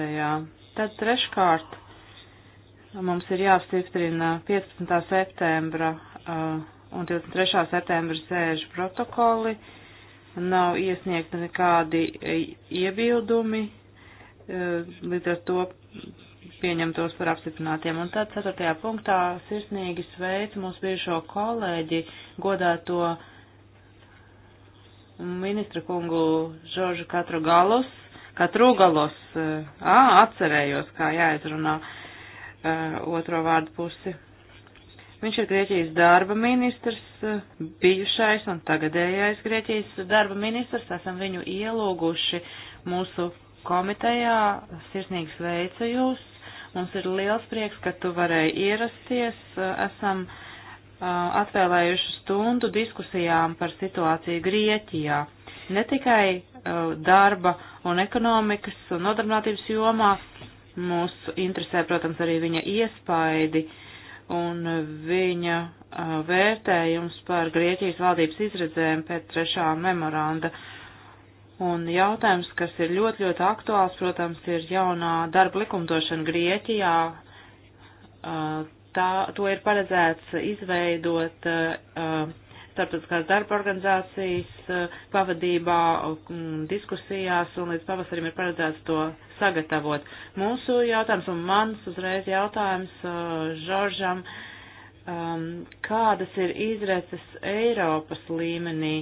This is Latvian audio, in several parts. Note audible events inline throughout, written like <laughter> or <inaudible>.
komitejā. Tad treškārt mums ir jāapstiprina 15. septembra un 23. septembra sēžu protokoli. Nav iesniegta nekādi iebildumi, līdz ar to pieņemtos par apstiprinātiem. Un tad 4. punktā sirsnīgi sveicu mūsu bijušo kolēģi, godāto ministra kungu Žoržu Katru Galus, kā trūgalos, ā, atcerējos, kā jāizrunā otro vārdu pusi. Viņš ir Grieķijas darba ministrs, bijušais un tagadējais Grieķijas darba ministrs. Esam viņu ielūguši mūsu komitejā. Sirsnīgi sveicu jūs. Mums ir liels prieks, ka tu varēji ierasties. Esam atvēlējuši stundu diskusijām par situāciju Grieķijā ne tikai uh, darba un ekonomikas un nodarbinātības jomā, mūs interesē, protams, arī viņa iespaidi un viņa uh, vērtējums par Grieķijas valdības izredzēm pēc trešā memoranda. Un jautājums, kas ir ļoti, ļoti aktuāls, protams, ir jaunā darba likumdošana Grieķijā. Uh, tā, to ir paredzēts izveidot uh, starptautiskās darba organizācijas eh, pavadībā mm, diskusijās un līdz pavasarim ir paredzēts to sagatavot. Mūsu jautājums un mans uzreiz jautājums eh, Žoržam, um, kādas ir izreces Eiropas līmenī?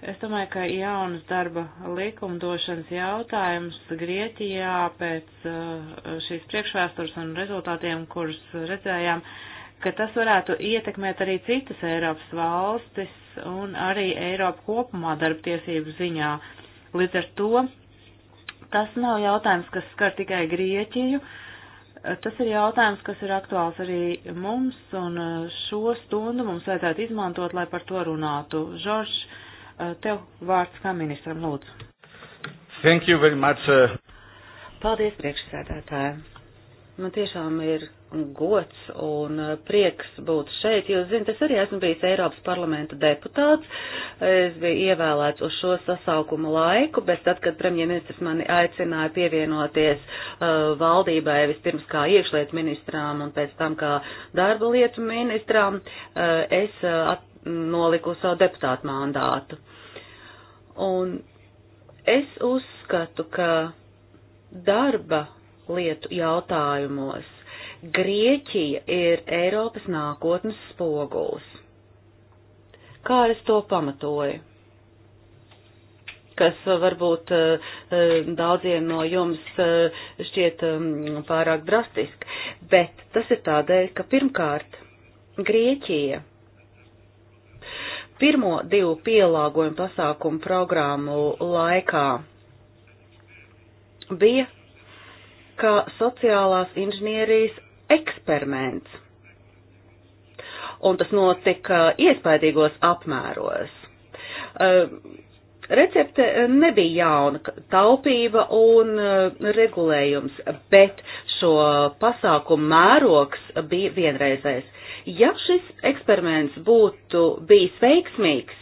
Es domāju, ka jaunas darba likumdošanas jautājums Grieķijā pēc eh, šīs priekšvēstures un rezultātiem, kurus redzējām, uh, ka tas varētu ietekmēt arī citas Eiropas valstis un arī Eiropu kopumā darba tiesību ziņā. Līdz ar to tas nav jautājums, kas skar tikai Grieķiju, tas ir jautājums, kas ir aktuāls arī mums, un šo stundu mums vajadzētu izmantot, lai par to runātu. Žorž, tev vārds kā ministram, lūdzu. Thank you very much. Uh... Paldies, priekšsēdētāji. Man tiešām ir gods un uh, prieks būt šeit. Jūs zinat, es arī esmu bijis Eiropas parlamenta deputāts. Es biju ievēlēts uz šo sasaukumu laiku, bet tad, kad premjerministrs mani aicināja pievienoties uh, valdībai vispirms kā iekšlietu ministrām un pēc tam kā darba lietu ministrām, uh, es uh, noliku savu deputātu mandātu. Un es uzskatu, ka darba lietu jautājumos Grieķija ir Eiropas nākotnes spogulis. Kā es to pamatoju? kas varbūt eh, daudziem no jums eh, šķiet mm, pārāk drastiski, bet tas ir tādēļ, ka pirmkārt Grieķija pirmo divu pielāgojumu pasākumu programmu laikā bija kā sociālās inženierijas eksperiments. Un tas notika iespaidīgos apmēros. Recepte nebija jauna taupība un uh, regulējums, bet šo pasākumu mērogs bija vienreizais. Ja šis eksperiments būtu bijis veiksmīgs,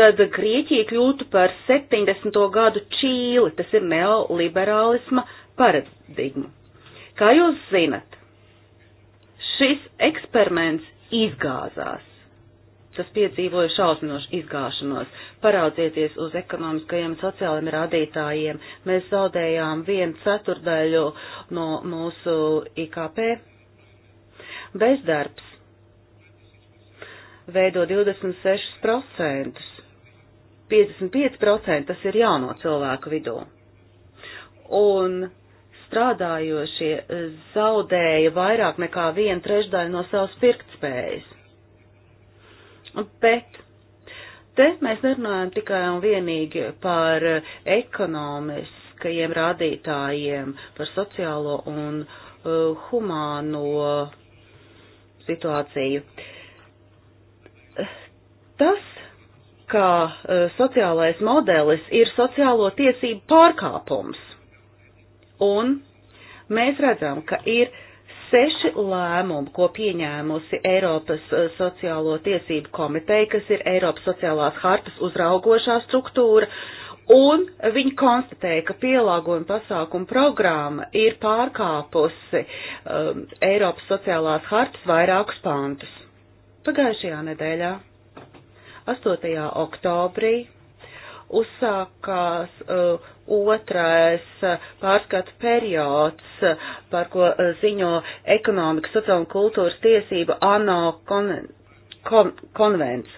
tad Grieķija kļūtu par 70. gadu Čīli, tas ir neoliberālisma paradigma. Kā jūs zinat, Šis eksperiments izgāzās. Tas piedzīvoja šausminošu izgāšanos. Paraudzieties uz ekonomiskajiem sociālajiem rādītājiem. Mēs zaudējām vienu ceturdaļu no mūsu IKP. Bezdarbs veido 26%. 55% tas ir jauno cilvēku vidū. Un strādājošie e, zaudēja vairāk nekā vienu trešdaļu no savas pirktspējas. Bet te mēs nerunājam tikai un vienīgi par ekonomiskajiem rādītājiem, par sociālo un uh, humāno situāciju. Tas, kā uh, e, sociālais modelis ir sociālo tiesību pārkāpums. Un mēs redzam, ka ir seši lēmumi, ko pieņēmusi Eiropas eh, sociālo tiesību komiteja, kas ir Eiropas sociālās hartas uzraugošā struktūra, un viņi konstatēja, ka pielāgojuma pasākuma programma ir pārkāpusi um, Eiropas sociālās hartas vairākus pantus. Pagājušajā nedēļā, 8. oktobrī, uzsākās uh, otrais uh, pārskatu periods, uh, par ko uh, ziņo ekonomikas, sociāla un kultūras tiesība ANO konven kon konvents,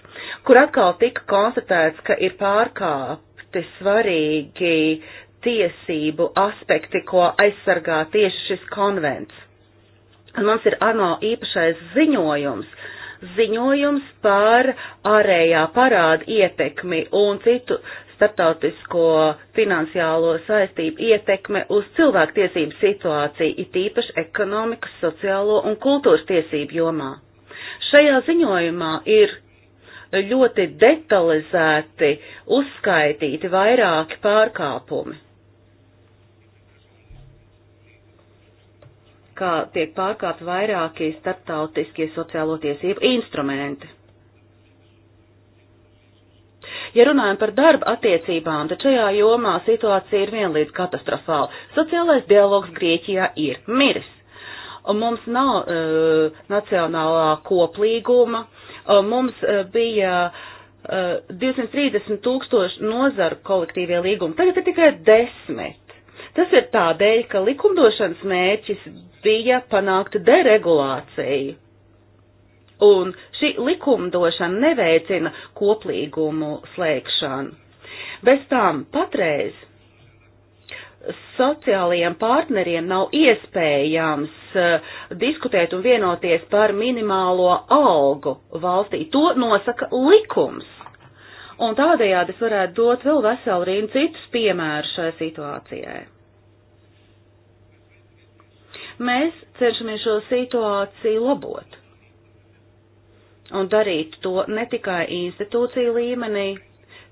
kur atkal tika konstatēts, ka ir pārkāpti svarīgi tiesību aspekti, ko aizsargā tieši šis konvents. Un mums ir ANO īpašais ziņojums, uh, ziņojums par ārējā parāda ietekmi un citu starptautisko finansiālo saistību ietekme uz cilvēktiesību situāciju, it īpaši ekonomikas, sociālo un kultūras tiesību jomā. Šajā ziņojumā ir ļoti detalizēti uzskaitīti vairāki pārkāpumi. kā tiek pārkāpt vairākie starptautiskie sociālo tiesību instrumenti. Ja runājam par darba attiecībām, tad šajā jomā situācija ir vienlīdz katastrofāla. Sociālais dialogs Grieķijā ir miris. Un mums nav uh, nacionālā koplīguma, uh, mums uh, bija uh, 230 tūkstoši nozaru kolektīvie līgumi, tagad ir tikai desmit. Tas ir tādēļ, ka likumdošanas mērķis bija panākt deregulāciju un šī likumdošana neveicina koplīgumu slēgšanu. Bez tām patreiz sociālajiem partneriem nav iespējams uh, diskutēt un vienoties par minimālo algu valstī. To nosaka likums. Un tādējādi es varētu dot vēl veselu rīnu citus piemērus šai situācijai. Mēs cenšamies šo situāciju labot un darīt to ne tikai institūciju līmenī,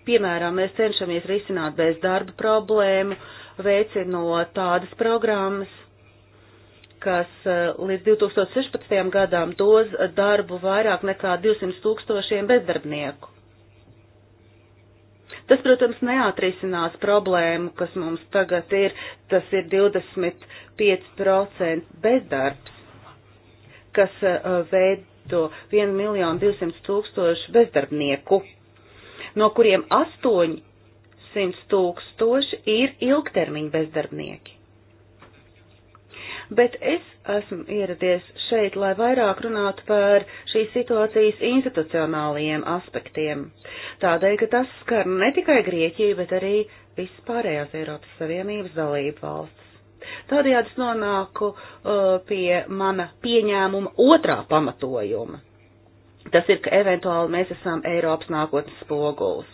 piemēram, mēs cenšamies risināt bezdarba problēmu, veicinot tādas programmas, kas eh, līdz 2016. gadām dos darbu vairāk nekā 200 tūkstošiem bezdarbnieku. Tas, protams, neatrisinās problēmu, kas mums tagad ir, tas ir 25% bezdarbs, kas eh, ved 1 miljonu 200 tūkstošu bezdarbnieku, no kuriem 800 tūkstoši ir ilgtermiņa bezdarbnieki. Bet es esmu ieradies šeit, lai vairāk runātu par šīs situācijas institucionālajiem aspektiem. Tādēļ, ka tas skar ne tikai Grieķiju, bet arī vispārējās Eiropas Savienības dalību valsts. Tādējādi es nonāku uh, pie mana pieņēmuma otrā pamatojuma. Tas ir, ka eventuāli mēs esam Eiropas nākotnes spogulis.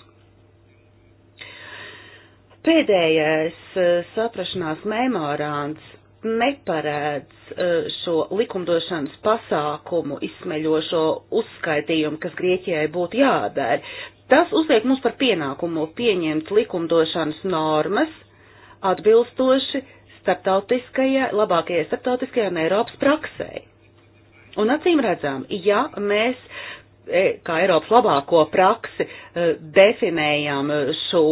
Pēdējais uh, saprašanās memorāns neparēdz uh, šo likumdošanas pasākumu izsmeļošo uzskaitījumu, kas Grieķijai būtu jādara. Tas uzliek mums par pienākumu pieņemt likumdošanas normas atbilstoši starptautiskajai, labākajai starptautiskajai un Eiropas praksei. Un acīm redzām, ja mēs e, kā Eiropas labāko praksi e, definējam šo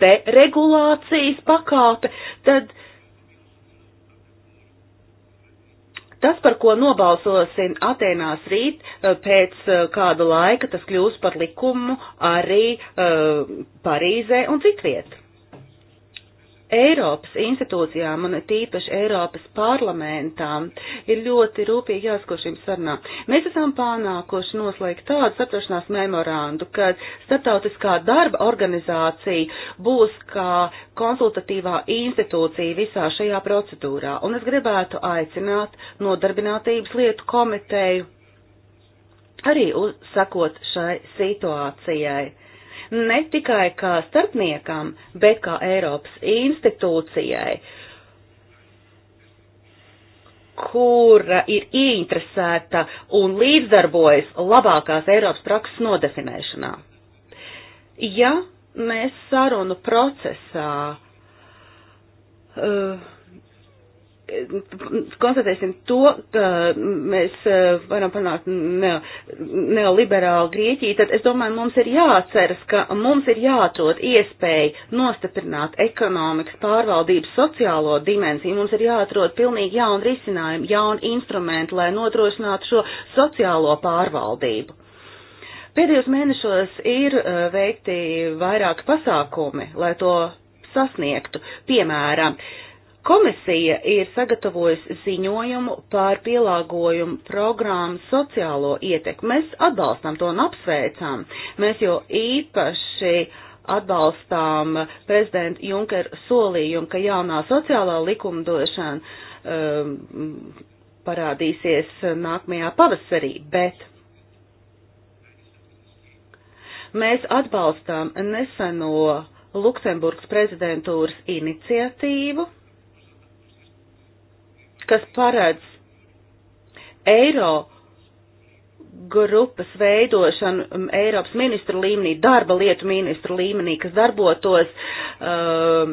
deregulācijas pakāpe, tad tas, par ko nobalsosim Atēnās rīt, e, pēc kāda laika tas kļūs par likumu arī uh, Parīzē un citviet. Eiropas institūcijām un tīpaši Eiropas parlamentām ir ļoti rūpīgi jāsako šīm sarunām. Mēs esam panākuši noslēgt tādu saprašanās memorandu, ka starptautiskā darba organizācija būs kā konsultatīvā institūcija visā šajā procedūrā. Un es gribētu aicināt nodarbinātības lietu komiteju arī uzsakot šai situācijai ne tikai kā starpniekam, bet kā Eiropas institūcijai, kura ir ieinteresēta un līdzdarbojas labākās Eiropas prakses nodefinēšanā. Ja mēs sarunu procesā uh, konstatēsim to, ka mēs eh, varam panākt ne, neoliberālu Grieķiju, tad es domāju, mums ir jāatceras, ka mums ir jāatrod iespēja nostiprināt ekonomikas pārvaldības sociālo dimensiju, mums ir jāatrod pilnīgi jauni risinājumi, jauni instrumenti, lai nodrošinātu šo sociālo pārvaldību. Pēdējos mēnešos ir eh, veikti vairāki pasākumi, lai to sasniegtu. Piemēram, uh, Komisija ir sagatavojusi ziņojumu par pielāgojumu programmu sociālo ietekmi. Mēs atbalstam to un apsveicam. Mēs jau īpaši atbalstām prezidenta Junkera solījumu, ka jaunā sociālā likumdošana um, parādīsies nākamajā pavasarī, bet mēs atbalstām neseno Luksemburgas prezidentūras iniciatīvu kas paredz eiro grupas veidošanu um, Eiropas ministru līmenī, darba lietu ministru līmenī, kas darbotos um,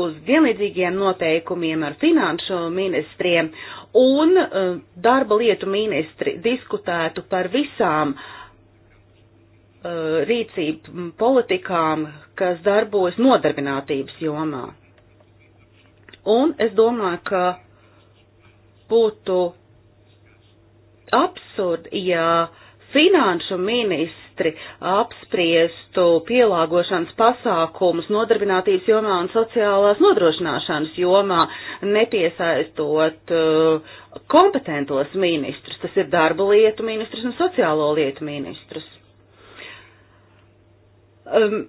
uz vienlīdzīgiem noteikumiem ar finanšu ministriem, un um, darba lietu ministri diskutētu par visām uh, rīcību politikām, kas darbojas nodarbinātības jomā. Un es domāju, ka būtu absurdi, ja finanšu ministri apspriestu pielāgošanas pasākumus nodarbinātības jomā un sociālās nodrošināšanas jomā, nepiesaistot uh, kompetentos ministrus. Tas ir darba lietu ministrus un sociālo lietu ministrus. Um,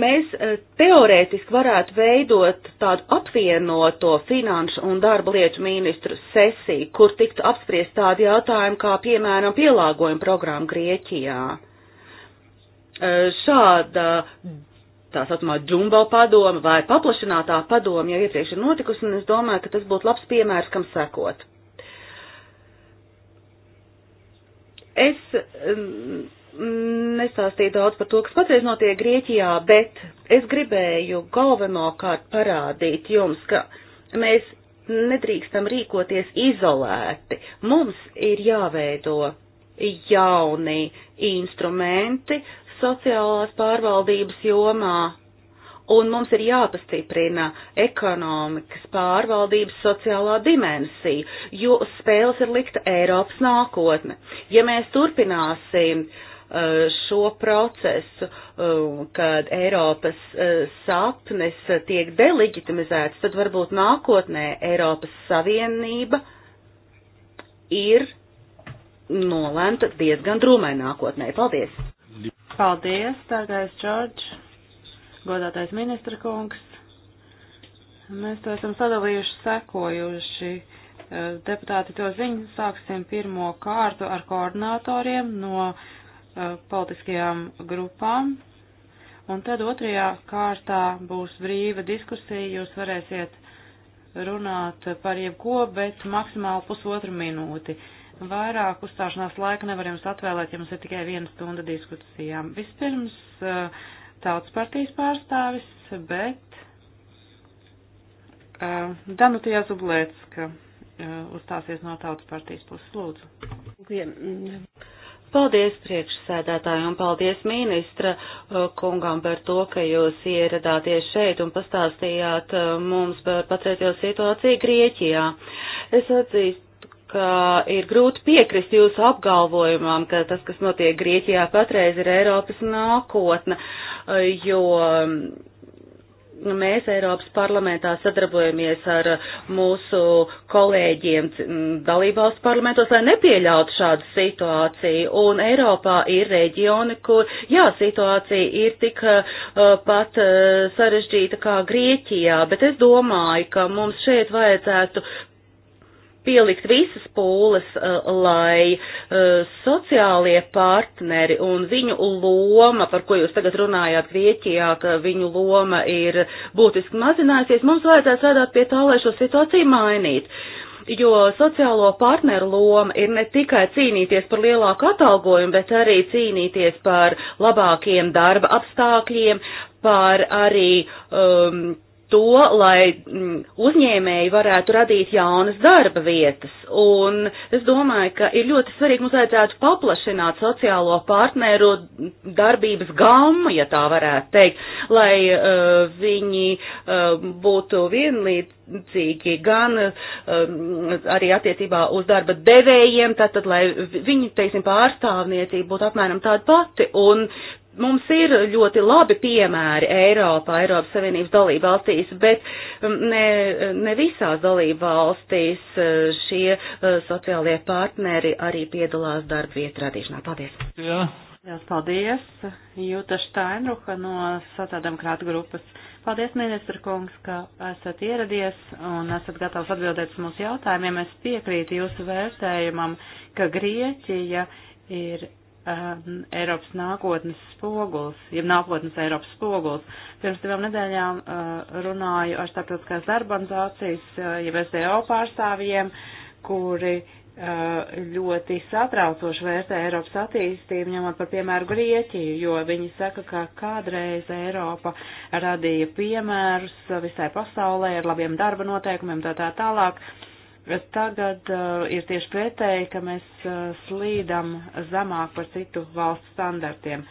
mēs e, teorētiski varētu veidot tādu apvienoto finanšu un darba lietu ministru sesiju, kur tiktu apspriest tādi jautājumi kā, piemēram, pielāgojuma programma Grieķijā. E, šāda tā saucamā džumbo padoma vai paplašinātā padoma jau iepriekš ir notikusi, un es domāju, ka tas būtu labs piemērs, kam sekot. Es nestāstīju daudz par to, kas patreiz notiek Grieķijā, bet es gribēju galvenokārt parādīt jums, ka mēs nedrīkstam rīkoties izolēti. Mums ir jāveido jauni instrumenti sociālās pārvaldības jomā, un mums ir jāpastiprina ekonomikas pārvaldības sociālā dimensija, jo spēles ir likta Eiropas nākotne. Ja mēs turpināsim uh, Eh, šo procesu, eh, kad Eiropas eh, sapnis tiek delegitimizēts, tad varbūt nākotnē Eiropas Savienība ir nolēmta diezgan drūmai nākotnē. Paldies! Paldies, dārgais Džordž, godātais ministra kungs. Mēs to esam sadalījuši sekojuši deputāti to ziņu. Sāksim pirmo kārtu ar koordinatoriem no Uh, politiskajām grupām. Un tad otrajā kārtā būs brīva diskusija, jūs varēsiet runāt par jebko, bet maksimāli pusotru minūti. Vairāk uzstāšanās laika nevar jums atvēlēt, ja mums ir tikai viena stunda diskusijām. Vispirms uh, tautas partijas pārstāvis, bet uh, Danuta Jazublēcka uh, uzstāsies no tautas partijas puses. Lūdzu. Dzienu. Paldies priekšsēdētāju un paldies ministra uh, kungam par to, ka jūs ieradāties šeit un pastāstījāt uh, mums par pacēties situāciju Grieķijā. Es atzīstu ka ir grūti piekrist jūsu apgalvojumam, ka tas, kas notiek Grieķijā patreiz, ir Eiropas nākotne, uh, jo um, mēs Eiropas parlamentā sadarbojamies ar mūsu kolēģiem dalībvalstu parlamentos, lai nepieļautu šādu situāciju. Un Eiropā ir reģioni, kur, jā, situācija ir tik uh, pat uh, sarežģīta kā Grieķijā, bet es domāju, ka mums šeit vajadzētu pielikt visas pūles, eh, lai eh, sociālie partneri un viņu loma, par ko jūs tagad runājāt Grieķijā, ka viņu loma ir būtiski mazinājusies, mums vajadzētu strādāt pie tā, lai šo situāciju mainītu. Jo sociālo partneru loma ir ne tikai cīnīties par lielāku atalgojumu, bet arī cīnīties par labākiem darba apstākļiem, par arī um, to, lai mm, uzņēmēji varētu radīt jaunas darba vietas. Un es domāju, ka ir ļoti svarīgi mums vajadzētu paplašināt sociālo partneru darbības gammu, ja tā varētu teikt, lai uh, viņi uh, būtu vienlīdzīgi gan uh, arī attiecībā uz darba devējiem, tātad, lai viņu, teiksim, pārstāvniecība būtu apmēram tāda pati. Un Mums ir ļoti labi piemēri Eiropā, Eiropas Savienības dalība valstīs, bet mm, ne, ne visās dalība valstīs eh, šie eh, sociālie partneri arī piedalās darba vietu radīšanā. Paldies! Jā. Lielas paldies, Jūta Štainruha no Satādemokrāta grupas. Paldies, ministra kungs, ka esat ieradies un esat gatavs atbildēt uz mūsu jautājumiem. Es piekrītu jūsu vērtējumam, ka Grieķija ir um, Eiropas nākotnes spogulis, jeb nākotnes Eiropas spogulis. Pirms divām nedēļām uh, runāju ar starptautiskās darba organizācijas, uh, jeb SDO pārstāvjiem, kuri uh, ļoti satraucoši vērtē Eiropas attīstību, ņemot par piemēru Grieķiju, jo viņi saka, ka kādreiz Eiropa radīja piemērus visai pasaulē ar labiem darba noteikumiem, tā tā tālāk. Uh, Tagad uh, ir tieši pretēji, ka mēs uh, slīdam zemāk par citu valstu standartiem.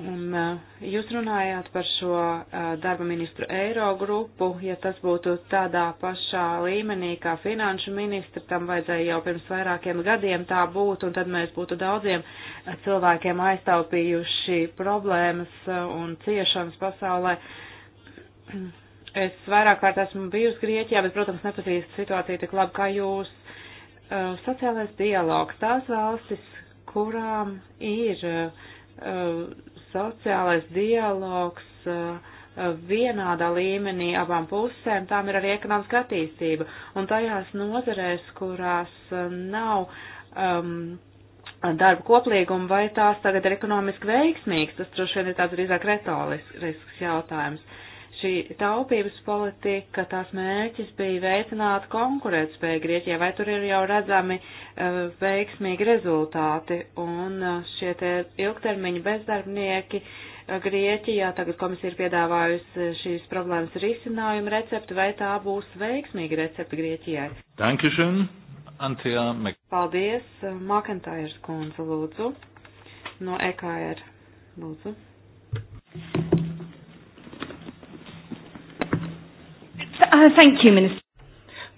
Un uh, jūs runājāt par šo uh, darba ministru eiro grupu, ja tas būtu tādā pašā līmenī kā finanšu ministra, tam vajadzēja jau pirms vairākiem gadiem tā būt, un tad mēs būtu daudziem uh, cilvēkiem aiztaupījuši problēmas uh, un ciešanas pasaulē. <clears throat> Es vairāk kārt esmu bijusi Grieķijā, bet, protams, nepazīstu situāciju tik labi kā jūs. Uh, sociālais dialogs tās valstis, kurām ir uh, sociālais dialogs uh, vienādā līmenī abām pusēm, tām ir arī ekonomiska attīstība. Un tajās nozarēs, kurās nav um, darba koplīguma, vai tās tagad ir ekonomiski veiksmīgas, tas droši vien ir tāds drīzāk retorisks jautājums. Uh, šī taupības politika, tās mērķis bija veicināt konkurētspēju Grieķijai, vai tur ir jau redzami uh, veiksmīgi rezultāti, un uh, šie te ilgtermiņa bezdarbnieki uh, Grieķijā, tagad komisija ir piedāvājusi šīs problēmas risinājumu recepti, vai tā būs veiksmīga recepte Grieķijai? Dankeschön, Antijā Mek. Paldies, Makentājers kundze, lūdzu, no EKR, lūdzu. Uh, thank you, minister.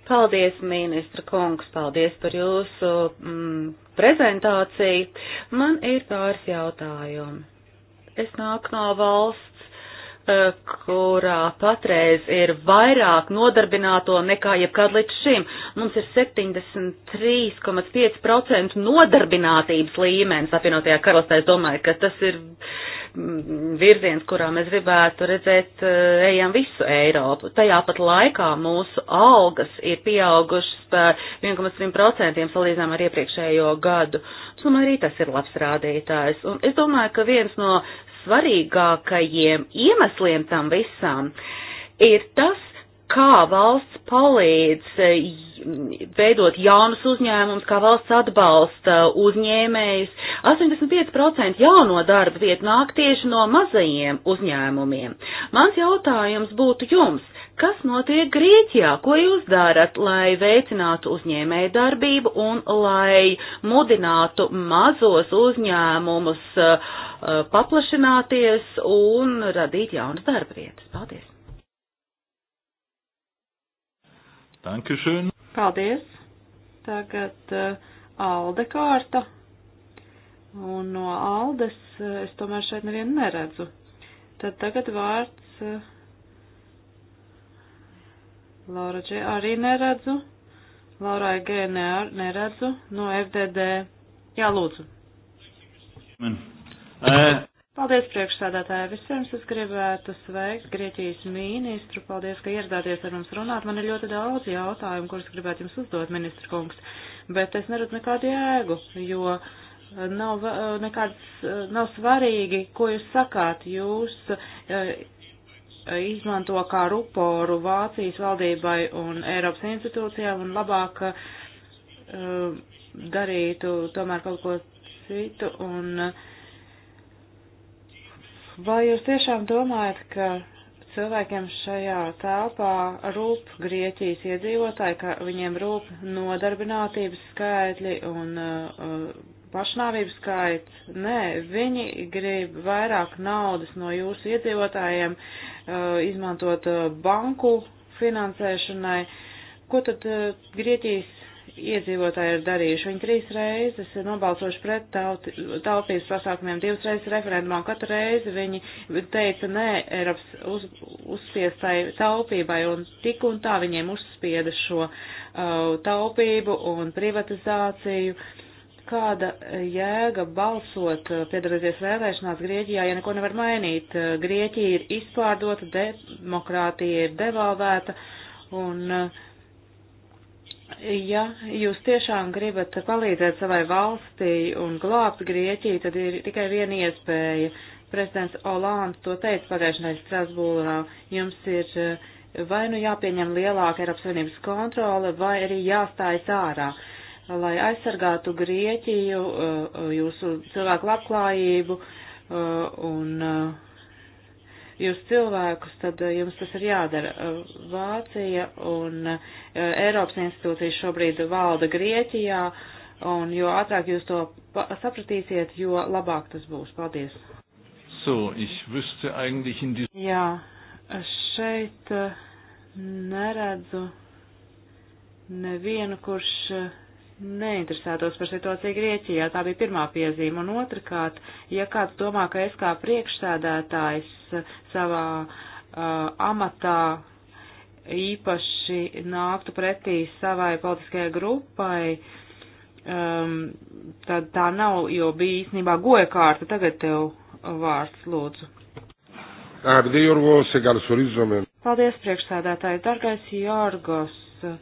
Paldies, ministra kungs, paldies par jūsu mm, prezentāciju. Man ir pāris jautājumi. Es nāku no valsts, uh, kurā patreiz ir vairāk nodarbināto nekā jebkad līdz šim. Mums ir 73,5% nodarbinātības līmenis apvienotajā karalistē. Es domāju, ka tas ir Mm, virziens, kurā mēs gribētu redzēt, eh, ejam visu Eiropu. Tajā pat laikā mūsu algas ir pieaugušas par 1,1% salīdzinām ar iepriekšējo gadu. Es domāju, arī tas ir labs rādītājs. Un es domāju, ka viens no svarīgākajiem iemesliem tam visam ir tas, kā valsts palīdz e, veidot jaunus uzņēmumus, kā valsts atbalsta uzņēmējus. 85% jauno darba vietu nāk tieši no mazajiem uzņēmumiem. Mans jautājums būtu jums, kas notiek Grieķijā, ko jūs darat, lai veicinātu uzņēmēju darbību un lai mudinātu mazos uzņēmumus e, e, paplašināties un radīt jaunas darba vietas? Paldies! Dankeschön. Paldies. Tagad uh, Alde kārta. Un no Aldes uh, es tomēr šeit nevienu neredzu. Tad tagad vārds uh, Laura G. arī neredzu. Laurai G. neredzu. No FDD. Jā, lūdzu. Man. Uh, Paldies, priekšsēdētāji. Vispirms es gribētu sveikt Grieķijas ministru. Paldies, ka ieradāties ar mums runāt. Man ir ļoti daudz jautājumu, kurus gribētu jums uzdot, ministra kungs, bet es neredzu nekādu jēgu, jo nav, nekāds, nav svarīgi, ko jūs sakāt. Jūs eh, izmanto kā ruporu Vācijas valdībai un Eiropas institūcijām un labāk eh, darītu tomēr kaut ko citu. Un, uh, Vai jūs tiešām domājat, ka cilvēkiem šajā telpā rūp Grieķijas iedzīvotāji, ka viņiem rūp nodarbinātības skaitļi un uh, pašnāvības skaits? Nē, viņi grib vairāk naudas no jūsu iedzīvotājiem, uh, izmantot uh, banku finansēšanai. Ko tad uh, Grieķijas iedzīvotāji ir darījuši. Viņi trīs reizes ir nobalsojuši pret tauti, taupības pasākumiem, divas reizes referendumā, un katru reizi viņi teica nē Eiropas uz, uzspiestai taupībai, un tik un tā viņiem uzspieda šo uh, taupību un privatizāciju. Kāda jēga balsot, uh, piedalīties vēlēšanās Grieķijā, ja neko nevar mainīt? Uh, Grieķija ir izpārdota, demokrātija ir devalvēta, un uh, ja jūs tiešām gribat palīdzēt savai valstī un glābt Grieķiju, tad ir tikai viena iespēja. Prezidents Olāns to teica pagājušajā nedēļā Strasbūrā. Jums ir eh, vai nu jāpieņem lielāka Eiropas Savienības kontrole, vai arī jāstājas ārā, lai aizsargātu Grieķiju, eh, jūsu cilvēku labklājību eh, un jūs cilvēkus, tad eh, jums tas ir jādara. Eh, Vācija un eh, Eiropas institūcijas šobrīd valda Grieķijā, un jo ātrāk jūs to sapratīsiet, jo labāk tas būs. Paldies! So, ich wüsste eigentlich in diesem. Jā, šeit neredzu nevienu, kurš neinteresētos par situāciju Grieķijā. Tā bija pirmā piezīme. Un otrkārt, ja kāds domā, ka es kā priekšsēdētājs eh, savā uh, amatā īpaši nāktu pretī savai politiskajai grupai, um, tad tā nav, jo bija īstenībā goja kārta. Tagad tev vārds lūdzu. Paldies, priekšsēdētāji. Dargais Jorgos. Uh,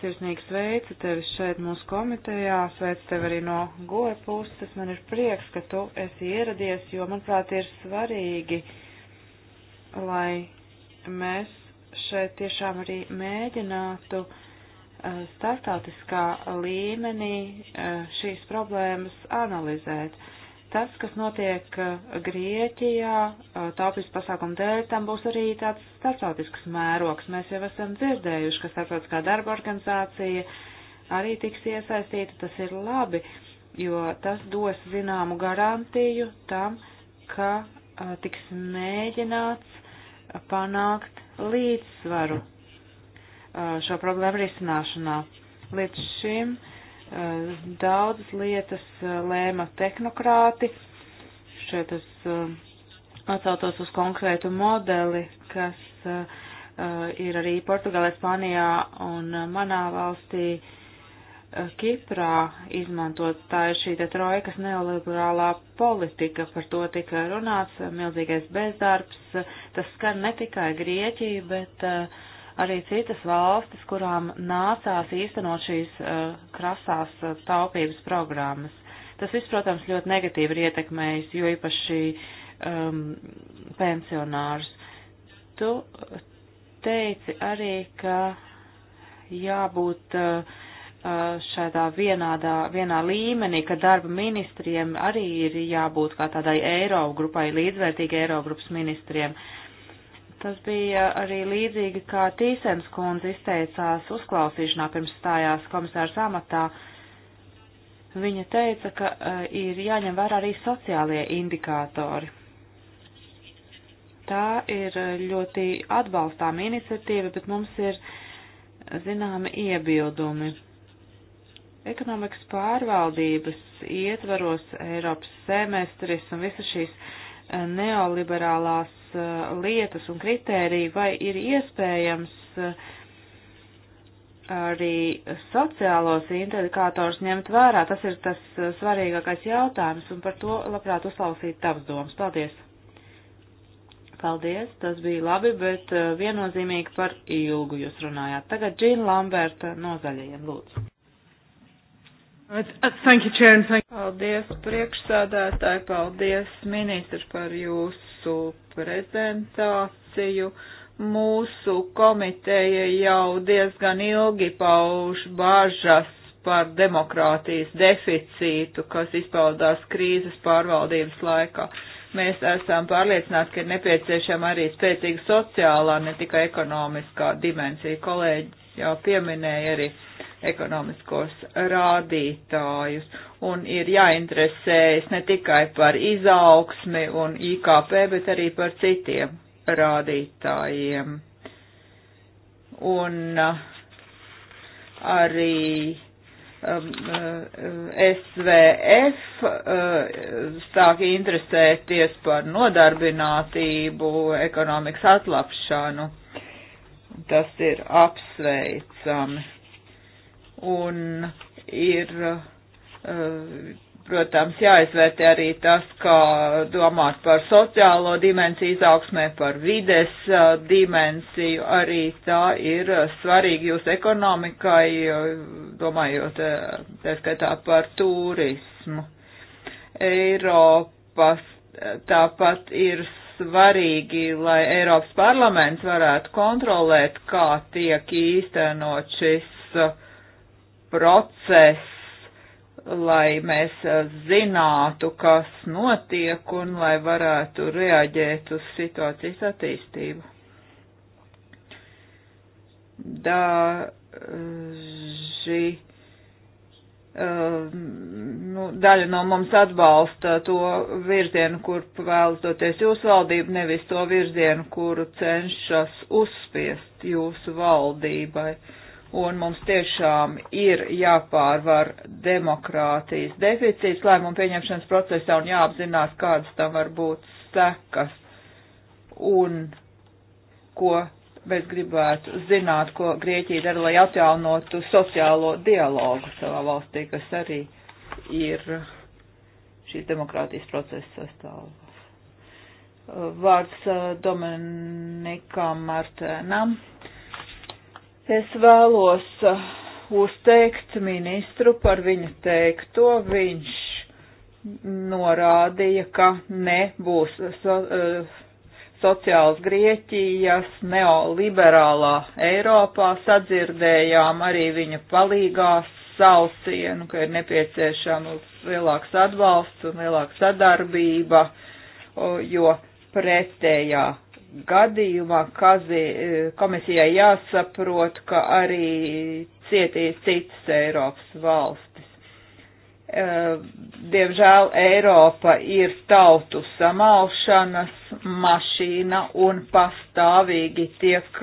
Sirsnīgi sveicu tevi šeit mūsu komitejā, sveicu tevi arī no goja puses. Man ir prieks, ka tu esi ieradies, jo, manuprāt, ir svarīgi, lai mēs šeit tiešām arī mēģinātu eh, startautiskā līmenī eh, šīs problēmas analizēt. Tas, kas notiek eh, Grieķijā, eh, taupības pasākumu dēļ, tam būs arī tāds starptautisks mērogs. Mēs jau esam dzirdējuši, ka starptautiskā darba organizācija arī tiks iesaistīta. Tas ir labi, jo tas dos zināmu garantiju tam, ka eh, tiks mēģināts panākt līdzsvaru šo problēmu risināšanā. Līdz šim Eh, daudzas lietas eh, lēma tehnokrāti. Šeit es eh, atsautos uz konkrētu modeli, kas ir arī Portugālē, Spānijā un manā valstī. Kiprā izmantot, tā ir šī te trojkas neoliberālā politika, par to tika runāts, milzīgais bezdarbs, tas skan ne tikai Grieķiju, bet uh, arī citas valstis, kurām nācās īstenot šīs uh, krasās uh, taupības programmas. Tas viss, protams, ļoti negatīvi ir ietekmējis, jo īpaši um, pensionārus. Tu teici arī, ka jābūt uh, uh, šādā vienādā, vienā līmenī, ka darba ministriem arī ir jābūt kā tādai Eirogrupai, līdzvērtīgi Eirogrupas ministriem. Uh, Tas bija arī līdzīgi, kā Tīsens kundze izteicās uzklausīšanā pirms stājās komisārs amatā. Viņa teica, ka uh, ir jāņem vērā arī sociālie indikātori. Tā ir ļoti atbalstām iniciatīva, bet mums ir zināmi iebildumi. Ekonomikas pārvaldības ietvaros Eiropas semestris un visas šīs eh, neoliberālās Uh, lietas un kritēriju, vai ir iespējams uh, arī sociālos indikātors ņemt vērā. Tas ir tas uh, svarīgākais jautājums, un par to labprāt uzklausīt tavs domas. Paldies! Paldies, tas bija labi, bet viennozīmīgi par ilgu jūs runājāt. Tagad Džīna Lamberta no zaļajiem lūdzu. Thank you, Chair, and thank you. Paldies, priekšsādātāji, paldies, ministri, par jūsu jūsu prezentāciju. Mūsu komiteja jau diezgan ilgi pauž bažas par demokrātijas deficītu, kas izpaudās krīzes pārvaldības laikā. Mēs esam pārliecināti, ka ir nepieciešama arī spēcīga sociālā, ne tikai ekonomiskā dimensija. Kolēģis jau pieminēja arī uh, ekonomiskos rādītājus un ir jāinteresējas ne tikai par izaugsmi un IKP, bet arī par citiem rādītājiem. Un uh, arī um, uh, SVF uh, sāk interesēties par nodarbinātību, ekonomikas atlapšanu. Tas ir apsveicami un ir, eh, protams, jāizvērtē arī tas, kā domāt par sociālo dimensiju izaugsmē, par vides eh, dimensiju, arī tā ir eh, svarīgi jūsu ekonomikai, domājot, tā skaitā par turismu. Eiropas tāpat ir svarīgi, lai Eiropas parlaments varētu kontrolēt, kā tiek īstenot šis uh, process, lai mēs zinātu, kas notiek un lai varētu reaģēt uz situācijas attīstību. Daži, um, nu, daļa no mums atbalsta to virzienu, kur vēlas doties jūsu valdība, nevis to virzienu, kuru cenšas uzspiest jūsu valdībai. Uh, un mums tiešām ir jāpārvar demokrātijas deficīts lēmumu pieņemšanas procesā un jāapzinās, kādas tam var būt sekas un ko mēs gribētu zināt, ko Grieķija dara, lai atjaunotu sociālo dialogu savā valstī, kas arī ir šīs demokrātijas procesa sastāvs. Vārds uh, Dominikam Martēnam. Uh, Es vēlos eh, uzteikt ministru par viņa teikto. Viņš norādīja, ka nebūs so, eh, sociāls Grieķijas neoliberālā Eiropā. Sadzirdējām arī viņa palīgās saucienu, ka ir nepieciešams lielāks atbalsts un lielāka sadarbība, jo pretējā gadījumā kazī, e, komisijai jāsaprot, ka arī cietīs citas Eiropas valstis. E, diemžēl Eiropa ir tautu samalšanas mašīna un pastāvīgi tiek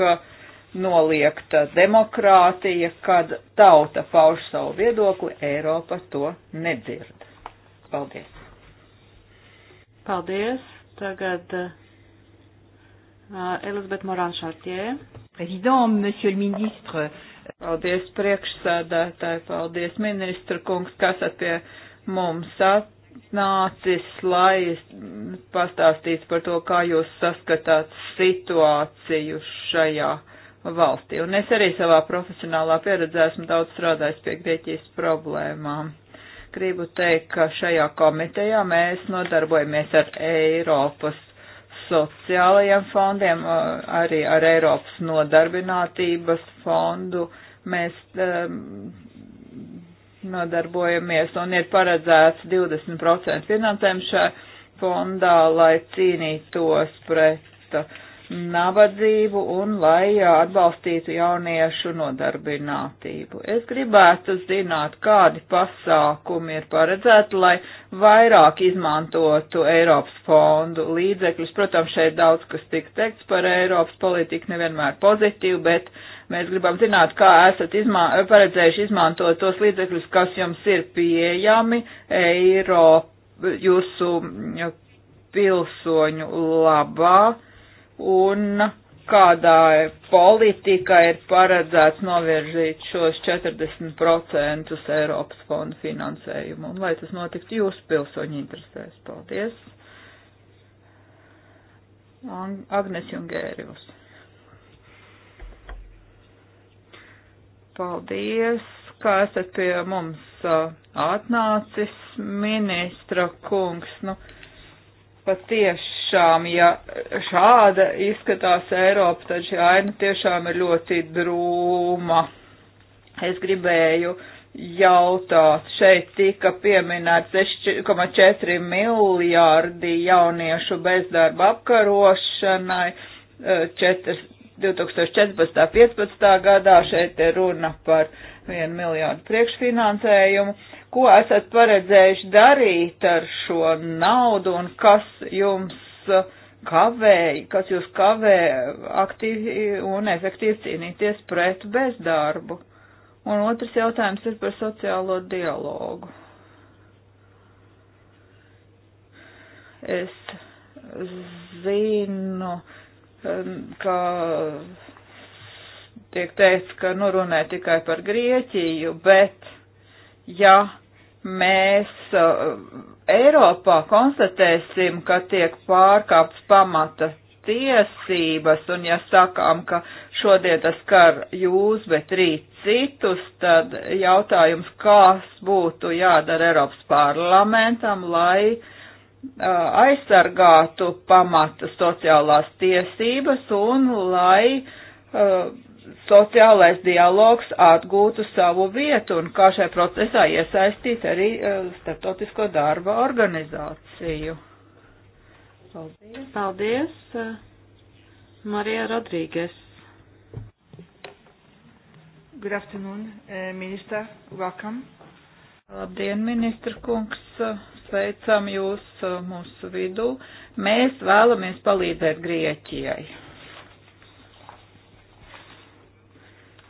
noliekta demokrātija, kad tauta pauž savu viedokli, Eiropa to nedzird. Paldies! Paldies! Tagad uh, Uh, Elizabeth Morāna-Šartie. Prezident, monsieur le ministre. Paldies priekšsādātāji, paldies ministra kungs, kas at pie mums atnācis, lai pastāstīts par to, kā jūs saskatāt situāciju šajā valstī. Un es arī savā profesionālā pieredzē esmu daudz strādājis pie Grieķijas problēmām. Gribu teikt, ka šajā komitejā mēs nodarbojamies ar Eiropas sociālajiem fondiem, arī ar Eiropas nodarbinātības fondu mēs nodarbojamies un ir paredzēts 20% finansējums šai fondā, lai cīnītos pret nabadzību un lai atbalstītu jauniešu nodarbinātību. Es gribētu zināt, kādi pasākumi ir paredzēti, lai vairāk izmantotu Eiropas fondu līdzekļus. Protams, šeit daudz kas tika teikts par Eiropas politiku, nevienmēr pozitīvi, bet mēs gribam zināt, kā esat izmā paredzējuši izmantot tos līdzekļus, kas jums ir pieejami Eiropa jūsu pilsoņu labā un kādā politikā ir paredzēts novirzīt šos 40% Eiropas fondu finansējumu, un lai tas notiktu jūsu pilsoņu interesēs. Paldies! Agnes Jungērijus. Paldies, kā esat pie mums uh, atnācis, ministra kungs. Nu, patiešām tiešām, ja šāda izskatās Eiropa, tad šī aina tiešām ir ļoti drūma. Es gribēju jautāt, šeit tika pieminēts 6,4 miljārdi jauniešu bezdarba apkarošanai 4, 2014. 15. gadā, šeit ir runa par 1 miljārdu priekšfinansējumu ko esat paredzējuši darīt ar šo naudu un kas jums Uh, kavēj, kas jūs kavē aktīvi un efektīvi cīnīties pret bezdarbu. Un otrs jautājums ir par sociālo dialogu. Es zinu, um, ka tiek teikts, ka nu runē tikai par Grieķiju, bet ja mēs uh, Eiropā konstatēsim, ka tiek pārkāpts pamata tiesības, un ja sakām, ka šodien tas skar jūs, bet rīt citus, tad jautājums, kas būtu jādara Eiropas parlamentam, lai uh, aizsargātu pamata sociālās tiesības un lai uh, sociālais dialogs atgūtu savu vietu un kā šajā procesā iesaistīt arī uh, starptautisko darba organizāciju. Paldies. Paldies. E, Marija Rodrīgas. Good afternoon, e, minister. Welcome. Labdien, ministra kungs. Sveicam jūs mūsu vidū. Mēs vēlamies palīdzēt Grieķijai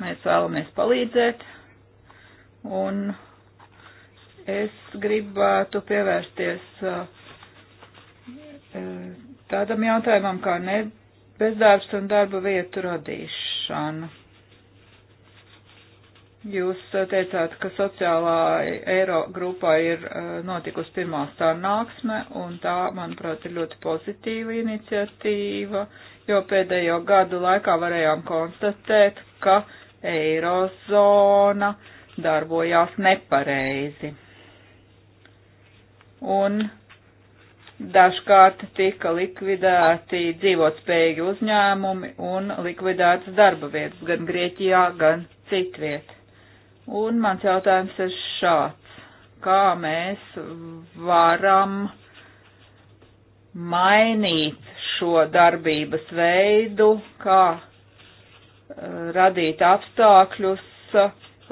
Mēs vēlamies palīdzēt. Un es gribētu pievērsties uh, uh, tādam jautājumam kā ne bezdarbs un darba vietu radīšana. Jūs uh, teicāt, ka sociālā eiro grupā ir notikusi pirmā sanāksme, un tā, manuprāt, ir ļoti pozitīva iniciatīva, jo pēdējo gadu laikā varējām konstatēt, ka eirozona darbojās nepareizi. Un dažkārt tika likvidēti dzīvotspējīgi uzņēmumi un likvidētas darba vietas gan Grieķijā, gan citviet. Un mans jautājums ir šāds. Kā mēs varam mainīt šo darbības veidu, kā radīt apstākļus,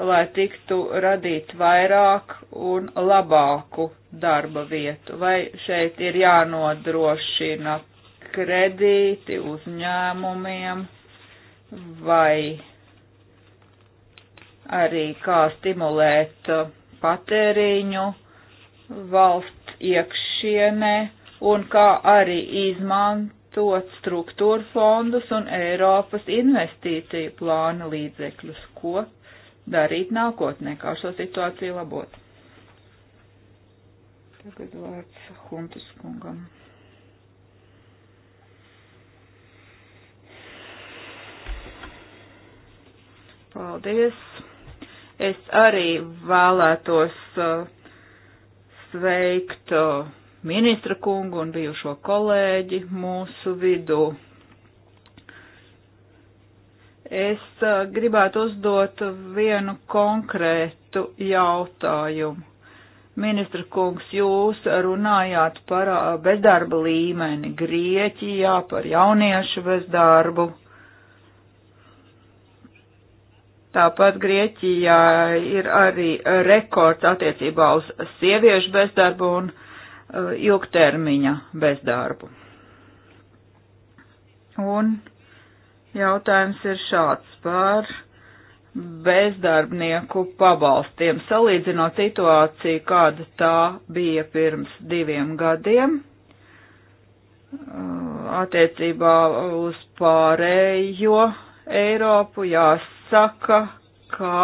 lai tiktu radīt vairāk un labāku darba vietu. Vai šeit ir jānodrošina kredīti uzņēmumiem vai arī kā stimulēt patēriņu valsts iekšienē un kā arī izmant izmantot struktūra fondus un Eiropas investīciju plāna līdzekļus, ko darīt nākotnē, kā šo situāciju labot. Tagad vārds Huntus kungam. Paldies! Es arī vēlētos uh, sveikt uh, ministra kungu un bijušo kolēģi mūsu vidū. Es uh, gribētu uzdot vienu konkrētu jautājumu. Ministra kungs, jūs runājāt par uh, bezdarba līmeni Grieķijā, par jauniešu bezdarbu. Tāpat Grieķijā ir arī rekords attiecībā uz sieviešu bezdarbu un uh, Eh, ilgtermiņa bezdarbu. Un jautājums ir šāds par bezdarbnieku pabalstiem, salīdzinot situāciju, kāda tā bija pirms diviem gadiem eh, attiecībā uz pārējo Eiropu, jāsaka, ka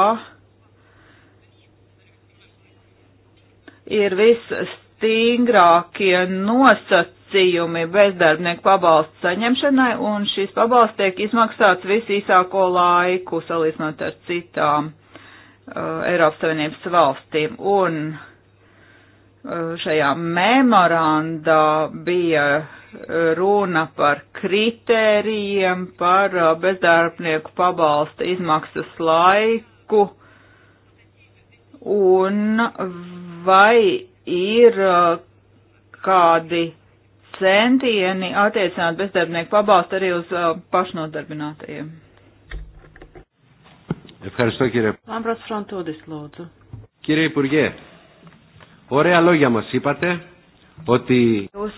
ir viss stingrākie nosacījumi bezdarbnieku pabalstu saņemšanai, un šis pabalsts tiek izmaksāts visīsāko laiku, salīdzinot ar citām uh, Eiropas Savienības valstīm. Un uh, šajā memorandā bija uh, runa par kritērijiem, par uh, bezdarbnieku pabalsta izmaksas laiku, un vai ir uh, kādi centieni attiecināt bezdarbnieku pabalstu arī uz uh, pašnodarbinātajiem. Ευχαριστώ κύριε. Άμπρας Φροντούδης, λόντζο. Κύριε Υπουργέ, ωραία λόγια μας είπατε. Oti... Jūs,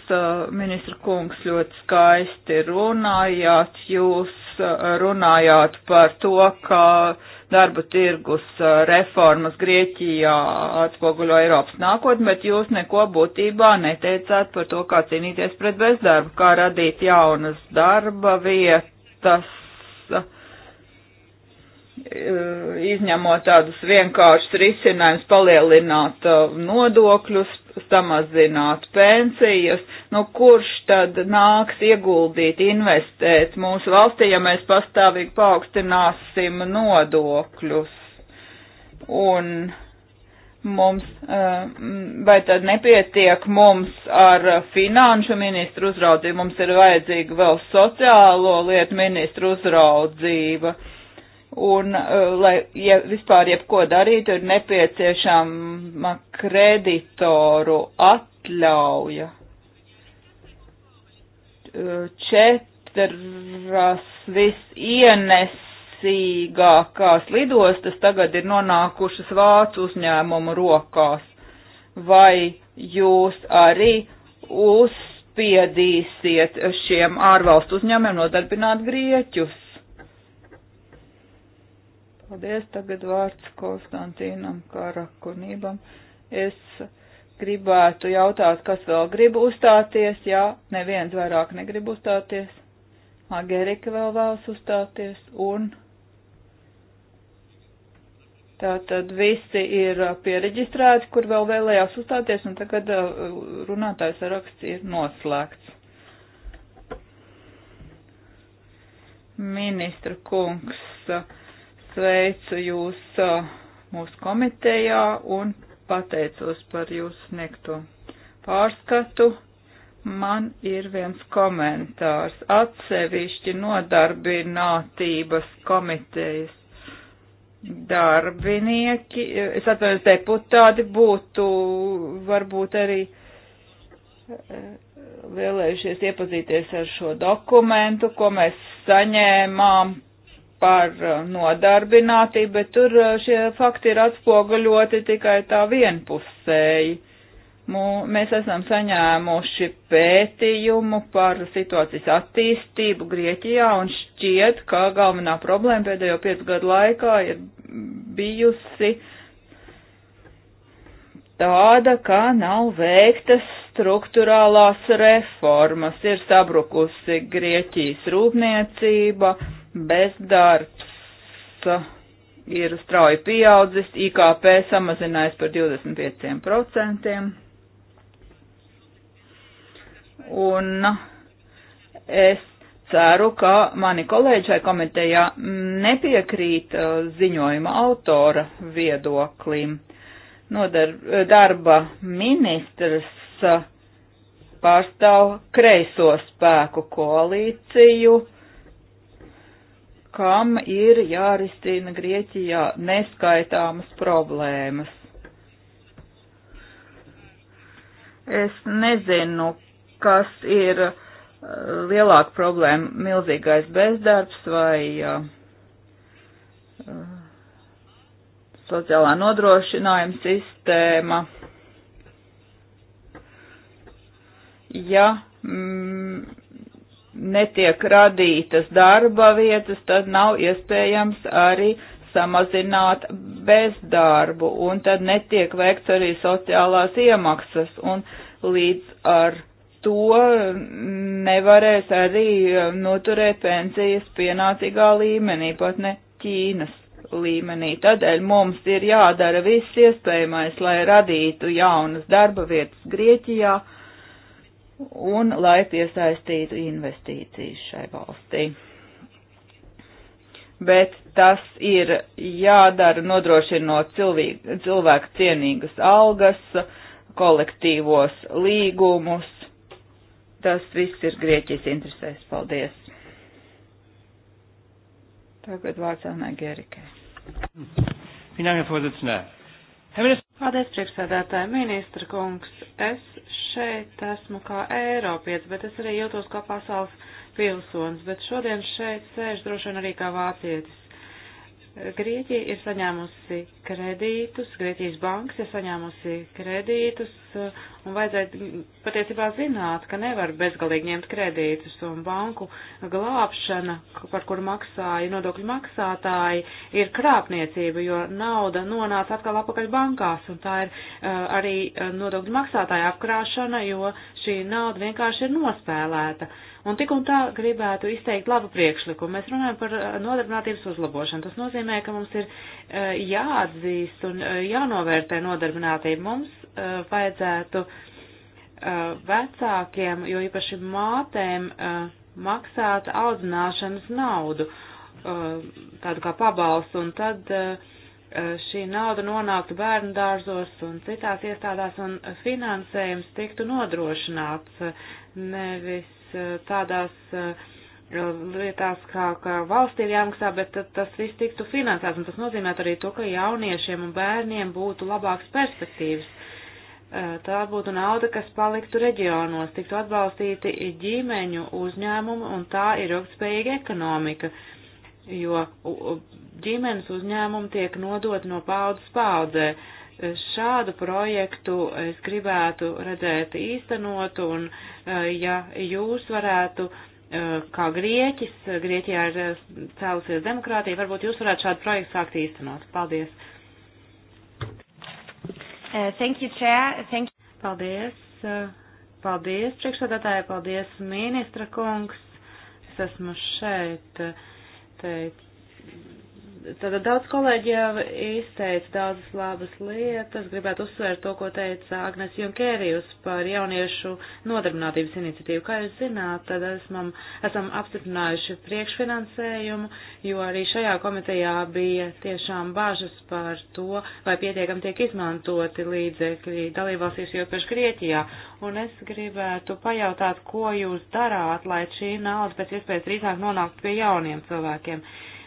ministra kungs, ļoti skaisti runājāt. Jūs runājāt par to, ka darba tirgus reformas Grieķijā atspoguļo Eiropas nākotni, bet jūs neko būtībā neteicāt par to, kā cīnīties pret bezdarbu, kā radīt jaunas darba vietas izņemot tādus vienkāršus risinājumus, palielināt nodokļus, samazināt pensijas, nu kurš tad nāks ieguldīt, investēt mūsu valstī, ja mēs pastāvīgi paaugstināsim nodokļus. Un mums, eh, vai tad nepietiek mums ar finanšu ministru uzraudzību, mums ir vajadzīga vēl sociālo lietu ministru uzraudzība Un, eh, lai ja vispār jebko darītu, ir nepieciešama kreditoru atļauja. Eh, četras visienesīgākās lidostas tagad ir nonākušas vācu uzņēmumu rokās. Vai jūs arī uzspiedīsiet šiem ārvalstu uzņēmumiem nodarbināt grieķus? Paldies, tagad vārds Konstantīnam Karakunībam. Es gribētu jautāt, kas vēl grib uzstāties, jā, neviens vairāk negrib uzstāties. Agerika vēl vēlas uzstāties un. Tātad visi ir pieregistrēti, kur vēl vēlējās uzstāties, un tagad uh, runātājs saraksts ir noslēgts. Ministra kungs. Uh, Sveicu jūs mūsu komitejā un pateicos par jūsu sniegto pārskatu. Man ir viens komentārs. Atsevišķi nodarbinātības komitejas darbinieki, es atvainojos, deputāti būtu varbūt arī vēlējušies iepazīties ar šo dokumentu, ko mēs saņēmām par uh, nodarbinātību, bet tur uh, šie fakti ir atspoguļoti tikai tā vienpusēji. Mēs esam saņēmuši pētījumu par situācijas attīstību Grieķijā un šķiet, ka galvenā problēma pēdējo piecu gadu laikā ir bijusi tāda, ka nav veiktas struktūrālās reformas, ir sabrukusi Grieķijas rūpniecība, bezdarbs uh, ir strauji pieaudzis, IKP samazinājis par 25%, un es ceru, ka mani kolēģi šai komitejā nepiekrīt uh, ziņojuma autora viedoklim. Nodar, uh, darba ministrs pārstāv kreiso spēku koalīciju, kam ir jārisina Grieķijā neskaitāmas problēmas. Es nezinu, kas ir uh, lielāka problēma - milzīgais bezdarbs vai uh, uh, sociālā nodrošinājuma sistēma. Ja mm, netiek radītas darba vietas, tad nav iespējams arī samazināt bezdarbu, un tad netiek veikts arī sociālās iemaksas, un līdz ar to nevarēs arī e, noturēt pensijas pienācīgā līmenī, pat ne Ķīnas līmenī. Tādēļ mums ir jādara viss iespējamais, lai radītu jaunas darba vietas Grieķijā un lai piesaistītu investīcijas šai valstī. Bet tas ir jādara nodrošinot cilvēku cienīgas algas, kolektīvos līgumus. Tas viss ir Grieķijas interesēs. Paldies! Tagad vārds Anai Gerikai. Paldies, priekšsēdētāji ministra kungs. Es šeit esmu kā Eiropietis, bet es arī jūtos kā pasaules pilsonis, bet šodien šeit sēž droši vien arī kā vācietis. Grieķija ir saņēmusi kredītus, Grieķijas bankas ir saņēmusi kredītus, un vajadzētu patiesībā zināt, ka nevar bezgalīgi ņemt kredītus, un banku glābšana, par kuru maksāja nodokļu maksātāji, ir krāpniecība, jo nauda nonāca atkal apakaļ bankās, un tā ir eh, arī eh, nodokļu maksātāja apkrāšana, jo šī nauda vienkārši ir nospēlēta. Uh, Un tik un tā gribētu izteikt labu priekšlikumu. Mēs runājam par eh, nodarbinātības uzlabošanu. Tas nozīmē, ka mums ir eh, jāatzīst un eh, jānovērtē nodarbinātība. Mums vajadzētu vecākiem, jo īpaši mātēm, maksāt audzināšanas naudu, tādu kā pabalstu, un tad šī nauda nonāktu bērnu dārzos un citās iestādās, un finansējums tiktu nodrošināts nevis eh, tādās eh, lietās, kā, kā valstī ir jāmaksā, bet tas viss tiktu finansēts, un tas nozīmē arī to, ka jauniešiem un bērniem būtu labāks perspektīvas. Eh, tā būtu nauda, kas paliktu reģionos, tiktu atbalstīti ģimeņu uzņēmumu, un tā ir ilgspējīga ekonomika, jo ģimenes uzņēmumi tiek nodot no paudzes paudzē. paudzē Šādu projektu es gribētu redzēt īstenot, un eh, ja jūs varētu, eh, kā Grieķis, Grieķijā ir eh, cēlusies demokrātija, varbūt jūs varētu šādu projektu sākt īstenot. Paldies! Uh, thank you, Chair. Thank you. Paldies. Paldies, priekšsādātāji, paldies, ministra kungs. Es esmu šeit. Teicu Tātad daudz kolēģi jau izteica daudzas labas lietas. Gribētu uzsvērt to, ko teica Agnes Junkērijus par jauniešu nodarbinātības iniciatīvu. Kā jūs zināt, tad esmam, esam apstiprinājuši priekšfinansējumu, jo arī šajā komitejā bija tiešām bažas par to, vai pietiekam tiek izmantoti līdzekļi dalībvalstīs, jo pēc Grieķijā. Un es gribētu pajautāt, ko jūs darāt, lai šī nauda pēc iespējas drīzāk nonāktu pie jauniem cilvēkiem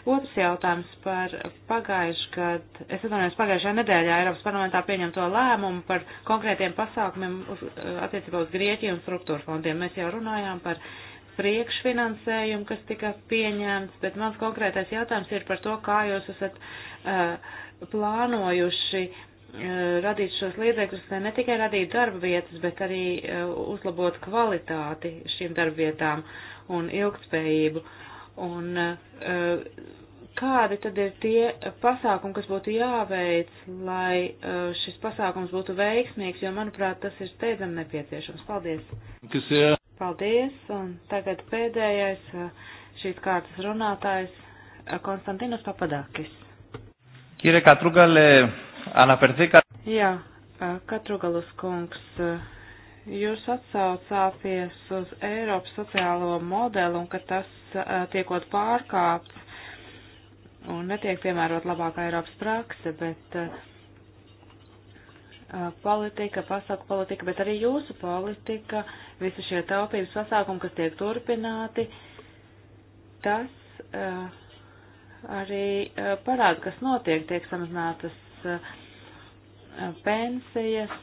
Otrs jautājums par pagājušajā gadā, es atvainojos pagājušajā nedēļā Eiropas parlamentā pieņemto lēmumu par konkrētiem pasākumiem uz, eh, attiecībā uz Grieķiju un struktūra fondiem. Mēs jau runājām par priekšfinansējumu, kas tika pieņemts, bet mans konkrētais jautājums ir par to, kā jūs esat uh, plānojuši uh, radīt šos līdzekļus, ne tikai radīt darba vietas, bet arī uh, uzlabot kvalitāti šīm darba vietām un ilgtspējību. Uh, Un eh, kādi tad ir tie pasākumi, kas būtu jāveic, lai eh, šis pasākums būtu veiksmīgs, jo, manuprāt, tas ir steidzam nepieciešams. Paldies! Kas, jā. Paldies! Un tagad pēdējais eh, šīs kārtas runātājs Konstantinos Papadakis. Kire Katrugale, anapertika. Jā, Katrugalus kungs, jūs atsaucāties uz Eiropas sociālo modelu un ka tas Uh, tiekot pārkāpts un netiek piemērot labākā Eiropas prakse, bet uh, uh, politika, pasaku politika, bet arī jūsu politika, visi šie taupības pasākumi, kas tiek turpināti, tas arī parāda, kas notiek, tiek samazinātas pensijas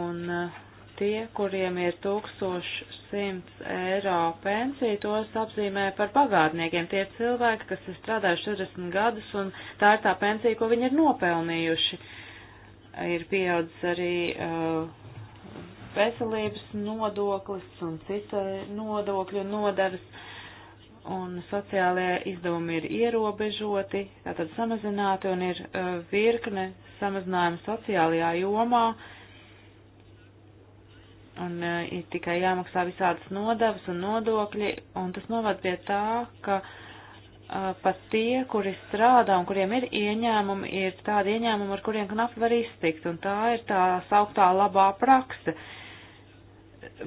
un uh, tie, kuriem ir 1100 eiro pensija, tos apzīmē par pagādniekiem. Tie ir cilvēki, kas ir strādājuši 40 gadus, un tā ir tā pensija, ko viņi ir nopelnījuši. Ir pieaudzis arī uh, veselības nodoklis un cita nodokļu nodevas, un sociālajie izdevumi ir ierobežoti, tātad samazināti, un ir uh, virkne samazinājumu sociālajā jomā. Uh, un eh, ir tikai jāmaksā visādas nodevas un nodokļi, un tas novad pie tā, ka uh, pat tie, kuri strādā un kuriem ir ieņēmumi, ir tādi ieņēmumi, ar kuriem knapi var iztikt, un tā ir tā sauktā labā prakse.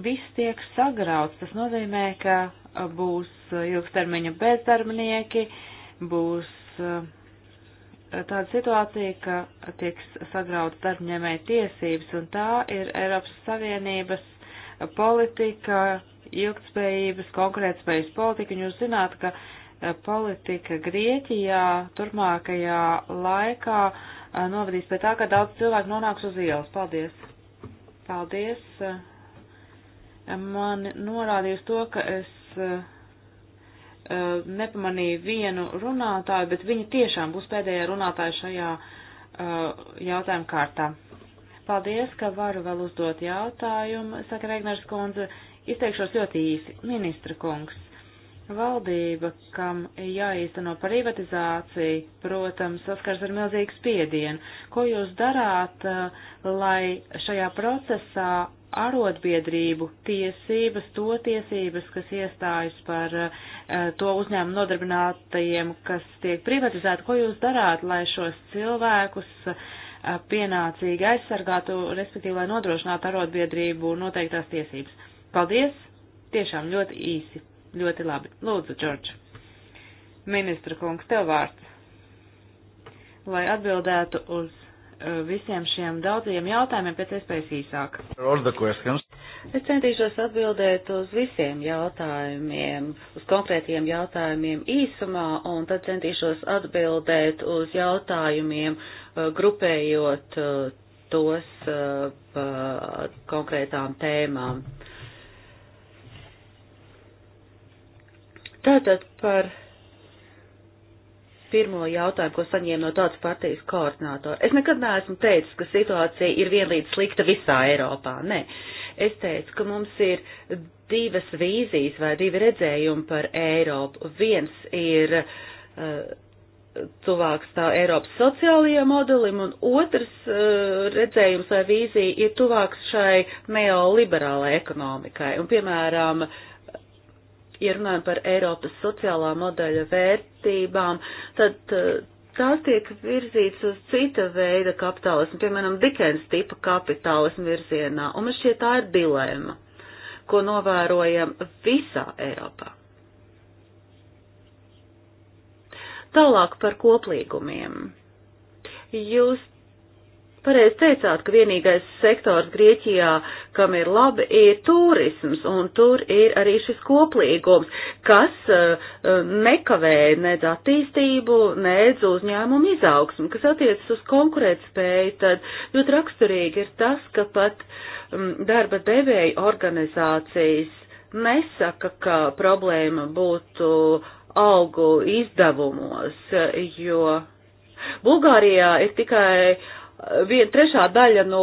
Viss tiek sagrauts, tas nozīmē, ka eh, būs ilgstermiņa bezdarbnieki, būs uh, tāda situācija, ka tiks sagrauts darbņēmēja tiesības, un tā ir Eiropas Savienības politika, ilgtspējības, konkurētspējas politika, un jūs zināt, ka eh, politika Grieķijā turpmākajā laikā eh, novadīs pie tā, ka daudz cilvēku nonāks uz ielas. Paldies! Paldies! Eh, Man norādīja uz to, ka es uh, nepamanīju vienu runātāju, bet viņa tiešām būs pēdējā runātāja šajā uh, jautājuma kārtā. Paldies, ka varu vēl uzdot jautājumu, saka Regnars kundze. Izteikšos ļoti īsi. Ministra kungs, valdība, kam jāīsteno privatizācija, protams, saskars ar milzīgu spiedienu. Ko jūs darāt, uh, lai šajā procesā arotbiedrību tiesības, to tiesības, kas iestājas par uh, to uzņēmumu nodarbinātajiem, kas tiek privatizēti. Ko jūs darāt, lai šos cilvēkus uh, pienācīgi aizsargātu, respektīvi, lai nodrošinātu arotbiedrību noteiktās tiesības? Paldies! Tiešām ļoti īsi, ļoti labi. Lūdzu, Džordž. Ministra kungs, tev vārds. Lai atbildētu uz Eh, visiem šiem daudziem jautājumiem pēc iespējas īsāk. Es centīšos atbildēt uz visiem jautājumiem, uz konkrētiem jautājumiem īsumā, un tad centīšos atbildēt uz jautājumiem, eh, grupējot eh, tos pa konkrētām tēmām. Tātad par pirmo jautājumu, ko saņēmu no tādas partijas koordinātora. Es nekad neesmu teicis, ka situācija ir vienlīdz slikta visā Eiropā. Nē, es teicu, ka mums ir divas vīzijas vai divi redzējumi par Eiropu. Viens ir uh, tuvāks tā Eiropas sociālajiem modelim, un otrs uh, redzējums vai vīzija ir tuvāks šai neoliberālai ekonomikai. Un, piemēram, uh, ja runājam par Eiropas sociālā modeļa vērtībām, tad eh, tās tiek virzītas uz cita veida kapitālismu, piemēram, Dikens tipa kapitālismu virzienā, un man šķiet tā ir dilēma, ko novērojam visā Eiropā. Tālāk par koplīgumiem. Jūs pareizi teicāt, ka vienīgais sektors Grieķijā, kam ir labi, ir turisms, un tur ir arī šis koplīgums, kas uh, nekavē nedz attīstību, nedz uzņēmumu izaugsmu, kas attiecas uz konkurētspēju, tad ļoti raksturīgi ir tas, ka pat um, darba devēja organizācijas nesaka, ka problēma būtu algu izdevumos, jo Bulgārijā ir tikai vien trešā daļa no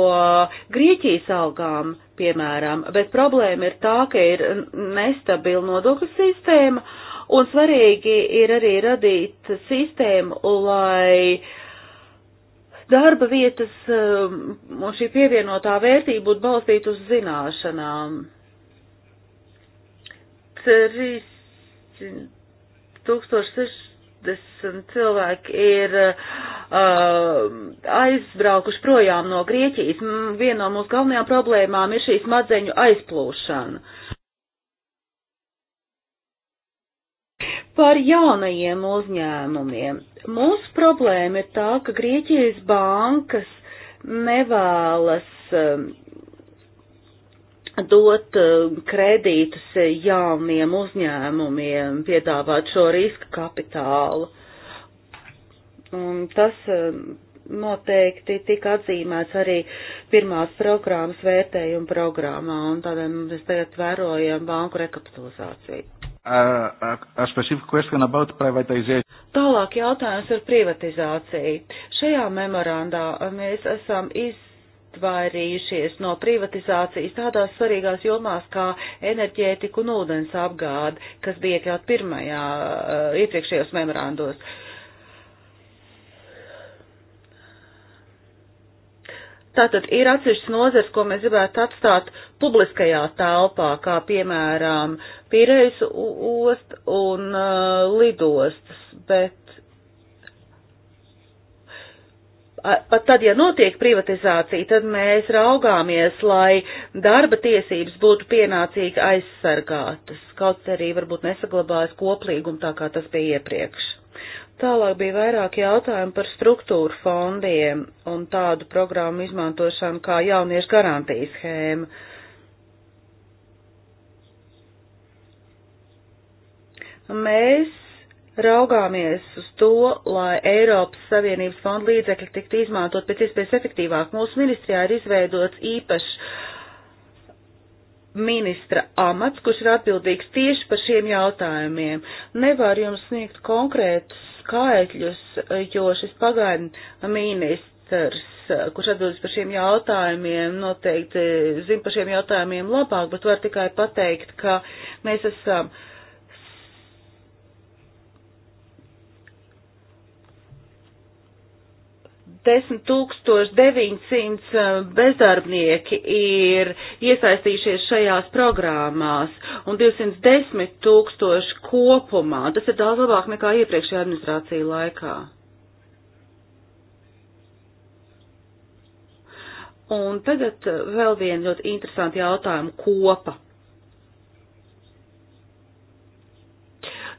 Grieķijas algām, piemēram, bet problēma ir tā, ka ir nestabila nodokļu sistēma, un svarīgi ir arī radīt sistēmu, lai darba vietas um, un šī pievienotā vērtība būtu balstīta uz zināšanām. 300 tūkstoši 160 cilvēki ir uh, aizbraukuši projām no Grieķijas. Viena no mūsu galvenajām problēmām ir šī smadzeņu aizplūšana. Par jaunajiem uzņēmumiem. Mūsu problēma ir tā, ka Grieķijas bankas nevēlas um, dot eh, kredītus jauniem uzņēmumiem, piedāvāt šo riska kapitālu. Un tas eh, noteikti tika atzīmēts arī pirmās programmas vērtējuma programmā, un tādēļ mēs tagad vērojam banku rekapitalizāciju. A, a Tālāk jautājums ir privatizācija. Šajā memorandā mēs esam iz atvairījušies no privatizācijas tādās svarīgās jomās kā enerģētika un ūdens apgāde, kas bija iekļaut pirmajā eh, iepriekšējos memorandos. Tātad ir atsevišķas nozars, ko mēs gribētu atstāt publiskajā telpā, kā piemēram Pīrejas ost un uh, lidostas, bet pat tad, ja notiek privatizācija, tad mēs raugāmies, lai darba tiesības būtu pienācīgi aizsargātas, kaut arī varbūt nesaglabājas koplīgumu tā kā tas bija iepriekš. Tālāk bija vairāk jautājumu par struktūru fondiem un tādu programmu izmantošanu kā jauniešu garantijas schēma. Mēs raugāmies uz to, lai Eiropas Savienības fonda līdzekļi tiktu izmantot pēc iespējas efektīvāk. Mūsu ministrijā ir izveidots īpašs ministra amats, kurš ir atbildīgs tieši par šiem jautājumiem. Nevar jums sniegt konkrētus skaitļus, jo šis pagaidu ministrs, kurš atbildes par šiem jautājumiem, noteikti zina par šiem jautājumiem labāk, bet var tikai pateikt, ka mēs esam uh, 10900 eh, bezdarbnieki ir iesaistījušies šajās programmās un 210 tūkstoši kopumā. Tas ir daudz labāk nekā iepriekšējā administrācija laikā. Un tagad eh, vēl viena ļoti interesanta jautājuma kopa.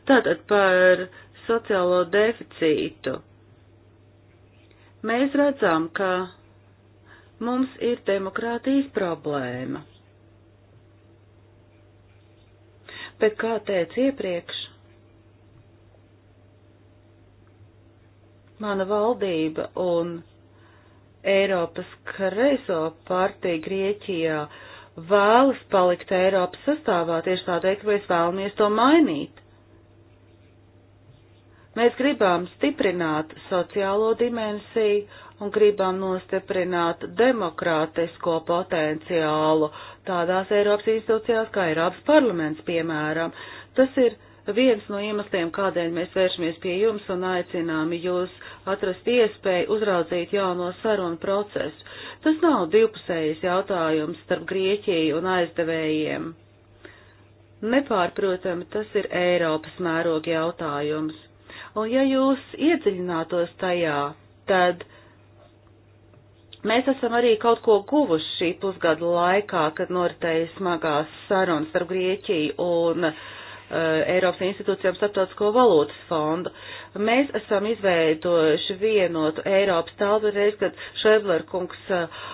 Tātad par sociālo deficītu Mēs redzam, ka mums ir demokrātijas problēma. Bet kā teicu iepriekš, mana valdība un Eiropas kreiso partija Grieķijā vēlas palikt Eiropas sastāvā, tieši tādēļ, ka mēs vēlamies to mainīt. Mēs gribam stiprināt sociālo dimensiju un gribam nostiprināt demokrātisko potenciālu tādās Eiropas institūcijās kā Eiropas parlaments, piemēram. Tas ir viens no iemesliem, kādēļ mēs vēršamies pie jums un aicinām jūs atrast iespēju uzraudzīt jauno sarunu procesu. Tas nav divpusējs jautājums starp Grieķiju un aizdevējiem. Nepārprotami, tas ir Eiropas mēroga jautājums. Un ja jūs iedziļinātos tajā, tad mēs esam arī kaut ko guvuši šī pusgada laikā, kad noritēja smagās sarunas ar Grieķiju un uh, Eiropas institūcijām starptautisko valūtas fondu. Mēs esam izveidojuši vienotu Eiropas tālu reizi, kad Šebler kungs uh,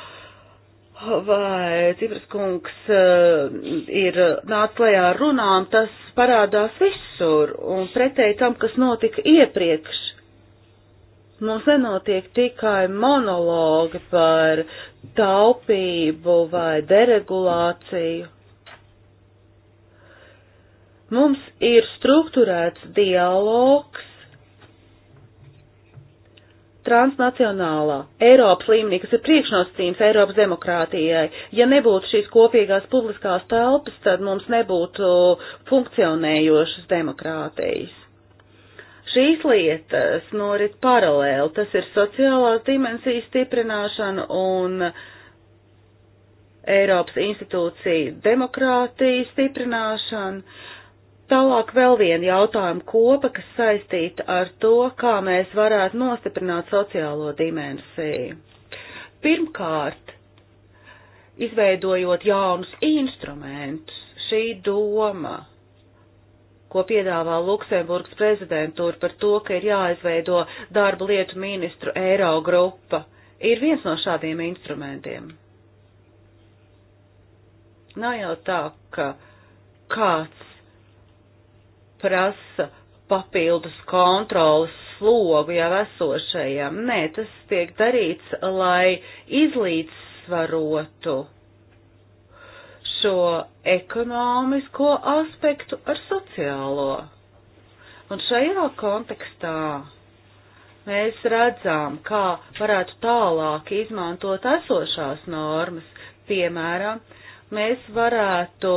vai Cipras kungs eh, ir eh, nācis lejā ar runām, tas parādās visur un pretēji tam, kas notika iepriekš. Mums nu, nenotiek tikai monologi par taupību vai deregulāciju. Mums ir struktūrēts dialogs transnacionālā, Eiropas līmenī, kas ir priekšnosacījums Eiropas demokrātijai. Ja nebūtu šīs kopīgās publiskās telpas, tad mums nebūtu funkcionējošas demokrātijas. Šīs lietas norit paralēli, tas ir sociālās dimensijas stiprināšana un Eiropas institūcija demokrātijas stiprināšana Tālāk vēl viena jautājuma kopa, kas saistīta ar to, kā mēs varētu nostiprināt sociālo dimensiju. Pirmkārt, izveidojot jaunus instrumentus, šī doma, ko piedāvā Luksemburgas prezidentūra par to, ka ir jāizveido darba lietu ministru eiro grupa, ir viens no šādiem instrumentiem. Nav jau tā, ka kāds prasa papildus kontrolas slogu jau esošajam. Nē, tas tiek darīts, lai izlīdzsvarotu šo ekonomisko aspektu ar sociālo. Un šajā kontekstā mēs redzam, kā varētu tālāk izmantot esošās normas. Piemēram, mēs varētu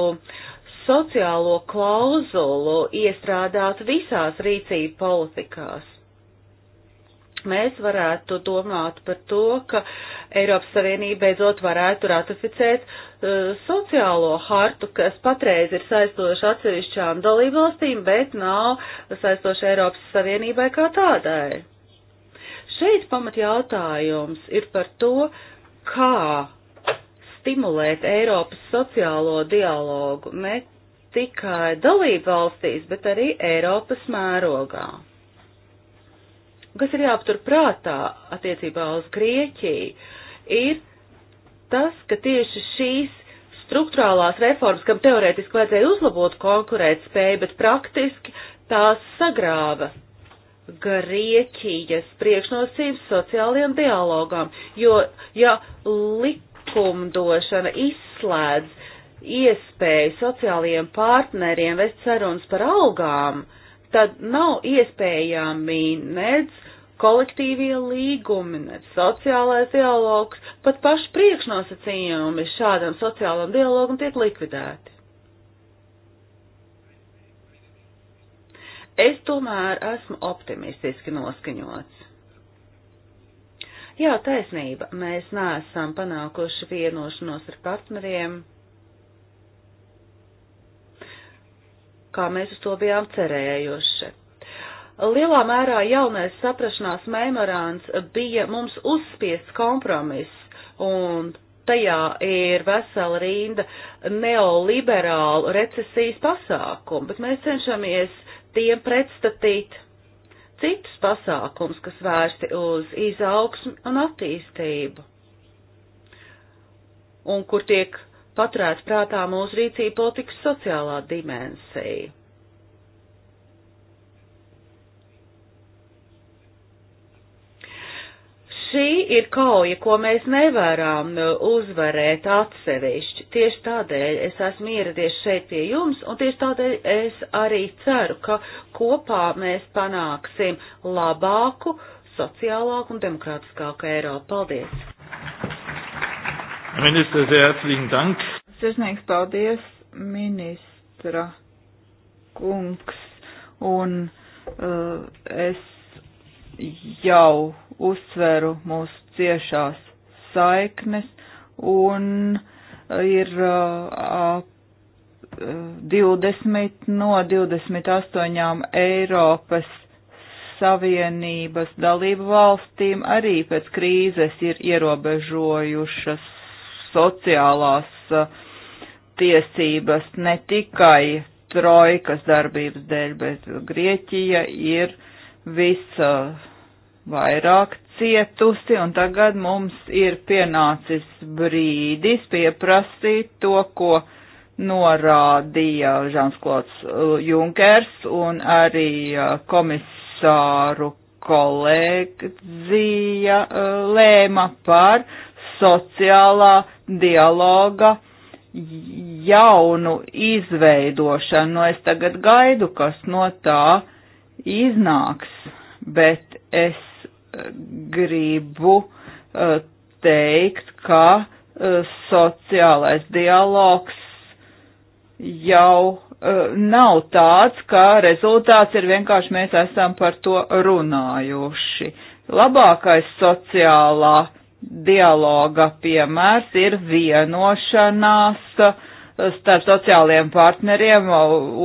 sociālo klauzulu iestrādāt visās rīcību politikās. Mēs varētu domāt par to, ka Eiropas Savienība beidzot varētu ratificēt uh, sociālo hartu, kas patreiz ir saistoša atsevišķām dalībvalstīm, bet nav saistoša Eiropas Savienībai kā tādai. Šeit pamat jautājums ir par to, kā stimulēt Eiropas sociālo dialogu ne tikai dalību valstīs, bet arī Eiropas mērogā. Kas ir jāaptur prātā attiecībā uz Grieķiju, ir tas, ka tieši šīs struktūrālās reformas, kam teorētiski vajadzēja uzlabot konkurēt spēju, bet praktiski tās sagrāva Grieķijas priekšnosības sociālajiem dialogām, jo, ja likumdošana izslēdz iespēju sociālajiem partneriem vest sarunas par algām, tad nav iespējami nedz kolektīvie līgumi, nedz sociālais dialogs, pat paši priekšnosacījumi šādam sociālam dialogam tiek likvidēti. Es tomēr esmu optimistiski noskaņots. Jā, taisnība, mēs neesam panākuši vienošanos ar partneriem kā mēs uz to bijām cerējuši. Lielā mērā jaunais saprašanās memorāns bija mums uzspiests kompromiss, un tajā ir vesela rinda neoliberālu recesijas pasākumu, bet mēs cenšamies tiem pretstatīt citus pasākums, kas vērsti uz izaugsmu un attīstību, un kur tiek paturētu prātā mūsu rīcība politikas sociālā dimensija. Šī ir kauja, ko mēs nevaram uh, uzvarēt atsevišķi. Tieši tādēļ es esmu ieradies šeit pie jums, un tieši tādēļ es arī ceru, ka kopā mēs panāksim labāku, sociālāku un demokrātiskāku Eiropu. Paldies! Ministra, sehr herzlichen Dank. Sirsnīgs paldies, ministra kungs. Un uh, es jau uzsveru mūsu ciešās saiknes un ir uh, 20 uh, no 28 Eiropas Savienības dalību valstīm arī pēc krīzes ir ierobežojušas sociālās uh, tiesības ne tikai trojkas darbības dēļ, bet Grieķija ir visa uh, vairāk cietusi, un tagad mums ir pienācis brīdis pieprasīt to, ko norādīja Žansklots uh, Junkers un arī komisāru kolēģija lēma par sociālā dialoga jaunu izveidošanu. Nu, es tagad gaidu, kas no tā iznāks, bet es eh, gribu uh, teikt, ka uh, sociālais dialogs jau uh, nav tāds, ka rezultāts ir vienkārši mēs esam par to runājuši. Labākais sociālā dialoga piemērs ir vienošanās starp sociālajiem partneriem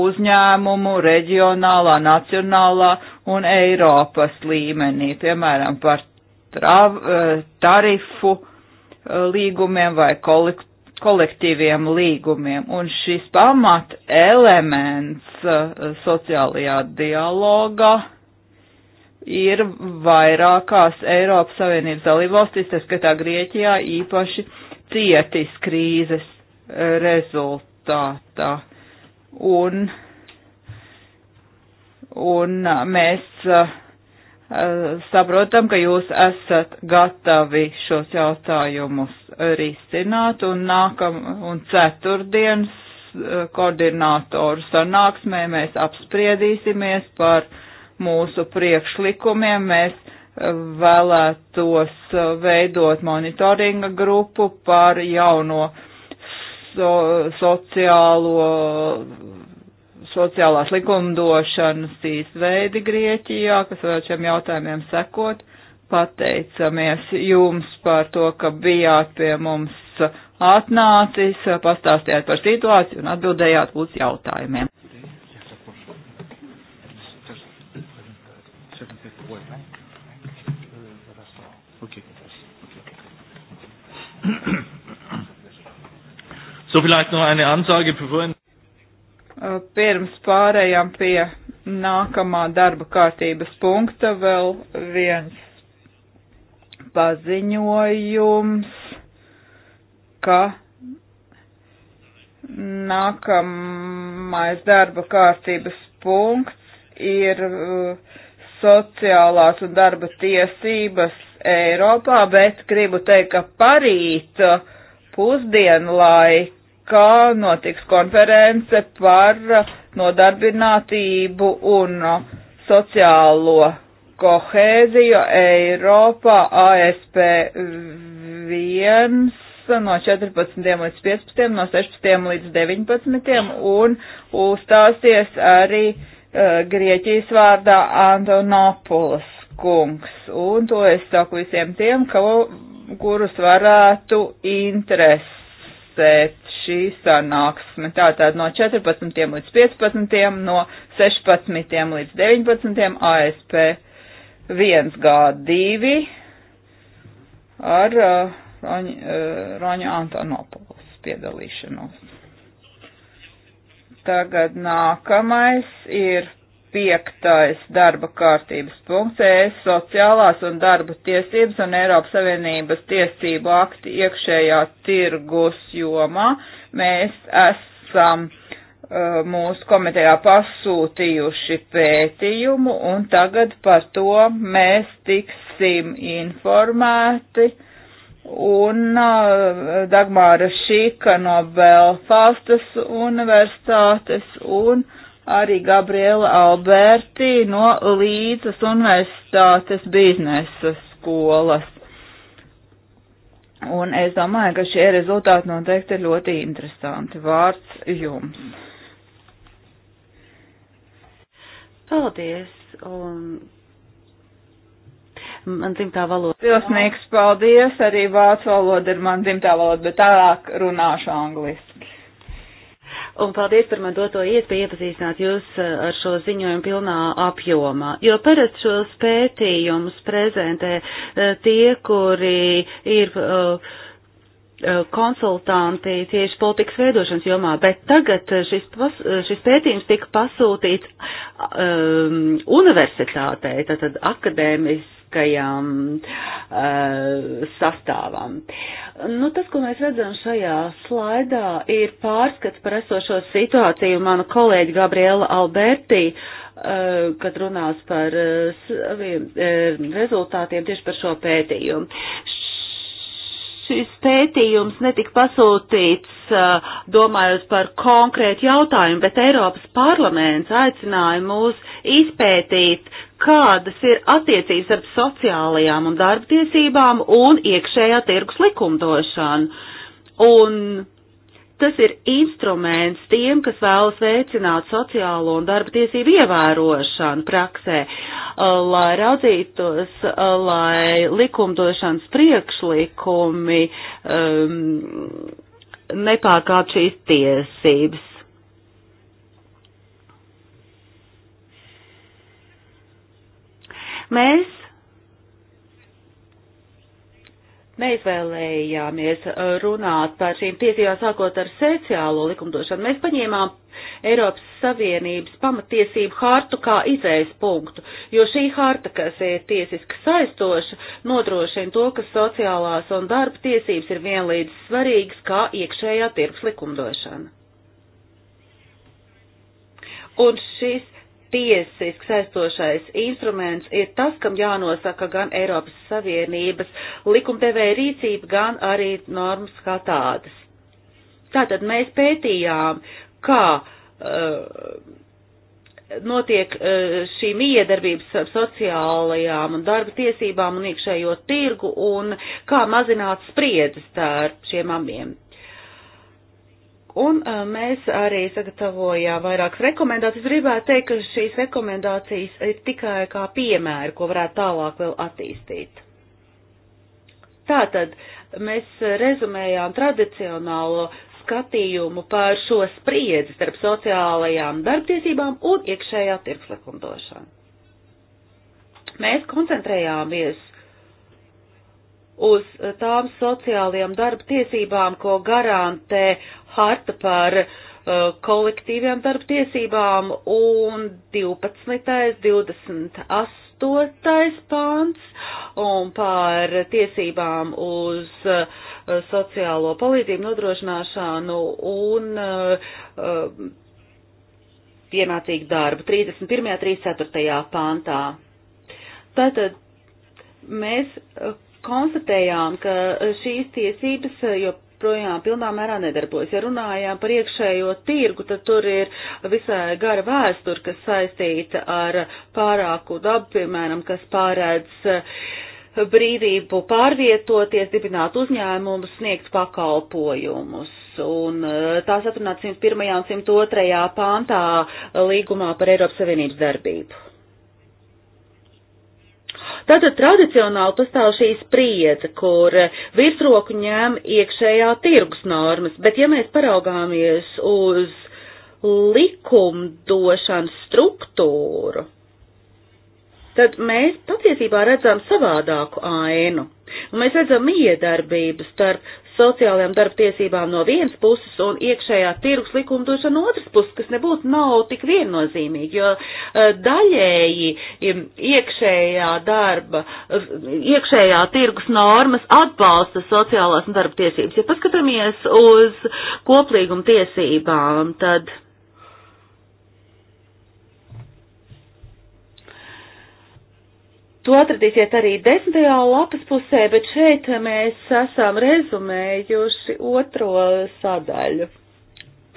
uzņēmumu reģionālā, nacionālā un Eiropas līmenī, piemēram, par trav, eh, tarifu eh, līgumiem vai kolektīvu kolektīviem līgumiem. Un šis pamat elements eh, sociālajā dialogā ir vairākās Eiropas Savienības dalībvalstīs, tas skatā Grieķijā īpaši cietis krīzes eh, rezultātā. Un, un mēs uh, saprotam, ka jūs esat gatavi šos jautājumus risināt un nākam un ceturtdienas koordinātoru sanāksmē mēs apspriedīsimies par uh, mūsu priekšlikumiem. Mēs eh, vēlētos eh, veidot monitoringa grupu par jauno so, sociālo, sociālās likumdošanas īstveidi Grieķijā, kas varētu šiem jautājumiem sekot. Pateicamies jums par to, ka bijāt pie mums atnācis, pastāstījāt par situāciju un atbildējāt uz jautājumiem. <clears throat> so vielleicht noch eine Ansage, bevor. Äh, pirms pārējām pie nākamā darba kārtības punkta vēl viens paziņojums, ka nākamais darba kārtības punkts ir uh, sociālās un darba tiesības Eiropā, bet gribu teikt, ka parīt uh, pusdienlaikā notiks konference par uh, nodarbinātību un uh, sociālo kohēziju Eiropā ASP 1 no 14 līdz 15, no 16 līdz 19 un uzstāsies arī uh, Grieķijas vārdā Antonopulis kungs, un to es saku visiem tiem, ka, kurus varētu interesēt šī sanāksme. Tātad no 14. līdz 15. no 16. līdz 19. ASP 1G2 ar uh, Roņa, uh, Roņa Antonopolis piedalīšanos. Tagad nākamais ir piektais darba kārtības punkts ES sociālās un darba tiesības un Eiropas Savienības tiesību akti iekšējā tirgus jomā. Mēs esam uh, mūsu komitejā pasūtījuši pētījumu un tagad par to mēs tiksim informēti. Un uh, Dagmāra Šīka no Belfastas universitātes un arī Gabriela Alberti no Līdzas Universitātes biznesa skolas. Un es domāju, ka šie rezultāti noteikti ir ļoti interesanti. Vārds jums. Paldies. Un man dzimtā valoda. Pilsnīgs paldies, arī vācu valoda ir man dzimtā valoda, bet tālāk runāšu angliski un paldies par man doto iespēju iepazīstināt jūs eh, ar šo ziņojumu pilnā apjomā. Jo parasti šos pētījumus prezentē eh, tie, kuri ir uh, Eh, konsultanti tieši politikas veidošanas jomā, bet tagad eh, šis, pas, eh, šis pētījums tika pasūtīts um, universitātei, tātad akadēmiskajam uh, sastāvam. Nu, tas, ko mēs redzam šajā slaidā, ir pārskats par esošo situāciju. Mana kolēģa Gabriela Alberti uh, kad runās par saviem rezultātiem tieši par šo pētījumu šis pētījums netika pasūtīts uh, domājot par konkrētu jautājumu, bet Eiropas parlaments aicināja mūs izpētīt, kādas ir attiecības ar sociālajām un darba tiesībām un iekšējā tirgus likumdošanu. Un Tas ir instruments tiem, kas vēlas veicināt sociālo un darba tiesību ievērošanu praksē, uh, lai raudzītos, uh, lai likumdošanas priekšlikumi um, nepārkāp šīs tiesības. Mēs neizvēlējāmies uh, runāt par šīm tiesībām sākot ar sociālo likumdošanu. Mēs paņēmām Eiropas Savienības pamatiesību hartu kā izējas punktu, jo šī harta, kas ir tiesiski saistoša, nodrošina to, ka sociālās un darba tiesības ir vienlīdz svarīgas kā iekšējā tirgus likumdošana. Un šis tiesiski saistošais instruments ir tas, kam jānosaka gan Eiropas Savienības likumdevēja rīcība, gan arī normas kā tādas. Tātad mēs pētījām, kā uh, notiek uh, šī miedarbības ar sociālajām un darba tiesībām un iekšējo tirgu un kā mazināt spriedzi starp šiem abiem Un uh, mēs arī sagatavojām vairākas rekomendācijas. Gribētu teikt, ka šīs rekomendācijas ir tikai kā piemēri, ko varētu tālāk vēl attīstīt. Tātad mēs rezumējām tradicionālo skatījumu par šo spriedzi starp sociālajām darbtiesībām un iekšējā tirpslikumdošanu. Mēs koncentrējāmies uz eh, tām sociālajām darba tiesībām, ko garantē harta par uh, kolektīviem darba tiesībām un 12. 28. pāns un par tiesībām uz uh, sociālo palīdzību nodrošināšanu un uh, pienācīgu darbu 31. 34. pāntā. Tātad mēs konstatējām, ka e, šīs tiesības e, joprojām pilnā mērā nedarbojas. Ja runājām par iekšējo tirgu, tad tur ir visai gara vēsture, kas saistīta ar pārāku dabu, piemēram, kas pārēdz e, brīvību pārvietoties, dibināt uzņēmumus, sniegt pakalpojumus. Un tās atrunāts 101. un 102. pāntā līgumā par Eiropas Savienības darbību. Tātad tradicionāli pastāv šī spriedze, kur virsroku ņem iekšējā tirgus normas, bet ja mēs paraugāmies uz likumdošanas struktūru, tad mēs patiesībā redzam savādāku ainu. Un mēs redzam iedarbību starp sociālajām darba tiesībām no vienas puses un iekšējā tirgus likumdošana no otras puses, kas nebūtu nav tik viennozīmīgi, jo e, daļēji iekšējā darba, iekšējā tirgus normas atbalsta sociālās un darba tiesības. Ja paskatāmies uz koplīguma tiesībām, tad To atradīsiet arī desmitajā lapas pusē, bet šeit mēs esam rezumējuši otro sadaļu.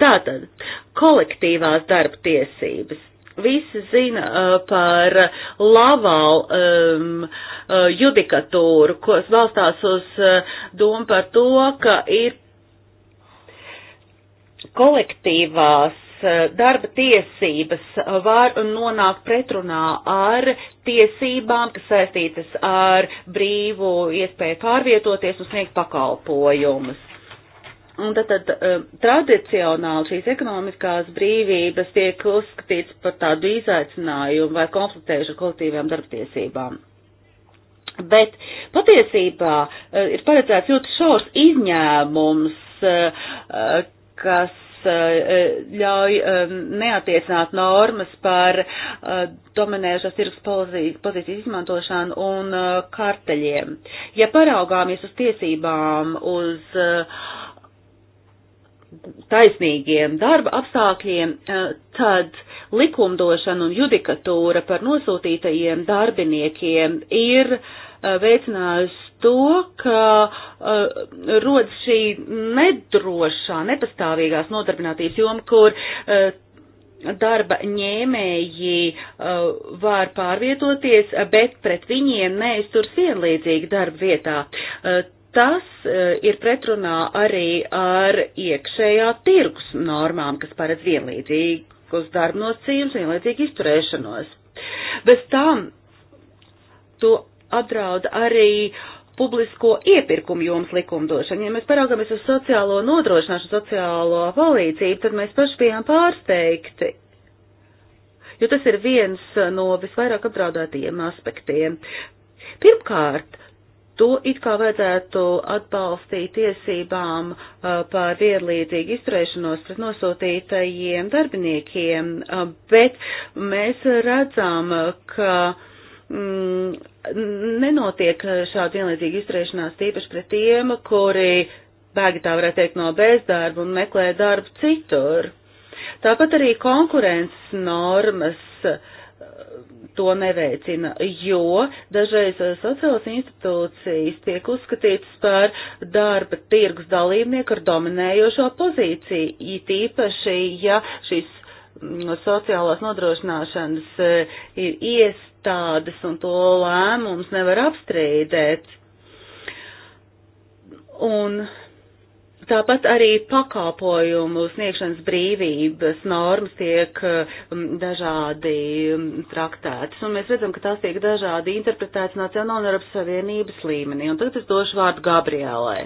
Tātad, kolektīvās darba tiesības. Visi zina uh, par lavālu um, uh, judikatūru, kas balstās uz uh, domu par to, ka ir kolektīvās Eh, darba tiesības var nonākt pretrunā ar tiesībām, kas saistītas ar brīvu iespēju pārvietoties un sniegt pakalpojumus. Un tad, tad eh, tradicionāli šīs ekonomiskās brīvības tiek uzskatīts par tādu izaicinājumu vai konfliktējuši ar kolektīvām darbtiesībām. Bet patiesībā eh, ir paredzēts ļoti šaurs izņēmums, kas Eh, ļauj eh, neatiecināt normas par eh, dominējušās tirgus pozīcijas izmantošanu un karteļiem. Ja paraugāmies uz tiesībām, uz taisnīgiem darba apstākļiem, tad likumdošana un judikatūra par nosūtītajiem darbiniekiem ir uh, veicinājusi to, ka uh, rodas šī nedrošā, nepastāvīgās nodarbinātības joma, kur uh, darba ņēmēji uh, var pārvietoties, bet pret viņiem neiztur vienlīdzīgi darba vietā. Uh, tas uh, ir pretrunā arī ar iekšējā tirgus normām, kas paredz vienlīdzīgus darba nosacījumus, vienlīdzīgu izturēšanos. Bez tam to apdraud arī publisko iepirkumu jomas likumdošanu. Ja mēs paraugamies uz sociālo nodrošināšanu, sociālo palīdzību, tad mēs paši bijām pārsteigti, jo tas ir viens no visvairāk apdraudētajiem aspektiem. Pirmkārt, to it kā vajadzētu atbalstīt tiesībām par vienlīdzīgu izturēšanos pret nosūtītajiem darbiniekiem, bet mēs redzam, ka mm, nenotiek šāda vienlīdzīga izturēšanās tīpaši pret tiem, kuri bēgi tā varētu teikt no bezdarba un meklē darbu citur. Tāpat arī konkurences normas uh, to neveicina, jo dažreiz uh, sociālas institūcijas tiek uzskatītas par darba tirgus dalībnieku ar dominējošo pozīciju, it īpaši, ja šīs mm, sociālās nodrošināšanas uh, ir ies iestādes un to lēmums nevar apstrīdēt. Un Tāpat arī pakalpojumu sniegšanas brīvības normas tiek um, dažādi um, traktētas, un mēs redzam, ka tās tiek dažādi interpretētas Nacionāla un Eiropas Savienības līmenī. Un tagad es došu vārdu Gabrielai.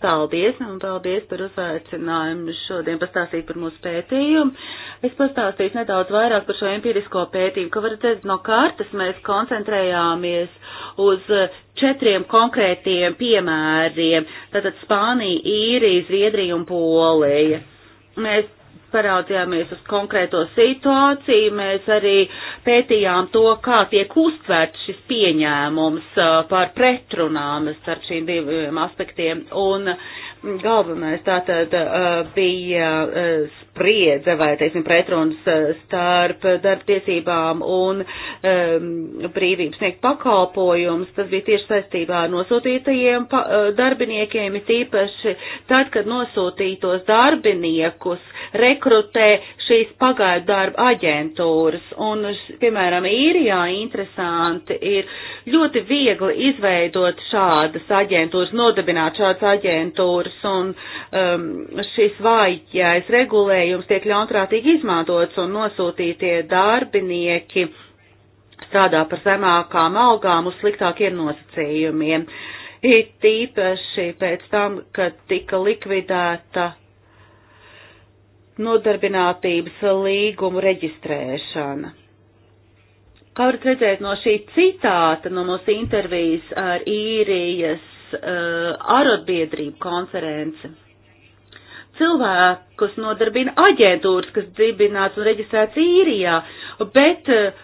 Paldies, un paldies par uzaicinājumu šodien pastāstīt par mūsu pētījumu. Es pastāstīšu nedaudz vairāk par šo empirisko pētījumu, ka varat redzēt no kartas mēs koncentrējāmies uz eh, četriem konkrētiem piemēriem. Tātad Spānija, Īrija, Zviedrija un Polija. Mēs paraudzījāmies uz konkrēto situāciju, mēs arī pētījām to, kā tiek uztverts šis pieņēmums uh, par pretrunām starp šīm diviem aspektiem. Un, uh, Galvenais tātad bija spriedze vai, teiksim, pretrunas starp darbtiesībām un brīvības sniegt pakalpojums. Tas bija tieši saistībā ar nosūtītajiem darbiniekiem, it īpaši tad, kad nosūtītos darbiniekus rekrutē šīs pagaidu darba aģentūras. Un, piemēram, īrijā interesanti ir ļoti viegli izveidot šādas aģentūras, nodibināt šādas aģentūras robežas, un um, šis vājais regulējums tiek ļaunprātīgi izmantots un nosūtītie darbinieki strādā par zemākām algām uz sliktākiem nosacījumiem. Ir tīpaši pēc tam, kad tika likvidēta nodarbinātības līguma reģistrēšana. Kā varat redzēt no šī citāta no mūsu intervijas ar īrijas uh, arotbiedrību konference. Cilvēkus nodarbina aģentūras, kas dibināts un reģistrēts īrijā, bet uh,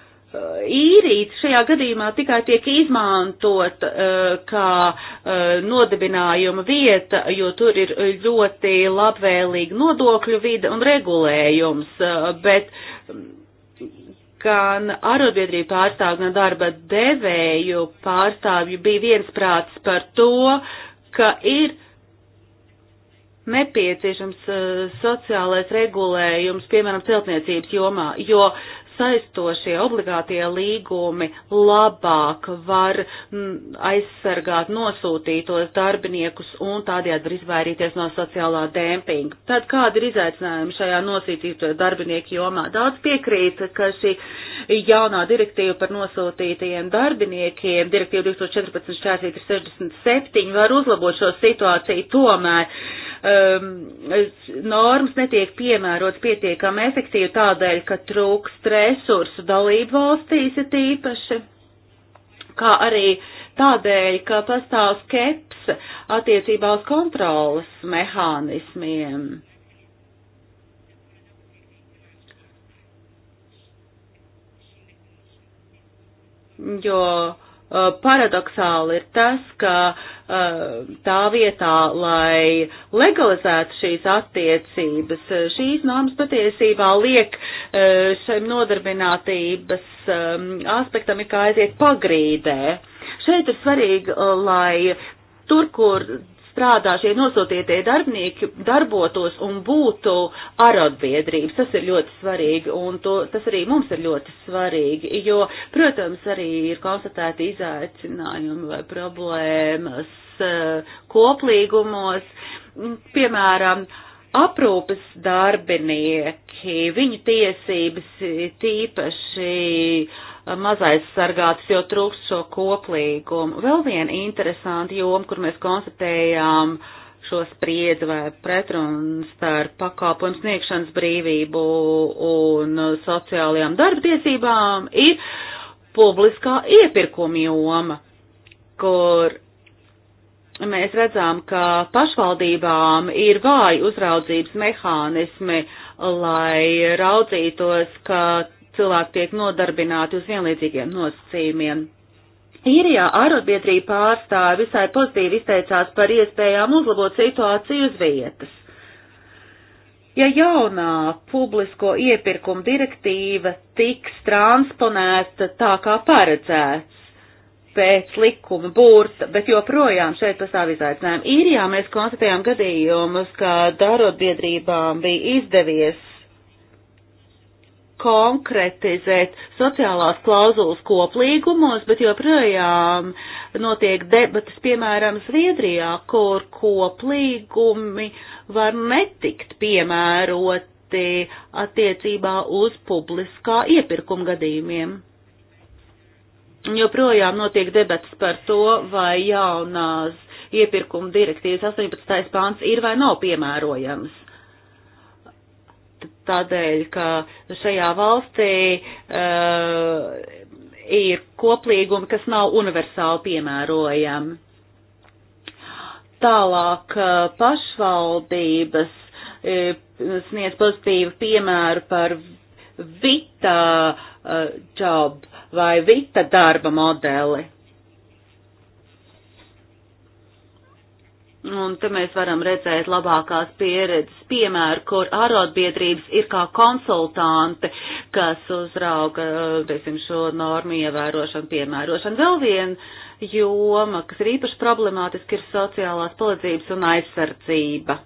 īrīts šajā gadījumā tikai tiek izmantot uh, kā uh, nodibinājuma vieta, jo tur ir ļoti labvēlīga nodokļu vide un regulējums, uh, bet um, gan arotbiedrību pārstāvju, gan darba devēju pārstāvju bija viensprāts par to, ka ir nepieciešams uh, sociālais regulējums, piemēram, celtniecības jomā, jo uh, saistošie obligātie līgumi labāk var mm, aizsargāt nosūtītos darbiniekus un tādējādi var izvairīties no sociālā dēmpinga. Tad kādi ir izaicinājumi šajā nosītīto darbinieku jomā? Daudz piekrīt, ka šī jaunā direktīva par nosūtītajiem darbiniekiem, direktīva 2014.467, var uzlabot šo situāciju tomēr um, normas netiek piemērots pietiekami efektīvi tādēļ, ka trūkst resursu dalību valstīs ir tīpaši, kā arī tādēļ, ka pastāv skeps attiecībā uz kontrolas mehānismiem. Jo Uh, paradoxāli ir tas, ka uh, tā vietā, lai legalizētu šīs attiecības, uh, šīs normas patiesībā liek šiem nodarbinātības um, aspektam ir kā aiziet pagrīdē. Šeit ir svarīgi, lai tur, kur strādā šie nosūtītie darbinieki, darbotos un būtu arotbiedrības. Tas ir ļoti svarīgi, un to, tas arī mums ir ļoti svarīgi, jo, protams, arī ir konstatēti izaicinājumi vai problēmas eh, koplīgumos, piemēram, aprūpes darbinieki, viņu tiesības tīpaši uh, mazais sargāts, jo trūkst šo koplīgumu. Vēl viena interesanta joma, kur mēs konstatējām šo spriedzi vai pretrunu starp pakāpojumu sniegšanas brīvību un sociālajām darbtiesībām, ir publiskā iepirkuma joma, kur mēs redzam, ka pašvaldībām ir vāji uzraudzības mehānismi, lai raudzītos, ka cilvēki tiek nodarbināti uz vienlīdzīgiem nosacījumiem. Īrijā arotbiedrība pārstāvi visai pozitīvi izteicās par iespējām uzlabot situāciju uz vietas. Ja jaunā publisko iepirkuma direktīva tiks transponēta tā kā paredzēts pēc likuma burta, bet joprojām šeit pastāv izaicinājumi. Īrijā mēs konstatējām gadījumus, ka darotbiedrībām bija izdevies konkretizēt sociālās klauzulas koplīgumos, bet joprojām notiek debatas, piemēram, Zviedrijā, kur koplīgumi var netikt piemēroti attiecībā uz publiskā iepirkuma gadījumiem. Joprojām notiek debats par to, vai jaunās iepirkuma direktīvas 18. pāns ir vai nav piemērojams tādēļ, ka šajā valstī uh, ir koplīgumi, kas nav universāli piemērojami. Tālāk eh, pašvaldības eh, sniedz pozitīvu piemēru par Vita job vai Vita darba modeli. Un te mēs varam redzēt labākās pieredzes piemēru, kur ārotbiedrības ir kā konsultanti, kas uzrauga, teiksim, šo normu ievērošanu, piemērošanu. Vēl viena joma, kas ir īpaši problemātiski, ir sociālās palīdzības un aizsardzība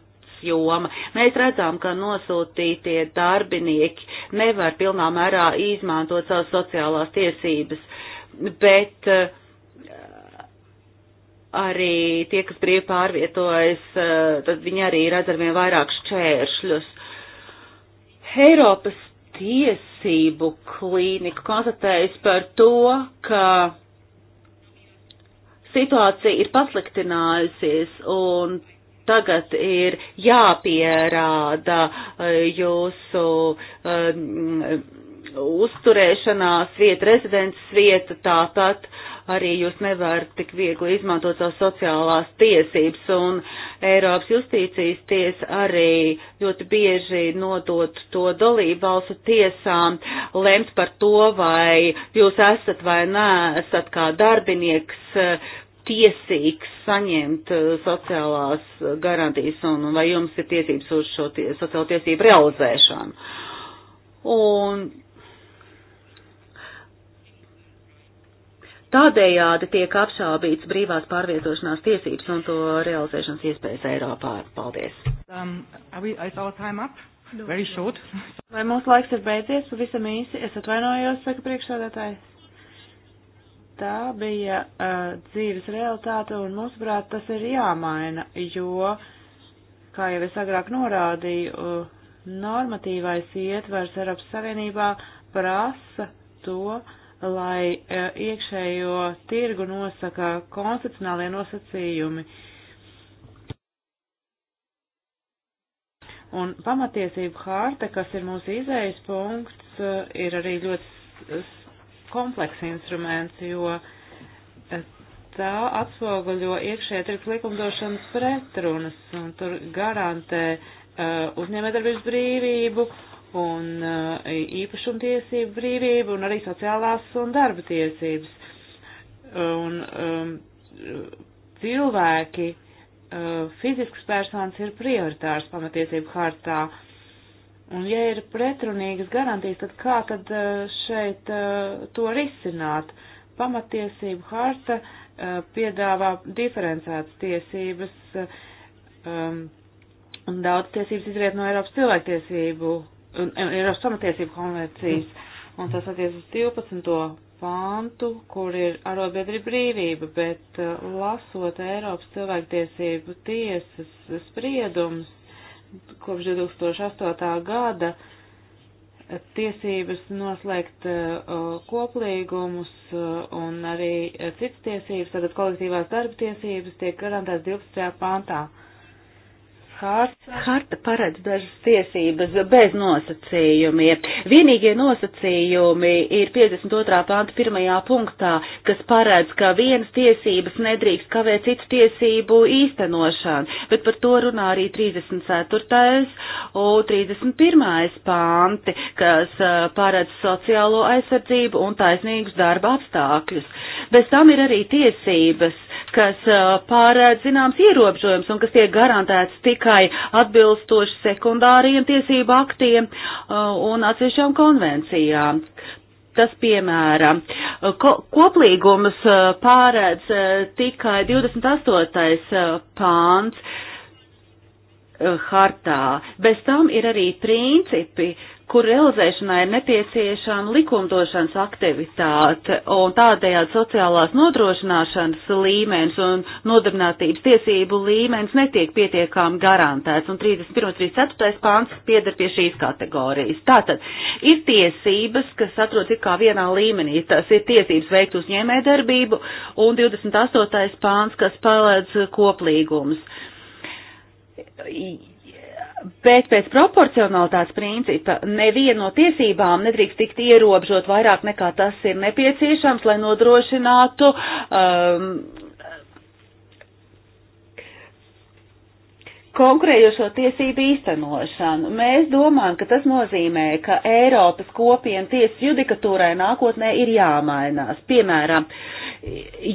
joma. Mēs redzam, ka nosūtītie darbinieki nevar pilnā mērā izmantot savas sociālās tiesības, bet uh, arī tie, kas brīvi pārvietojas, eh, tad viņi arī redz arvien vairāk šķēršļus. Eiropas tiesību klīnika konstatējas par to, ka situācija ir pasliktinājusies un tagad ir jāpierāda eh, jūsu um, uzturēšanās vieta, rezidences vieta, tāpat uh, arī jūs nevarat tik viegli izmantot savas sociālās tiesības, un Eiropas justīcijas tiesa arī ļoti bieži nodot to dalību valstu tiesām, lemt par to, vai jūs esat vai neesat kā darbinieks eh, tiesīgs saņemt eh, sociālās garantijas un vai jums ir tiesības uz šo tie, sociālo tiesību realizēšanu. Un Tādējādi tiek apšaubīts brīvās pārvietošanās tiesības un to realizēšanas iespējas Eiropā. Paldies! Um, no. Vai mūsu laiks ir beidzies? Pavisam īsi. Es atvainojos, saka priekšsādātājs tā bija uh, dzīves realitāte, un mūsuprāt tas ir jāmaina, jo, kā jau es agrāk norādīju, uh, normatīvais ietvers Eiropas Savienībā prasa to, lai eh, iekšējo tirgu nosaka konstitucionālie nosacījumi. Un pamatiesību hārta, kas ir mūsu izējas punkts, eh, ir arī ļoti komplekss instruments, jo eh, tā atspoguļo iekšējā tirgus likumdošanas pretrunas un tur garantē uh, uzņēmējdarbības brīvību un eh, īpašumtiesību brīvību un arī sociālās un darba tiesības. Un um, cilvēki, uh, fizisks persons ir prioritārs pamatiesību hartā. Un ja ir pretrunīgas garantijas, tad kā tad uh, šeit uh, to risināt? Pamatiesību harta uh, piedāvā diferencētas tiesības. Uh, um, un daudz tiesības izriet no Eiropas cilvēktiesību Eiropas pamatiesību konvencijas, un tas attiec uz 12. pāntu, kur ir arotbiedrība brīvība, bet uh, lasot Eiropas cilvēktiesību tiesas spriedums kopš 2008. gada, uh, tiesības noslēgt uh, uh, koplīgumus uh, un arī citas tiesības, tātad kolektīvās darba tiesības tiek garantētas 12. pāntā. Uh, harta. Harta paredz dažas tiesības bez nosacījumiem. Vienīgie nosacījumi ir 52. panta pirmajā punktā, kas paredz, ka vienas tiesības nedrīkst kavēt citu tiesību īstenošanu, bet par to runā arī 34. un 31. panti, kas uh, paredz sociālo aizsardzību un taisnīgus darba apstākļus. Bez tam ir arī tiesības kas pārēd zināms ierobežojums un kas tiek garantēts tikai atbilstoši sekundāriem tiesību aktiem un atsevišķām konvencijām. Tas, piemēram, ko, koplīgums pārēdz tikai 28. pāns hartā. Bez tam ir arī principi, kur realizēšanai ir nepieciešama likumdošanas aktivitāte un tādējādi sociālās nodrošināšanas līmenis un nodarbinātības tiesību līmenis netiek pietiekami garantēts, un 31. 34. pāns pieder pie šīs kategorijas. Tātad ir tiesības, kas atrodas it kā vienā līmenī, tas ir tiesības veikt uzņēmē darbību, un 28. pāns, kas palēdz koplīgums Bet pēc proporcionalitātes principa neviena no tiesībām nedrīkst tikt ierobežot vairāk nekā tas ir nepieciešams, lai nodrošinātu um, konkurējošo tiesību īstenošanu. Mēs domājam, ka tas nozīmē, ka Eiropas kopienu tiesas judikatūrai nākotnē ir jāmainās. Piemēram,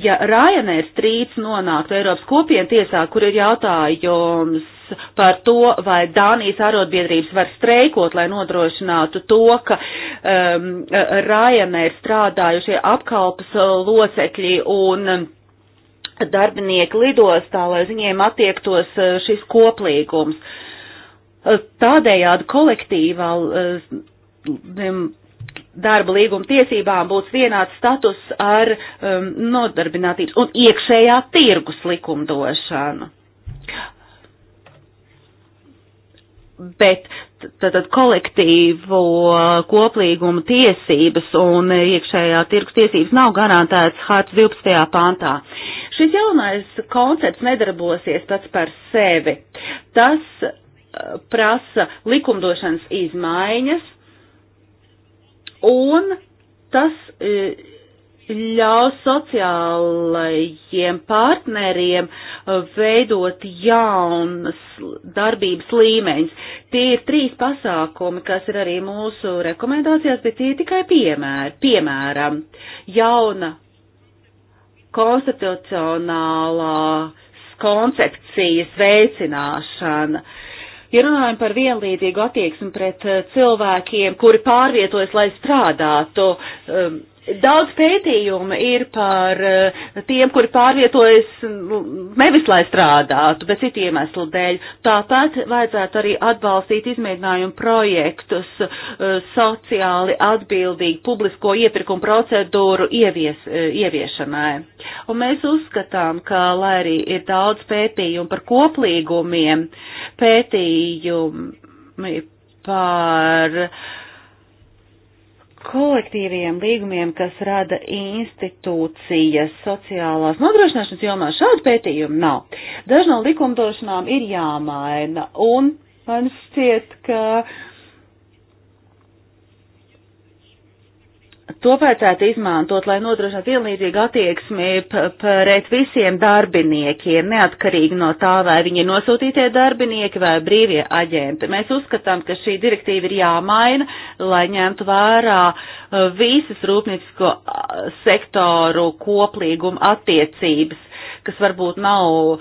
ja Ryanair strīds nonāktu Eiropas kopienu tiesā, kur ir jautājums par to, vai Dānijas arotbiedrības var streikot, lai nodrošinātu to, ka um, Ryanair strādājušie apkalpas locekļi un darbinieki lidostā, lai viņiem attiektos uh, šis koplīgums. Uh, tādējādi kolektīvā uh, darba līguma tiesībām būs vienāds status ar um, nodarbinātības un iekšējā tirgus likumdošanu bet tātad kolektīvu koplīgumu tiesības un iekšējā tirgus tiesības nav garantētas hārts 12. pāntā. Šis jaunais koncepts nedarbosies pats par sevi. Tas uh, prasa likumdošanas izmaiņas un tas uh, ļaus sociālajiem partneriem uh, veidot jaunas darbības līmeņus. Tie ir trīs pasākumi, kas ir arī mūsu rekomendācijās, bet tie ir tikai piemēri. Piemēram, jauna konstitucionālā koncepcijas veicināšana. Ja runājam par vienlīdzīgu attieksmi pret uh, cilvēkiem, kuri pārvietojas, lai strādātu, um, Daudz pētījumu ir par eh, tiem, kuri pārvietojas mm, nevis lai strādātu, bet citu iemeslu dēļ. Tāpat vajadzētu arī atbalstīt izmēģinājumu projektus eh, sociāli atbildīgi publisko iepirkumu procedūru ievies, eh, ieviešanai. Un mēs uzskatām, ka, lai arī ir daudz pētījumu par koplīgumiem, pētījumi par uh, kolektīviem līgumiem, kas rada institūcijas sociālās nodrošināšanas jomā, šādu pētījumu nav. Daži no likumdošanām ir jāmaina, un man šķiet, ka to vajadzētu izmantot, lai nodrošinātu vienlīdzīgu attieksmi pret visiem darbiniekiem, neatkarīgi no tā, vai viņi ir nosūtītie darbinieki vai brīvie aģenti. Mēs uzskatām, ka šī direktīva ir jāmaina, lai ņemtu vērā uh, visas rūpniecisko uh, sektoru koplīguma attiecības kas varbūt nav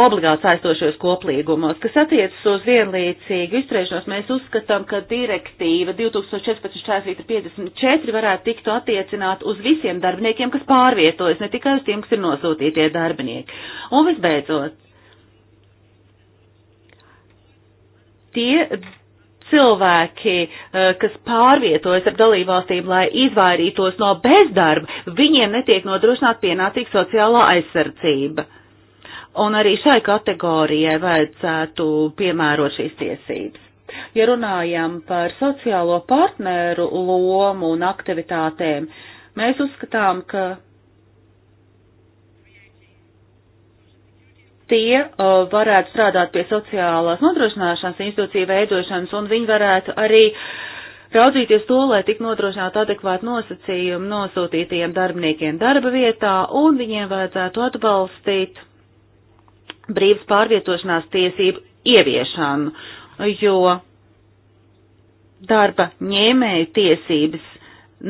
obligāti saistošos koplīgumos. Kas attiecas uz vienlīdzīgu izturēšanos, mēs uzskatām, ka direktīva 2014.54 varētu tikt attiecināt uz visiem darbiniekiem, kas pārvietojas, ne tikai uz tiem, kas ir nosūtītie darbinieki. Un visbeidzot, tie cilvēki, eh, kas pārvietojas ar dalībvalstīm, lai izvairītos no bezdarba, viņiem netiek nodrošināta pienācīga sociālā aizsardzība un arī šai kategorijai vajadzētu piemērot šīs tiesības. Ja runājam par sociālo partneru lomu un aktivitātēm, mēs uzskatām, ka tie uh, varētu strādāt pie sociālās nodrošināšanas institūcija veidošanas, un viņi varētu arī raudzīties to, lai tik nodrošinātu adekvātu nosacījumu nosūtītajiem darbiniekiem darba vietā, un viņiem vajadzētu atbalstīt brīvas pārvietošanās tiesību ieviešanu, jo darba ņēmēju tiesības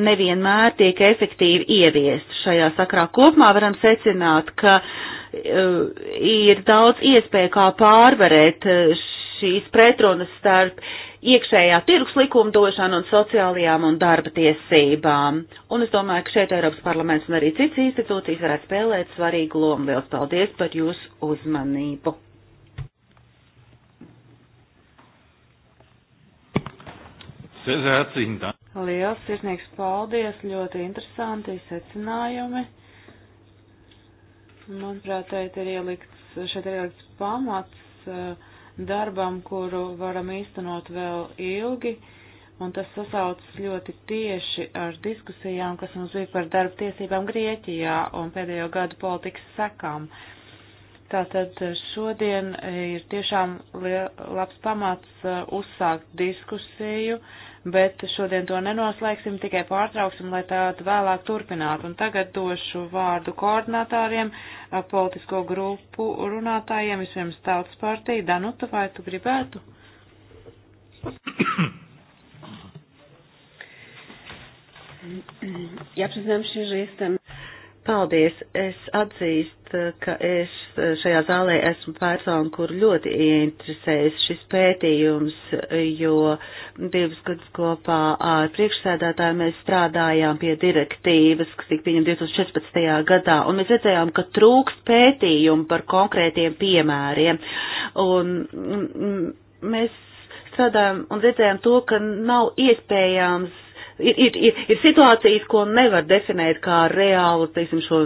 nevienmēr tiek efektīvi ieviest. Šajā sakrā kopumā varam secināt, ka uh, ir daudz iespēju kā pārvarēt uh, šīs pretrunas starp iekšējā tirgus likumdošana un sociālajām un darba tiesībām. Un es domāju, ka šeit Eiropas parlaments un arī cits institūcijas varētu spēlēt svarīgu lomu. Liels paldies par jūsu uzmanību! Liels sirsnīgs paldies, ļoti interesanti secinājumi. Manuprāt, šeit ir ielikts, šeit ir ielikts pamats. Uh, darbam, kuru varam īstenot vēl ilgi, un tas sasaucas ļoti tieši ar diskusijām, kas mums bija par darba tiesībām Grieķijā un pēdējo gadu politikas sekām. Tātad šodien ir tiešām labs pamats uh, uzsākt diskusiju, uh, bet šodien to nenoslēgsim, tikai pārtrauksim, lai tādu vēlāk turpinātu. Un tagad došu vārdu koordinātāriem, politisko grupu runātājiem, vispirms tautas partija. Danuta, vai tu gribētu? Ja przyznam się, że jestem Paldies! Es atzīstu, ka es šajā zālē esmu persona, kur ļoti ieinteresējas šis pētījums, jo divas gadus kopā ar priekšsēdētāju mēs strādājām pie direktīvas, kas tika pieņemta 2014. gadā, un mēs redzējām, ka trūkst pētījumu par konkrētiem piemēriem. Un, mēs strādājām un redzējām to, ka nav iespējams ir, ir, ir, ir situācijas, ko nevar definēt kā reālu, teiksim, šo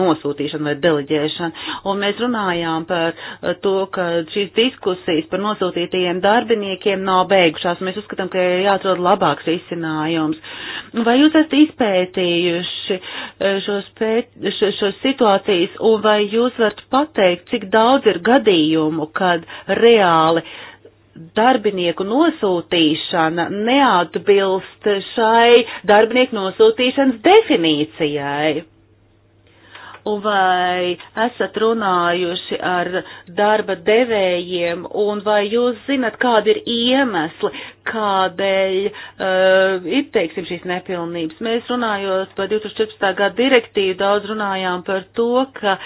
nosūtīšanu vai deleģēšanu. Un mēs runājām par to, ka šīs diskusijas par nosūtītajiem darbiniekiem nav beigušās. Mēs uzskatām, ka ir jāatrod labāks risinājums. Vai jūs esat izpētījuši eh, šos, pēt, šo, šos situācijas un vai jūs varat pateikt, cik daudz ir gadījumu, kad reāli uh, darbinieku nosūtīšana neatbilst šai darbinieku nosūtīšanas definīcijai. Un vai esat runājuši ar darba devējiem, un vai jūs zinat, kāda ir iemesli, kādēļ uh, ir, teiksim, šīs nepilnības? Mēs runājot par 2014. gada direktīvu daudz runājām par to, ka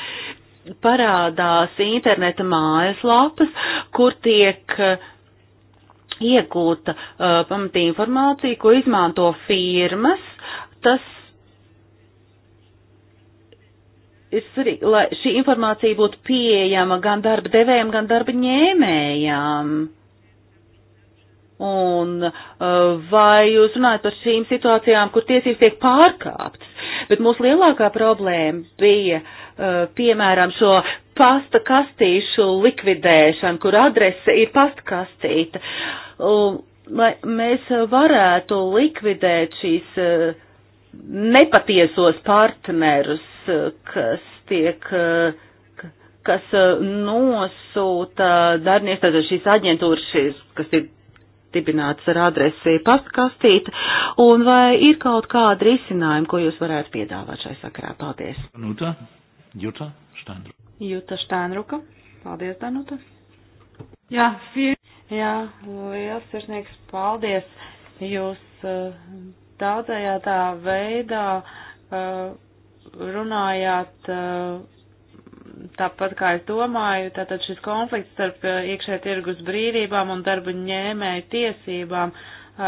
parādās interneta mājaslapas, kur tiek uh, iegūta uh, pamatī informācija, ko izmanto firmas. Tas ir svarīgi, lai šī informācija būtu pieejama gan darba devējiem, gan darba ņēmējām. Uh, Un eh, vai jūs runājat par šīm situācijām, kur tiesības tiek pārkāptas? Bet mūsu lielākā problēma bija, eh, piemēram, šo pasta kastīšu likvidēšana, kur adrese ir pastkastīta. Lai mēs varētu likvidēt šīs eh, nepatiesos partnerus, kas tiek kas nosūta darbinieks, tātad šīs aģentūras, šīs, kas ir dibināts ar adresi pastkastīt, un vai ir kaut kāda risinājuma, ko jūs varētu piedāvāt šai sakarā? Paldies. Danuta, Juta Štainruka. Juta Štainruka. Paldies, Danuta. Jā, fie... Jā, liels sirsnīgs paldies. Jūs uh, daudzajā tā veidā uh, runājāt uh, tāpat kā es domāju, tātad šis konflikts starp eh, iekšē tirgus brīvībām un darba ņēmēju tiesībām,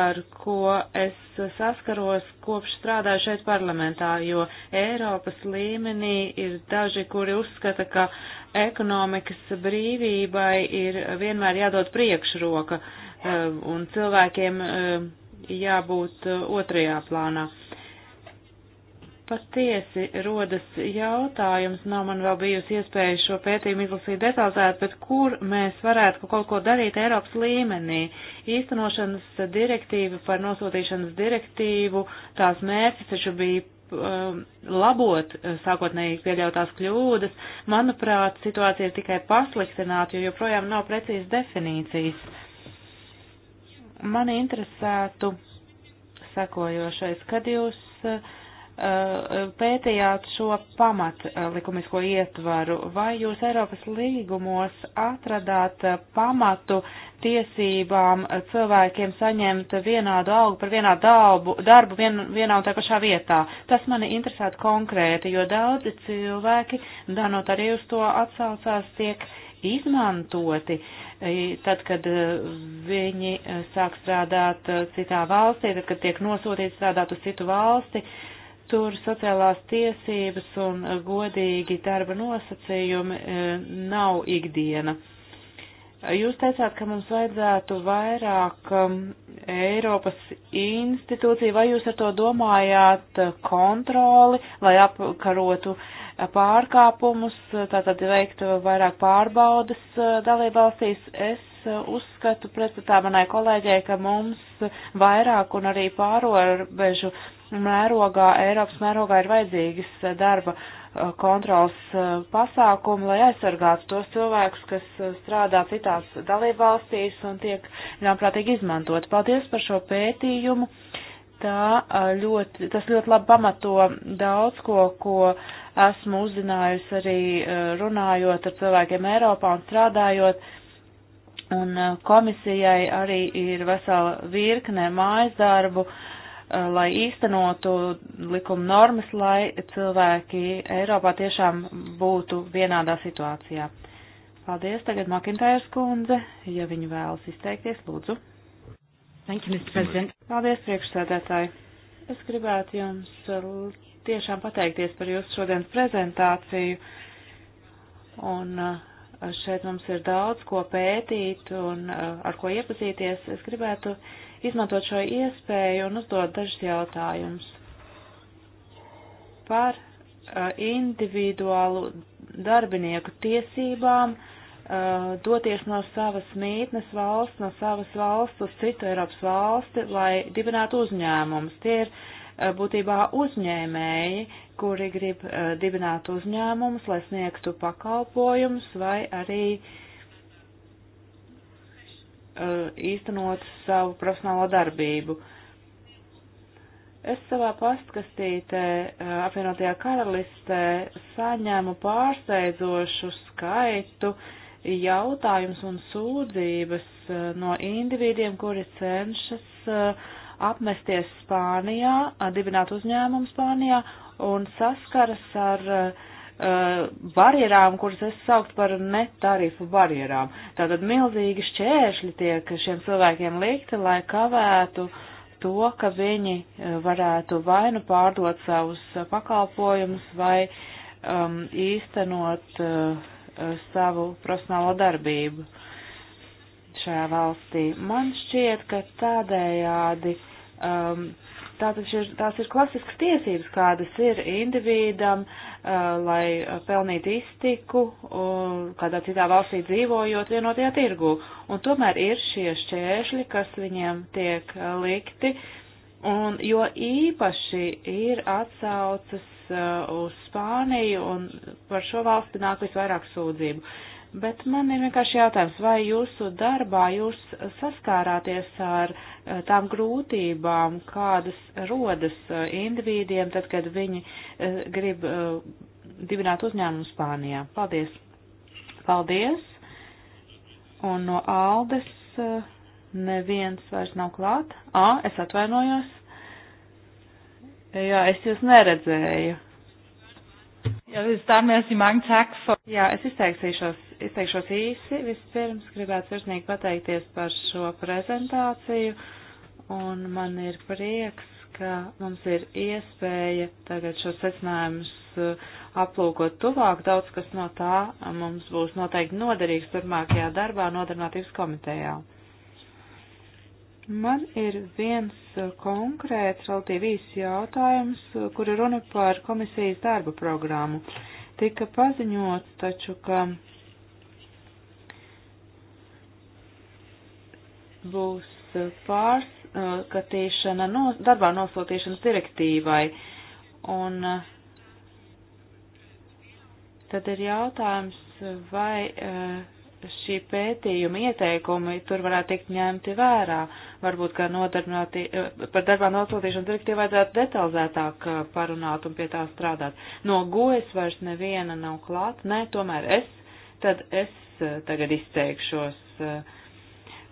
ar ko es saskaros kopš strādāju šeit parlamentā, jo Eiropas līmenī ir daži, kuri uzskata, ka ekonomikas brīvībai ir vienmēr jādod priekšroka eh, un cilvēkiem eh, jābūt otrajā plānā. Patiesi rodas jautājums, nav man vēl bijusi iespēja šo pētījumu izlasīt detalizēt, bet kur mēs varētu kaut ko darīt Eiropas līmenī. Īstenošanas direktīva par nosūtīšanas direktīvu, tās mērķis taču bija um, labot uh, sākotnēji pieļautās kļūdas. Manuprāt, situācija ir tikai pasliktināta, jo joprojām nav precīzas definīcijas. Mani interesētu sekojošais, kad jūs uh, Uh, pētījāt šo pamat uh, likumisko ietvaru, vai jūs Eiropas līgumos atradāt uh, pamatu tiesībām cilvēkiem saņemt vienādu algu par vienādu darbu, darbu vien, vienā un tā pašā vietā? Tas mani interesētu konkrēti, jo daudzi cilvēki, danot arī uz to atsaucās, tiek izmantoti, tad, kad viņi sāk strādāt citā valstī, tad, kad tiek nosūtīti strādāt uz citu valsti, uh, Tur sociālās tiesības un godīgi darba nosacījumi e, nav ikdiena. Jūs teicāt, ka mums vajadzētu vairāk Eiropas institūciju, vai jūs ar to domājāt e, kontroli, lai apkarotu e, pārkāpumus, tātad veiktu vairāk pārbaudas dalībvalstīs? Es uzskatu pretstatā manai kolēģei, ka mums vairāk un arī pārobežu mērogā, Eiropas mērogā ir vajadzīgas darba eh, kontrols eh, pasākumi, lai aizsargātu tos cilvēkus, kas eh, strādā citās dalībvalstīs un tiek ļaunprātīgi izmantot. Paldies par šo pētījumu. Tā ļoti, tas ļoti labi pamato daudz ko, ko esmu uzzinājusi arī runājot ar cilvēkiem Eiropā un strādājot. Un uh, komisijai arī ir vesela virkne mājas darbu, uh, lai īstenotu likuma normas, lai cilvēki Eiropā tiešām būtu vienādā situācijā. Paldies, tagad Makintājas kundze, ja viņa vēlas izteikties, lūdzu. Thank you, Mr. President. Paldies, priekšsēdētāji. Es gribētu jums tiešām pateikties par jūsu šodienas prezentāciju. Un uh, Šeit mums ir daudz ko pētīt un eh, ar ko iepazīties. Es gribētu izmantot šo iespēju un uzdot dažus jautājumus par eh, individuālu darbinieku tiesībām eh, doties no savas mītnes valsts, no savas valsts uz citu Eiropas valsti, lai dibinātu uzņēmumus. Tie ir uh, Eh, būtībā uzņēmēji, kuri grib eh, dibināt uzņēmumus, lai sniegtu pakalpojumus vai arī eh, īstenot savu profesionālo darbību. Es savā pastkastītē apvienotajā karalistē saņēmu pārsteidzošu skaitu jautājums un sūdzības no individiem, kuri cenšas uh, apmesties Spānijā, dibināt uzņēmumu Spānijā un saskaras ar barjerām, kuras es saukt par netarifu barjerām. Tātad milzīgi šķēršļi tiek šiem cilvēkiem likti, lai kavētu uh, to, ka viņi varētu vai nu pārdot savus pakalpojumus, vai um, īstenot uh, savu profesionālo darbību šajā valstī. Man šķiet, ka tādējādi um, tātad šir, tās ir klasiskas tiesības, kādas ir individam, uh, lai pelnītu iztiku, uh, kādā citā valstī dzīvojot vienotajā tirgu. Un tomēr ir šie šķēršļi, kas viņiem tiek uh, likti, un jo īpaši ir atsaucas uh, uz Spāniju, un par šo valsti nāk visvairāk sūdzību. Uh, Bet man ir vienkārši jautājums, vai jūsu darbā jūs saskārāties ar eh, tām grūtībām, kādas rodas eh, individiem, tad, kad viņi eh, grib dibināt uzņēmumu Spānijā? Paldies! Paldies! Un no Aldes neviens vairs nav klāt. Ā, es atvainojos. Jā, es jūs neredzēju. Jā, Jā es izteikšos, izteikšos īsi. Vispirms gribētu sirsnīgi pateikties par šo prezentāciju, un man ir prieks, ka mums ir iespēja tagad šos secinājumus uh, aplūkot tuvāk. Daudz kas no tā mums būs noteikti noderīgs turpmākajā darbā nodarbinātības komitejā. Man ir viens uh, konkrēts, relatīvi īsts jautājums, uh, kura runa par komisijas darba programmu. Tika paziņots taču, ka būs uh, pārskatīšana no, darbā nosūtīšanas direktīvai. Un tad ir jautājums, vai šī pētījuma ieteikumi tur varētu tikt ņemti vērā. Varbūt, ka eh, par darbā nosūtīšanu direktīvu vajadzētu detalizētāk eh, parunāt un pie tā strādāt. No gojas vairs neviena nav klāt, nē, tomēr es, tad es eh, tagad izteikšos.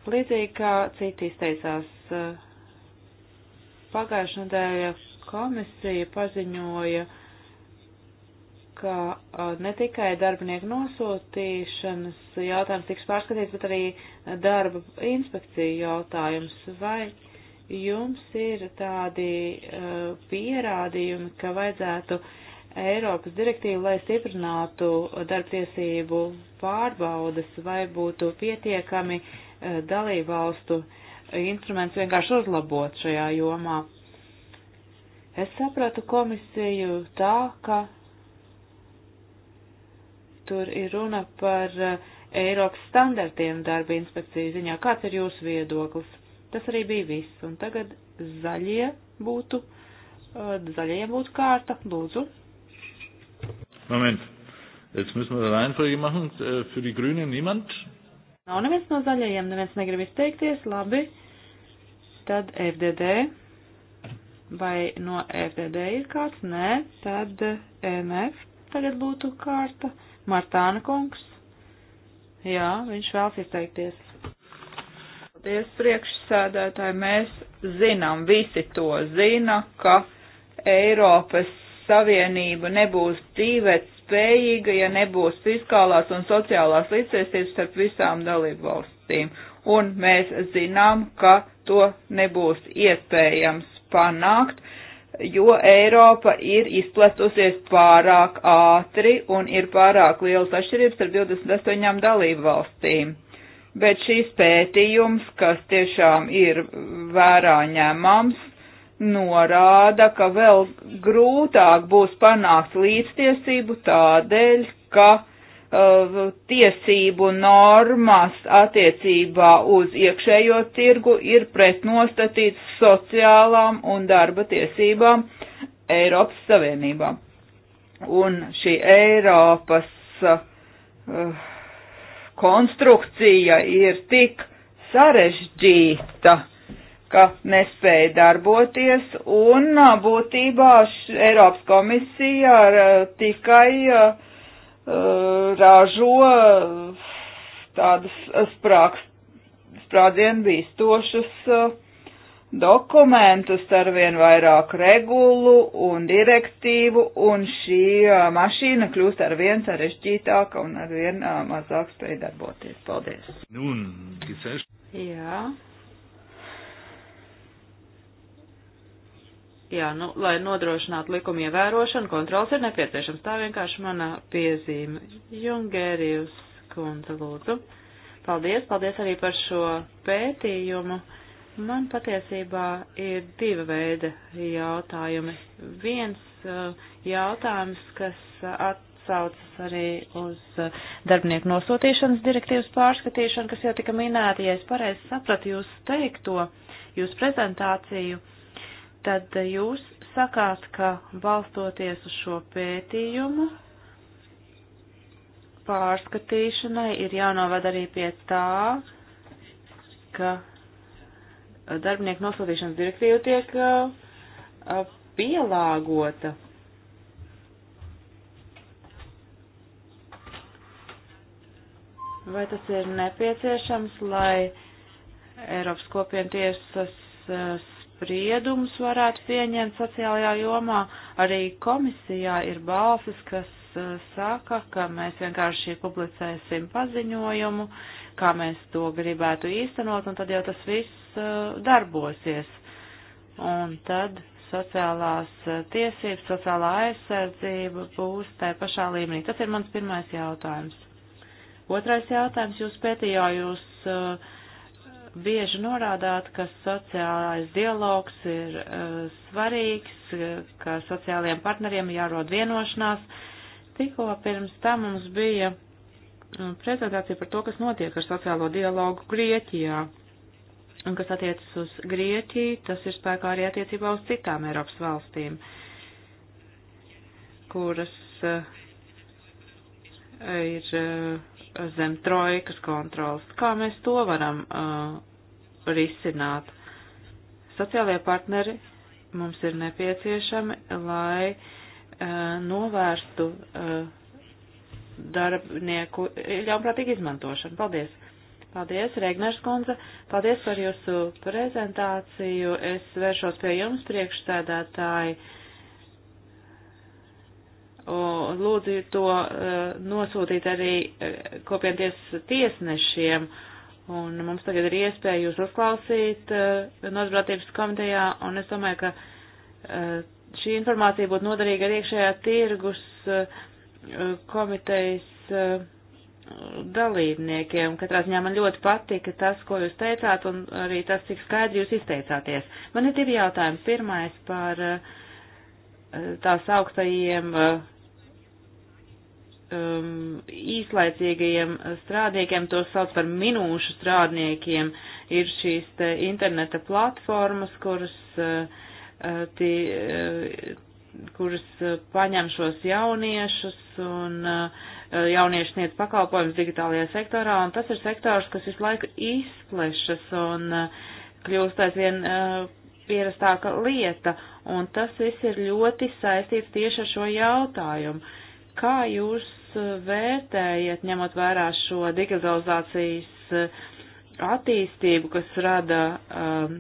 Līdzīgi kā citi izteicās pagājušajā nedēļā komisija paziņoja, ka uh, ne tikai darbinieku nosūtīšanas jautājums tiks pārskatīts, bet arī darba inspekciju jautājums. Vai jums ir tādi uh, pierādījumi, ka vajadzētu Eiropas direktīvu, lai stiprinātu darbtiesību pārbaudas, vai būtu pietiekami uh, dalībvalstu instruments vienkārši uzlabot šajā jomā? Es sapratu komisiju tā, ka tur ir runa par eh, Eiropas standartiem darba inspekciju ziņā. Kāds ir jūsu viedoklis? Tas arī bija viss. Un tagad zaļie būtu, eh, zaļajiem būtu kārta. Lūdzu. Moment. Jetzt müssen wir eine Reihenfolge machen. Äh, für die Grünen niemand? Nav neviens no zaļajiem, neviens negrib izteikties. Labi. Tad FDD. Vai no FDD ir kāds? Nē. Tad MF tagad būtu kārta. Uh, Martāna kungs. Jā, viņš vēlas izteikties. Paldies, priekšsēdētāji. Mēs zinām, visi to zina, ka Eiropas Savienība nebūs dzīvēt spējīga, ja nebūs fiskālās un sociālās līdzsēstības starp visām dalību valstīm. Un mēs zinām, ka to nebūs iespējams panākt jo Eiropa ir izplatusies pārāk ātri un ir pārāk liels atšķirības ar 28 dalību valstīm. Bet šīs pētījums, kas tiešām ir vērā ņemams, norāda, ka vēl grūtāk būs panākt līdztiesību tādēļ, ka Uh, tiesību normas attiecībā uz iekšējo tirgu ir pretnostatīts sociālām un darba tiesībām Eiropas Savienībā. Un šī Eiropas uh, konstrukcija ir tik sarežģīta, ka nespēja darboties, un uh, būtībā Eiropas komisija ar, uh, tikai uh, Eh, ražo eh, tādas eh, sprākst, sprādzienu bīstošas dokumentus ar vien vairāk regulu un direktīvu, un šī mašīna kļūst ar vien sarežģītāka un ar vien mazāk spēj darboties. Paldies! Nu, Jā, Jā, nu, lai nodrošinātu likumu ievērošanu, kontrols ir nepieciešams. Tā vienkārši mana piezīme. Jungērijus kundze, lūdzu. Paldies, paldies arī par šo pētījumu. Man patiesībā ir divi veidi jautājumi. Viens eh, jautājums, kas atsaucas arī uz eh, darbinieku nosūtīšanas direktīvas pārskatīšanu, kas jau tika minēta, ja es pareizi sapratu jūs teikto, jūs prezentāciju tad jūs sakāt, ka balstoties uz šo pētījumu, pārskatīšanai ir jānovad arī pie tā, ka darbinieku nosūtīšanas direktīva tiek uh, pielāgota. Vai tas ir nepieciešams, lai Eiropas kopienu tiesas spriedumus varētu pieņemt sociālajā jomā. Arī komisijā ir balsis, kas uh, saka, ka mēs vienkārši publicēsim paziņojumu, kā mēs to gribētu īstenot, un tad jau tas viss uh, darbosies. Un tad sociālās uh, tiesības, sociālā aizsardzība būs tajā pašā līmenī. Tas ir mans pirmais jautājums. Otrais jautājums, jūs pētījā jūs uh, bieži norādāt, ka sociālais dialogs ir uh, svarīgs, ka sociālajiem partneriem jārod vienošanās. Tikko pirms tam mums bija eh, prezentācija par to, kas notiek ar sociālo dialogu Grieķijā. Un kas attiecas uz Grieķiju, tas ir spēkā arī attiecībā uz citām Eiropas valstīm, kuras uh, ir. Uh, zem trojkas kontrolas. Kā mēs to varam uh, risināt? Sociālajie partneri mums ir nepieciešami, lai uh, novērstu uh, darbnieku ļaunprātīgu izmantošanu. Paldies! Paldies, Regners kundze! Paldies par jūsu prezentāciju! Es vēršos pie jums, priekšsēdētāji! Uh, Un lūdzu to eh, nosūtīt arī eh, kopienties tiesnešiem. Un mums tagad ir iespēja jūs uzklausīt eh, nozbrātības komitejā, un es domāju, ka šī informācija būtu noderīga arī iekšējā tirgus komitejas dalībniekiem. Katrā ziņā man ļoti patika tas, ko jūs teicāt, un arī tas, cik skaidri jūs izteicāties. Man ir divi jautājumi. Pirmais par tās augstajiem um, īslaicīgajiem strādniekiem, to sauc par minūšu strādniekiem, ir šīs te interneta platformas, kuras, uh, uh tī, uh, kuras uh, paņem šos jauniešus un uh, uh, jaunieši sniedz pakalpojumus digitālajā sektorā, un tas ir sektors, kas visu laiku izplešas un uh, kļūst aizvien. Uh, pierastāka lieta, un tas viss ir ļoti saistīts tieši ar šo jautājumu. Kā jūs vērtējat, ņemot vērā šo digitalizācijas eh, attīstību, kas rada um,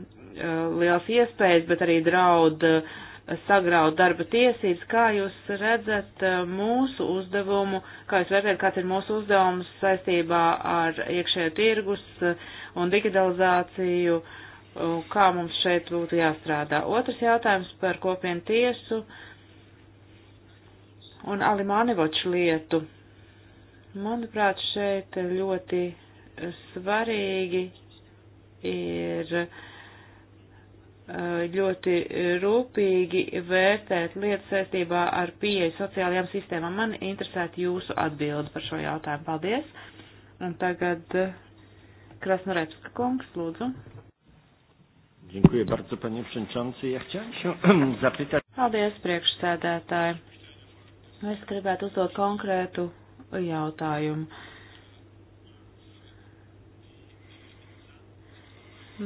liels iespējas, bet arī draud sagraut darba tiesības, kā jūs redzat mūsu uzdevumu, kā jūs vērtējat, kāds ir mūsu uzdevums saistībā ar iekšējo tirgus un digitalizāciju, kā mums šeit būtu jāstrādā. Otrs jautājums par kopienu tiesu. Uh, un Alimānevoču lietu. Manuprāt, šeit ļoti svarīgi ir eh, ļoti rūpīgi vērtēt lietas saistībā ar pieeju sociālajām sistēmām. Man interesētu jūsu atbildi par šo jautājumu. Paldies! Un tagad eh, Krasnorepska kungs, lūdzu. Dziękuję bardzo, panie przewodniczący. Ja chciałem się <clears throat> zapytać. Paldies, priekšsēdētāji. Nu, es gribētu uzdot konkrētu jautājumu.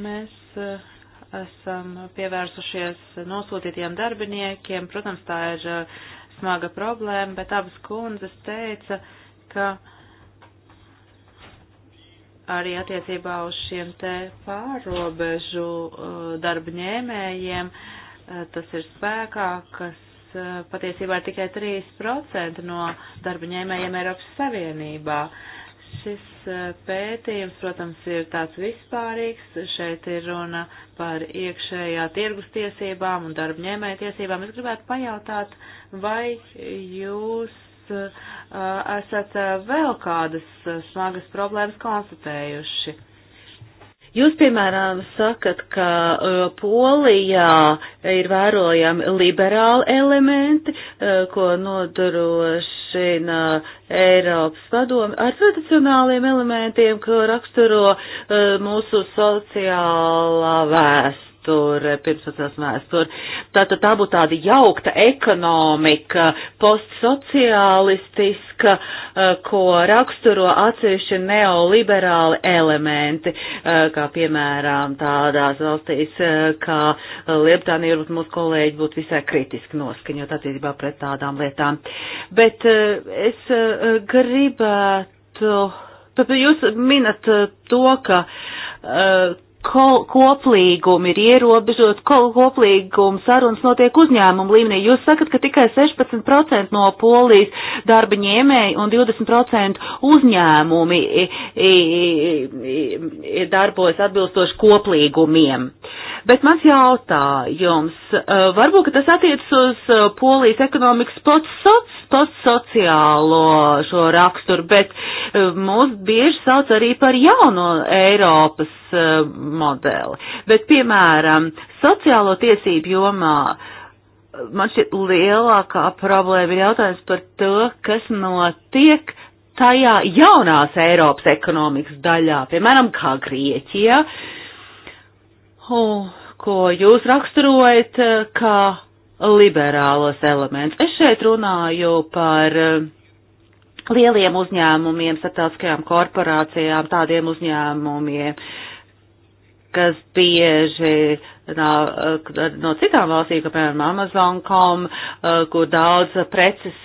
Mēs eh, esam pievērsušies nosūtītiem darbiniekiem. Protams, tā ir eh, smaga problēma, bet abas kundzes teica, ka arī attiecībā uz šiem te pārobežu eh, darba ņēmējiem tas ir spēkā, kas Eh, patiesībā ir tikai 3% no darba ņēmējiem Eiropas Savienībā. Šis eh, pētījums, protams, ir tāds vispārīgs. Šeit ir runa par iekšējā tirgus tiesībām un darba ņēmēja tiesībām. Es gribētu pajautāt, vai jūs eh, esat vēl kādas smagas problēmas konstatējuši? Jūs, piemēram, sakat, ka uh, Polijā ir vērojami liberāli elementi, uh, ko nodrošina Eiropas padomi ar tradicionāliem elementiem, ko raksturo uh, mūsu sociālā vēsture vēsture, eh, pirmsociāls vēsture. Tātad tā būtu tāda jaukta ekonomika, postsociālistiska, eh, ko raksturo atsevišķi neoliberāli elementi, eh, kā piemēram tādās valstīs, kā Lietuvānija, varbūt mūsu kolēģi būtu visai kritiski noskaņot attiecībā pret tādām lietām. Bet es gribētu. Tāpēc jūs minat to, ka uh, ko, koplīgumi ir ierobežot, ko, koplīguma sarunas notiek uzņēmumu līmenī. Jūs sakat, ka tikai 16% no polijas darba ņēmēji un 20% uzņēmumi i, i, i, darbojas atbilstoši koplīgumiem. Uh, Bet mans jautājums, eh, varbūt, ka tas attiecas uz eh, polijas ekonomikas postsoc, postsociālo šo raksturu, bet eh, mūs bieži sauc arī par jauno Eiropas modeli. Bet, piemēram, sociālo tiesību jomā man šķiet lielākā problēma ir jautājums par to, kas notiek tajā jaunās Eiropas ekonomikas daļā, piemēram, kā Grieķijā. Oh, ko jūs raksturojat eh, kā liberālos elementus. Es šeit runāju par eh, lieliem uzņēmumiem, starptautiskajām korporācijām, tādiem uzņēmumiem, kas bieži no, eh, no citām valstīm, kā piemēram Amazon.com, kur daudz preces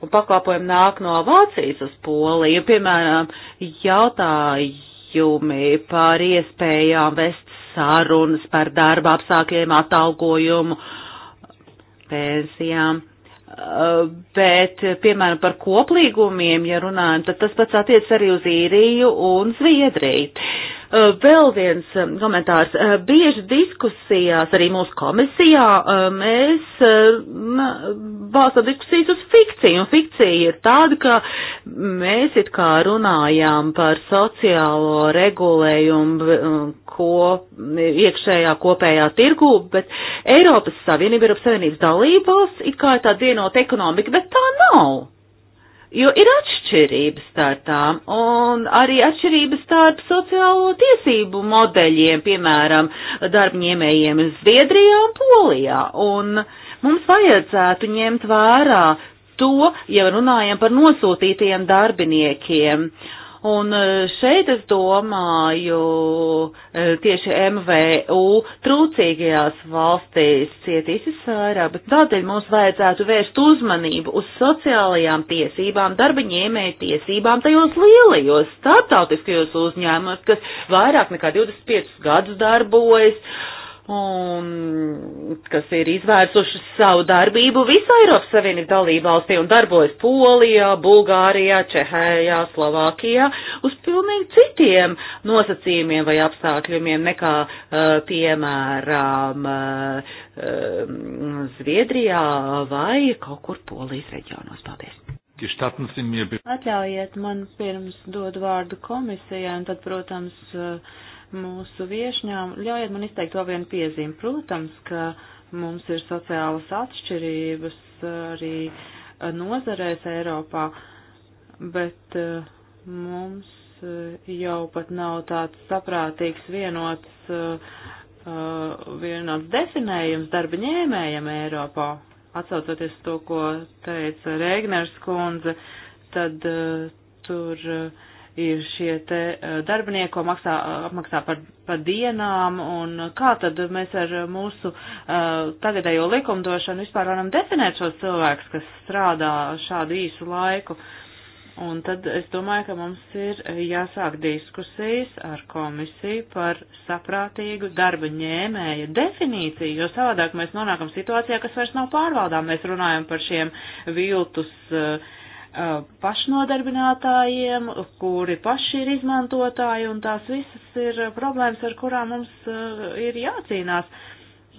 un pakalpojumi nāk no Vācijas uz Poliju, piemēram, jautājumi par iespējām vest sārunas par darba apsākļiem, atalgojumu, pensijām. Uh, bet, piemēram, par koplīgumiem, ja runājam, tad tas pats attiec arī uz īriju un Zviedriju. Uh, vēl viens um, komentārs. Uh, bieži diskusijās, arī mūsu komisijā, uh, mēs balstām diskusijas uz fikciju, un fikcija ir tāda, ka mēs it kā runājām par sociālo regulējumu, um, ko iekšējā kopējā tirgū, bet Eiropas Savienība, Eiropas Savienības dalībvalsts it kā ir tāda vienota ekonomika, bet tā nav. Jo ir atšķirības starp tām un arī atšķirības starp sociālo tiesību modeļiem, piemēram, darbņēmējiem Zviedrijā un Polijā. Un mums vajadzētu ņemt vērā to, ja runājam par nosūtītajiem darbiniekiem. Uh, Un e, šeit es domāju, e, tieši MVU trūcīgajās valstīs cietīs visvairāk, bet tādēļ mums vajadzētu vērst uzmanību uz sociālajām tiesībām, darba ņēmēju tiesībām tajos lielajos starptautiskajos uzņēmumos, kas vairāk nekā 25 gadus darbojas un kas ir izvērsuši savu darbību visā Eiropas Savienības dalībvalstī un darbojas Polijā, Bulgārijā, Čehējā, Slovākijā uz pilnīgi citiem nosacījumiem vai apstākļumiem nekā, eh, piemēram, eh, Zviedrijā vai kaut kur Polijas reģionos. Paldies! Atļaujiet man pirms dod vārdu komisijai un tad, protams, mūsu viešņām. Ļaujiet man izteikt to vienu piezīmi. Protams, ka mums ir sociālas atšķirības arī eh, nozarēs Eiropā, bet eh, mums eh, jau pat nav tāds saprātīgs vienots, vienots definējums darba ņēmējam Eiropā atsaucoties to, ko teica Rēgners kundze, tad uh, tur uh, ir šie te uh, darbinieki, ko maksā, apmaksā par, par dienām, un kā tad mēs ar mūsu tagadējo likumdošanu vispār varam definēt šos cilvēkus, kas strādā šādu īsu laiku. Uh, Un tad es domāju, ka mums ir jāsāk diskusijas ar komisiju par saprātīgu darba ņēmēja definīciju, jo savādāk mēs nonākam situācijā, kas vairs nav pārvaldām. Mēs runājam par šiem viltus uh, uh pašnodarbinātājiem, kuri paši ir izmantotāji, un tās visas ir uh, problēmas, ar kurām mums uh, ir jācīnās.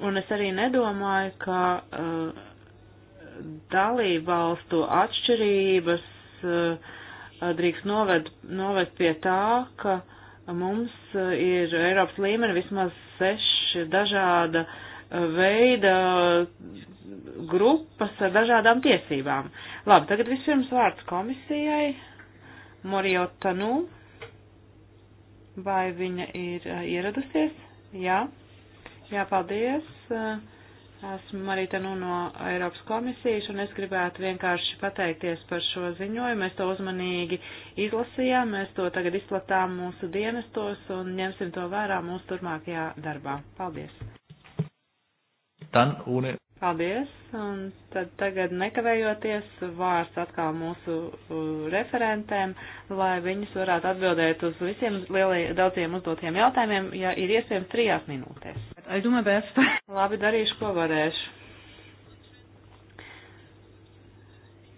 Un es arī nedomāju, ka uh, dalībvalstu atšķirības Uh, drīkst noved, novest pie tā, ka mums uh, ir Eiropas līmeni vismaz seši dažāda uh, veida grupas ar dažādām tiesībām. Labi, tagad vispirms vārds komisijai. Morijota Nu. Vai viņa ir ieradusies? Jā. Jā, paldies. Uh, Esmu Marita Nuno Eiropas komisijas, un es gribētu vienkārši pateikties par šo ziņojumu. Mēs to uzmanīgi izlasījām, mēs to tagad izplatām mūsu dienestos un ņemsim to vērā mūsu turmākajā darbā. Paldies! Tan, une... Paldies, un tad tagad nekavējoties vārds atkal mūsu uh, referentēm, lai viņas varētu atbildēt uz visiem lielajiem daudziem uzdotiem jautājumiem, ja ir iespējams trijās minūtēs. Aizdomā bēst. <laughs> Labi, darīšu, ko varēšu.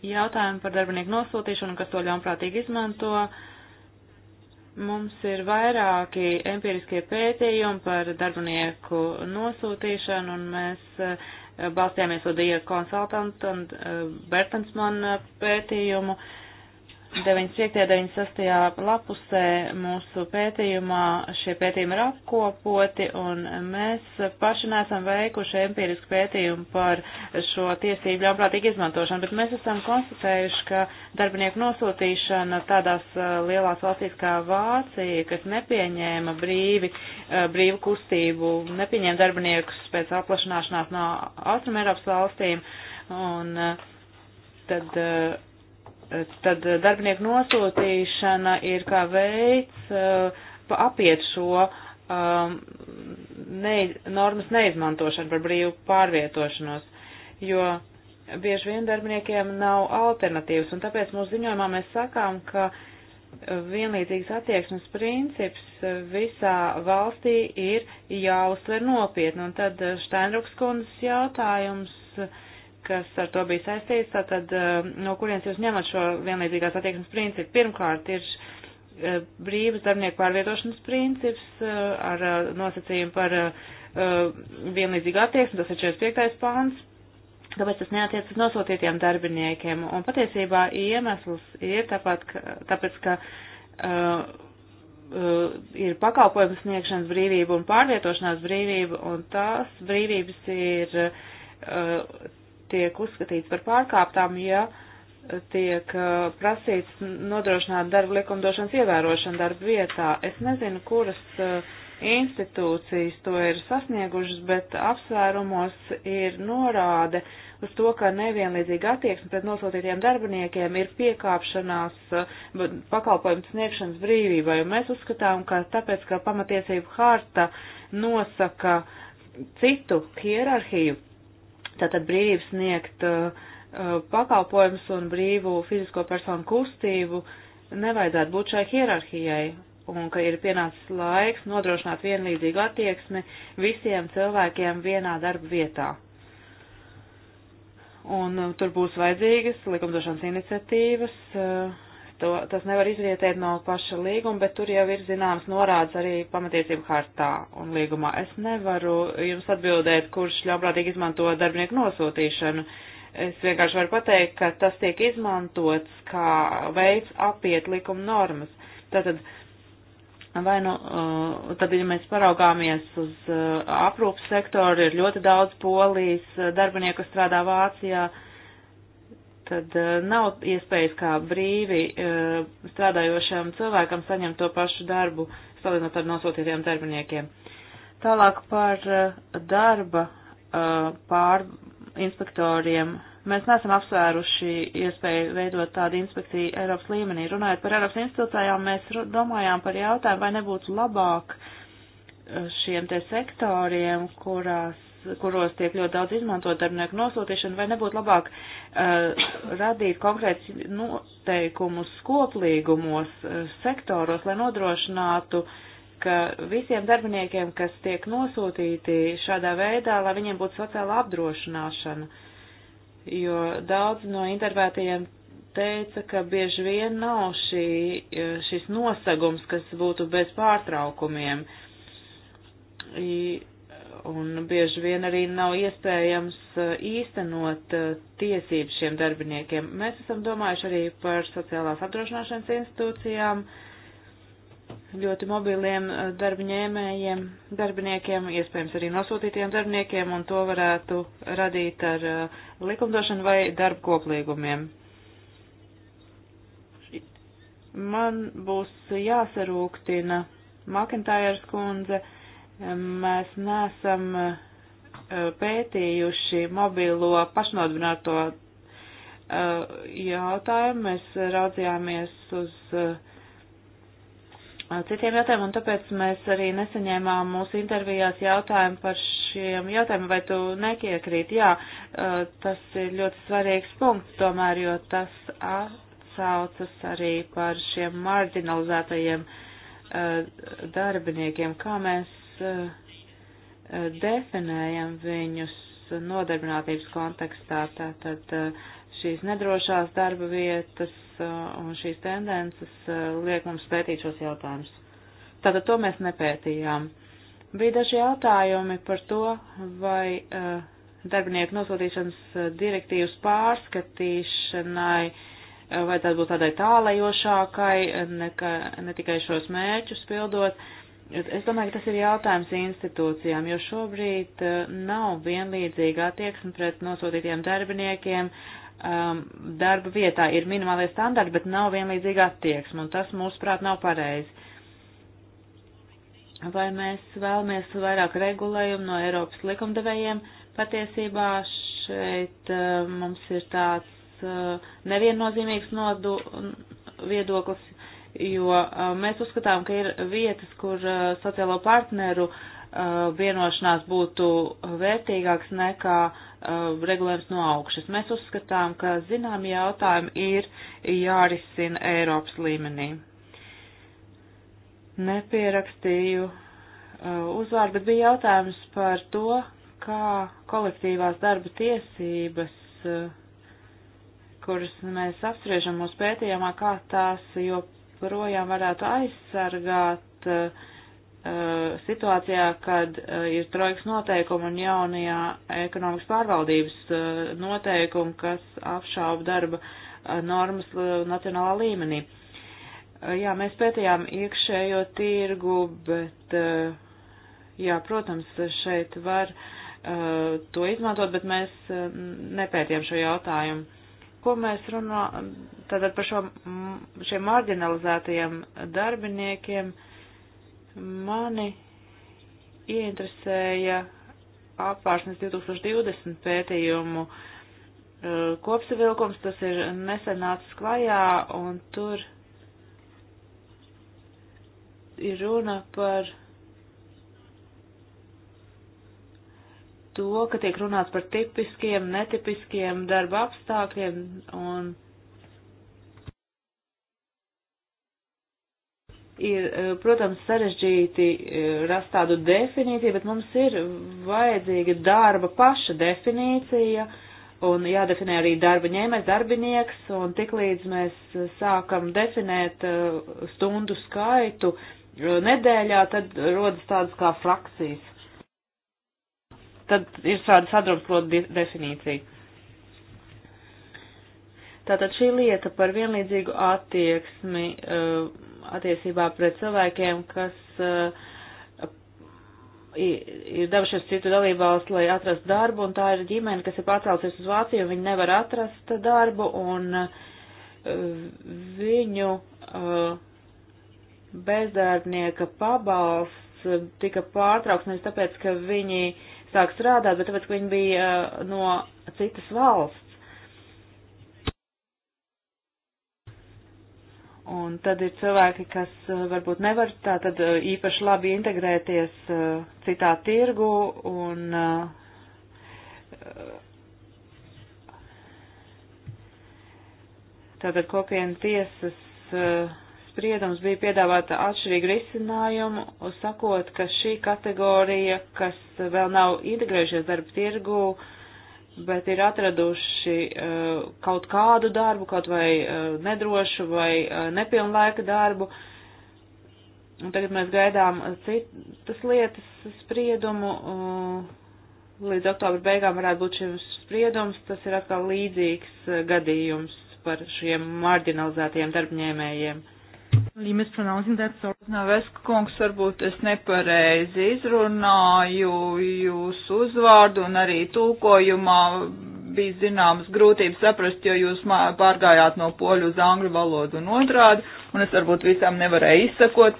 Jautājumi par darbinieku nosūtīšanu, kas to ļaunprātīgi izmanto. Mums ir vairāki empiriskie pētījumi par darbinieku nosūtīšanu, un mēs uh, balstījāmies uz Dija konsultantu un eh, Bertensmanu eh, pētījumu. Uh, 95. un 96. lapusē mūsu pētījumā šie pētījumi ir apkopoti, un mēs paši neesam veikuši empirisku pētījumu par šo tiesību ļaunprātīgu izmantošanu, bet mēs esam konstatējuši, ka darbinieku nosūtīšana tādās lielās valstīs kā Vācija, kas nepieņēma brīvi, brīvu kustību, nepieņēma darbiniekus pēc aplašanāšanās no Austrum Eiropas valstīm, un tad tad darbinieku nosūtīšana ir kā veids eh, apiet šo um, ne, normas neizmantošanu par brīvu pārvietošanos, jo bieži vien darbiniekiem nav alternatīvas, un tāpēc mūsu ziņojumā mēs sakām, ka vienlīdzīgas attieksmes princips visā valstī ir jāuztver nopietni, un tad Steinruks kundzes jautājums uh, kas ar to bija saistīts, tātad eh, no kurienes jūs ņemat šo vienlīdzīgās attieksmes principu? Pirmkārt, ir eh, brīvas darbinieku pārvietošanas princips eh, ar nosacījumu par vienlīdzīgu attieksmi, tas ir 45. pāns, kāpēc tas neatiec uz nosūtītiem darbiniekiem. Un patiesībā iemesls ir tāpat, ka, tāpēc, ka uh, uh, ir pakalpojumu sniegšanas brīvība un pārvietošanās brīvība, un tās brīvības ir uh, tiek uzskatīts par pārkāptām, ja tiek uh, prasīts nodrošināt darba likumdošanas ievērošanu darba vietā. Es nezinu, kuras uh, institūcijas to ir sasniegušas, bet apsvērumos ir norāde uz to, ka nevienlīdzīga attieksme pret nosūtītiem darbiniekiem ir piekāpšanās uh, pakalpojumu sniegšanas brīvībai. Un mēs uzskatām, ka tāpēc, ka pamatiesību harta nosaka citu hierarhiju, tātad brīvības sniegt uh, uh, pakalpojums un brīvu fizisko personu kustību nevajadzētu būt šai hierarhijai un ka ir pienācis laiks nodrošināt vienlīdzīgu attieksmi visiem cilvēkiem vienā darba vietā. Un uh, tur būs vajadzīgas likumdošanas iniciatīvas, uh, to, tas nevar izrietēt no paša līguma, bet tur jau ir zināms norādes arī pamatiesību hartā un līgumā. Es nevaru jums atbildēt, kurš ļaunprātīgi izmanto darbinieku nosūtīšanu. Es vienkārši varu pateikt, ka tas tiek izmantots kā veids apiet likuma normas. Tātad, vai nu, uh, tad, ja mēs paraugāmies uz uh, aprūpas sektoru, ir ļoti daudz polijas uh, darbinieku strādā Vācijā tad eh, nav iespējas kā brīvi eh, strādājošam cilvēkam saņemt to pašu darbu, salīdzinot ar nosūtītiem darbiniekiem. Tālāk par eh, darba pār inspektoriem. Mēs neesam apsvēruši iespēju veidot tādu inspekciju Eiropas līmenī. Runājot par Eiropas institūcijām, mēs domājām par jautājumu, vai nebūtu labāk šiem te sektoriem, kurās kuros tiek ļoti daudz izmantot darbinieku nosūtīšanu, vai nebūtu labāk uh, radīt konkrēts noteikumus koplīgumos uh, sektoros, lai nodrošinātu, ka visiem darbiniekiem, kas tiek nosūtīti šādā veidā, lai viņiem būtu sociāla apdrošināšana. Jo daudz no intervētajiem teica, ka bieži vien nav šī, uh, šis nosagums, kas būtu bez pārtraukumiem. I, un bieži vien arī nav iespējams eh, īstenot eh, tiesības šiem darbiniekiem. Mēs esam domājuši arī par sociālās apdrošināšanas institūcijām, ļoti mobiliem eh, darbiņēmējiem, darbiniekiem, iespējams arī nosūtītiem darbiniekiem, un to varētu radīt ar likumdošanu vai darba koplīgumiem. Man būs jāsarūktina Makintājers kundze Mēs nesam eh, pētījuši mobilo pašnodarbināto eh, jautājumu, mēs raudzījāmies uz eh, citiem jautājumiem, un tāpēc mēs arī nesaņēmām mūsu intervijās jautājumu par šiem jautājumiem, vai tu nekiekrīt. Jā, tas ir ļoti svarīgs punkts tomēr, jo tas atsaucas arī par šiem marginalizētajiem darbiniekiem, kā mēs Eh, definējam viņus nodarbinātības kontekstā, tātad eh, šīs nedrošās darba vietas eh, un šīs tendences liek mums pētīt šos jautājumus. Tātad to mēs nepētījām. Bija daži jautājumi par to, vai darbinieku nosūtīšanas direktīvas pārskatīšanai vajadzētu būt tādai tālajošākai, ne, ka, ne tikai šos mērķus pildot. Uh, Es domāju, ka tas ir jautājums institūcijām, jo šobrīd eh, nav vienlīdzīga attieksme pret nosūtītiem darbiniekiem. Um, darba vietā ir minimālie standarti, bet nav vienlīdzīga attieksme, un tas, mūsuprāt, nav pareizi. Vai mēs vēlamies vairāk regulējumu no Eiropas likumdevējiem? Patiesībā šeit eh, mums ir tāds eh, neviennozīmīgs nodu viedoklis, jo mēs uzskatām, ka ir vietas, kur sociālo partneru vienošanās būtu vērtīgāks nekā regulējums no augšas. Mēs uzskatām, ka zinām jautājumi ir jārisina Eiropas līmenī. Nepierakstīju uzvārdu, bet bija jautājums par to, kā kolektīvās darba tiesības, kuras mēs apspriežam mūsu pētījumā, kā tās joprojām joprojām varētu aizsargāt uh, situācijā, kad uh, ir trojkas noteikumi un jaunajā ekonomikas pārvaldības uh, noteikumi, kas apšauba darba normas nacionālā līmenī. Jā, mēs pētījām iekšējo tirgu, bet, jā, protams, šeit var to izmantot, bet mēs nepētījām šo jautājumu ko mēs runā, tātad par šo, šiem marginalizētajiem darbiniekiem, mani ieinteresēja apvāršanas 2020 pētījumu e, kopsavilkums, tas ir nesenācis klajā, un tur ir runa par to, ka tiek runāts par tipiskiem, netipiskiem darba apstākļiem un ir, eh, protams, sarežģīti eh, rast tādu definīciju, bet mums ir vajadzīga darba paša definīcija un jādefinē arī darba ņēmēs, darbinieks, un tiklīdz mēs sākam definēt eh, stundu skaitu nedēļā, tad rodas tādas kā frakcijas tad ir šāda sadrumstalota definīcija. Tātad šī lieta par vienlīdzīgu attieksmi uh, attiecībā pret cilvēkiem, kas uh, ir devušies citu dalībvalstu, lai atrastu darbu, un tā ir ģimene, kas ir pārcēlusies uz Vāciju, un viņi nevar atrast darbu, un uh, viņu uh, bezdarbnieka pabalsts tika pārtraukts nevis tāpēc, ka viņi uh, sāk strādāt, bet tāpēc, ka viņi bija eh, no citas valsts. Un tad ir cilvēki, kas eh, varbūt nevar tā tad eh, īpaši labi integrēties citā tirgu un tātad kopiena tiesas spriedums bija piedāvāta atšķirīga risinājuma, sakot, ka šī kategorija, kas vēl nav integrējušies darba tirgū, bet ir atraduši uh, kaut kādu darbu, kaut vai uh, nedrošu vai uh, nepilnlaika darbu, un tagad mēs gaidām citas lietas spriedumu, uh, līdz oktobra beigām varētu būt šis spriedums, tas ir atkal līdzīgs uh, gadījums par šiem marginalizētajiem darbņēmējiem. Naveska kungs, varbūt es nepareizi izrunāju jūsu uzvārdu un arī tūkojumā bija zināmas grūtības saprast, jo jūs pārgājāt no poļu uz angļu valodu un otrādi, un es varbūt visām nevarēju izsakot,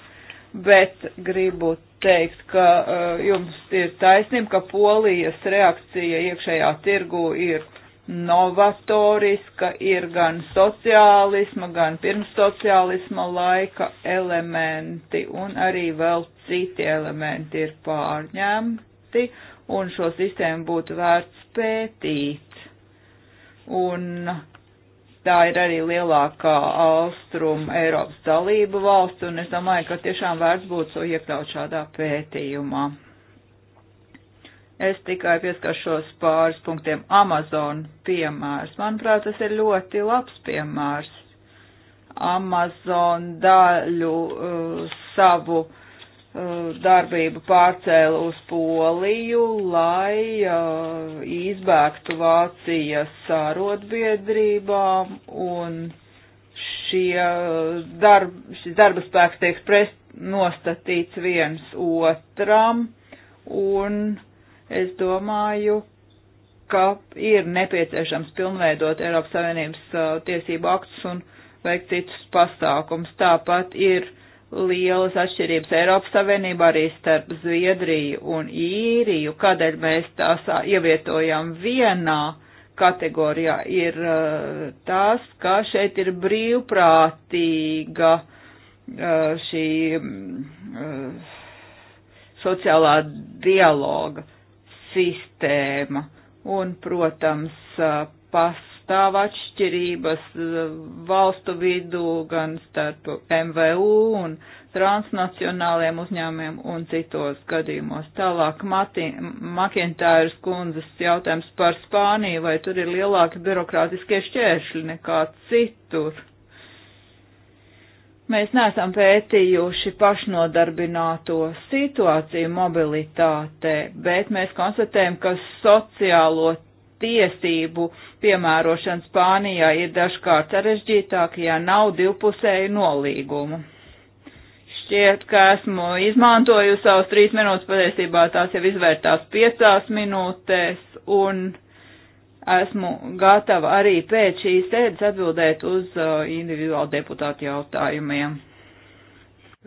bet gribu teikt, ka uh, jums ir taisnība, ka polijas reakcija iekšējā tirgu ir novatoriska, ir gan sociālisma, gan pirmsociālisma laika elementi, un arī vēl citi elementi ir pārņemti, un šo sistēmu būtu vērts pētīt. Un tā ir arī lielākā Austrum Eiropas dalība valsts, un es domāju, ka tiešām vērts būtu to iekļaut šādā pētījumā. Es tikai pieskaršos pāris punktiem. Amazon piemērs. Manuprāt, tas ir ļoti labs piemērs. Amazon daļu uh, savu uh, darbību pārcēla uz Poliju, lai uh, izbēgtu Vācijas arotbiedrībām un šie uh, darb, šis darba spēks tiek prest nostatīts viens otram un Es domāju, ka ir nepieciešams pilnveidot Eiropas Savienības uh, tiesību aktus un veikt citus pasākums. Tāpat ir lielas atšķirības Eiropas Savienībā arī starp Zviedriju un Īriju, kādēļ mēs tās uh, ievietojam vienā kategorijā, ir uh, tas, ka šeit ir brīvprātīga uh, šī mm, uh, sociālā dialoga sistēma. Un, protams, pastāv atšķirības valstu vidū gan starp MVU un transnacionāliem uzņēmumiem un citos gadījumos. Tālāk Makintāras kundzes jautājums par Spāniju, vai tur ir lielāki birokrātiskie šķēršļi nekā citur. Mēs neesam pētījuši pašnodarbināto situāciju mobilitātē, bet mēs konstatējam, ka sociālo tiesību piemērošana Spānijā ir dažkārt sarežģītāka, ja nav divpusēju nolīgumu. Šķiet, ka esmu izmantojusi savus trīs minūtes, patiesībā tās jau izvērtās piecās minūtēs, un esmu gatava arī pēc šīs sēdes atbildēt uz uh, individuālu deputātu jautājumiem.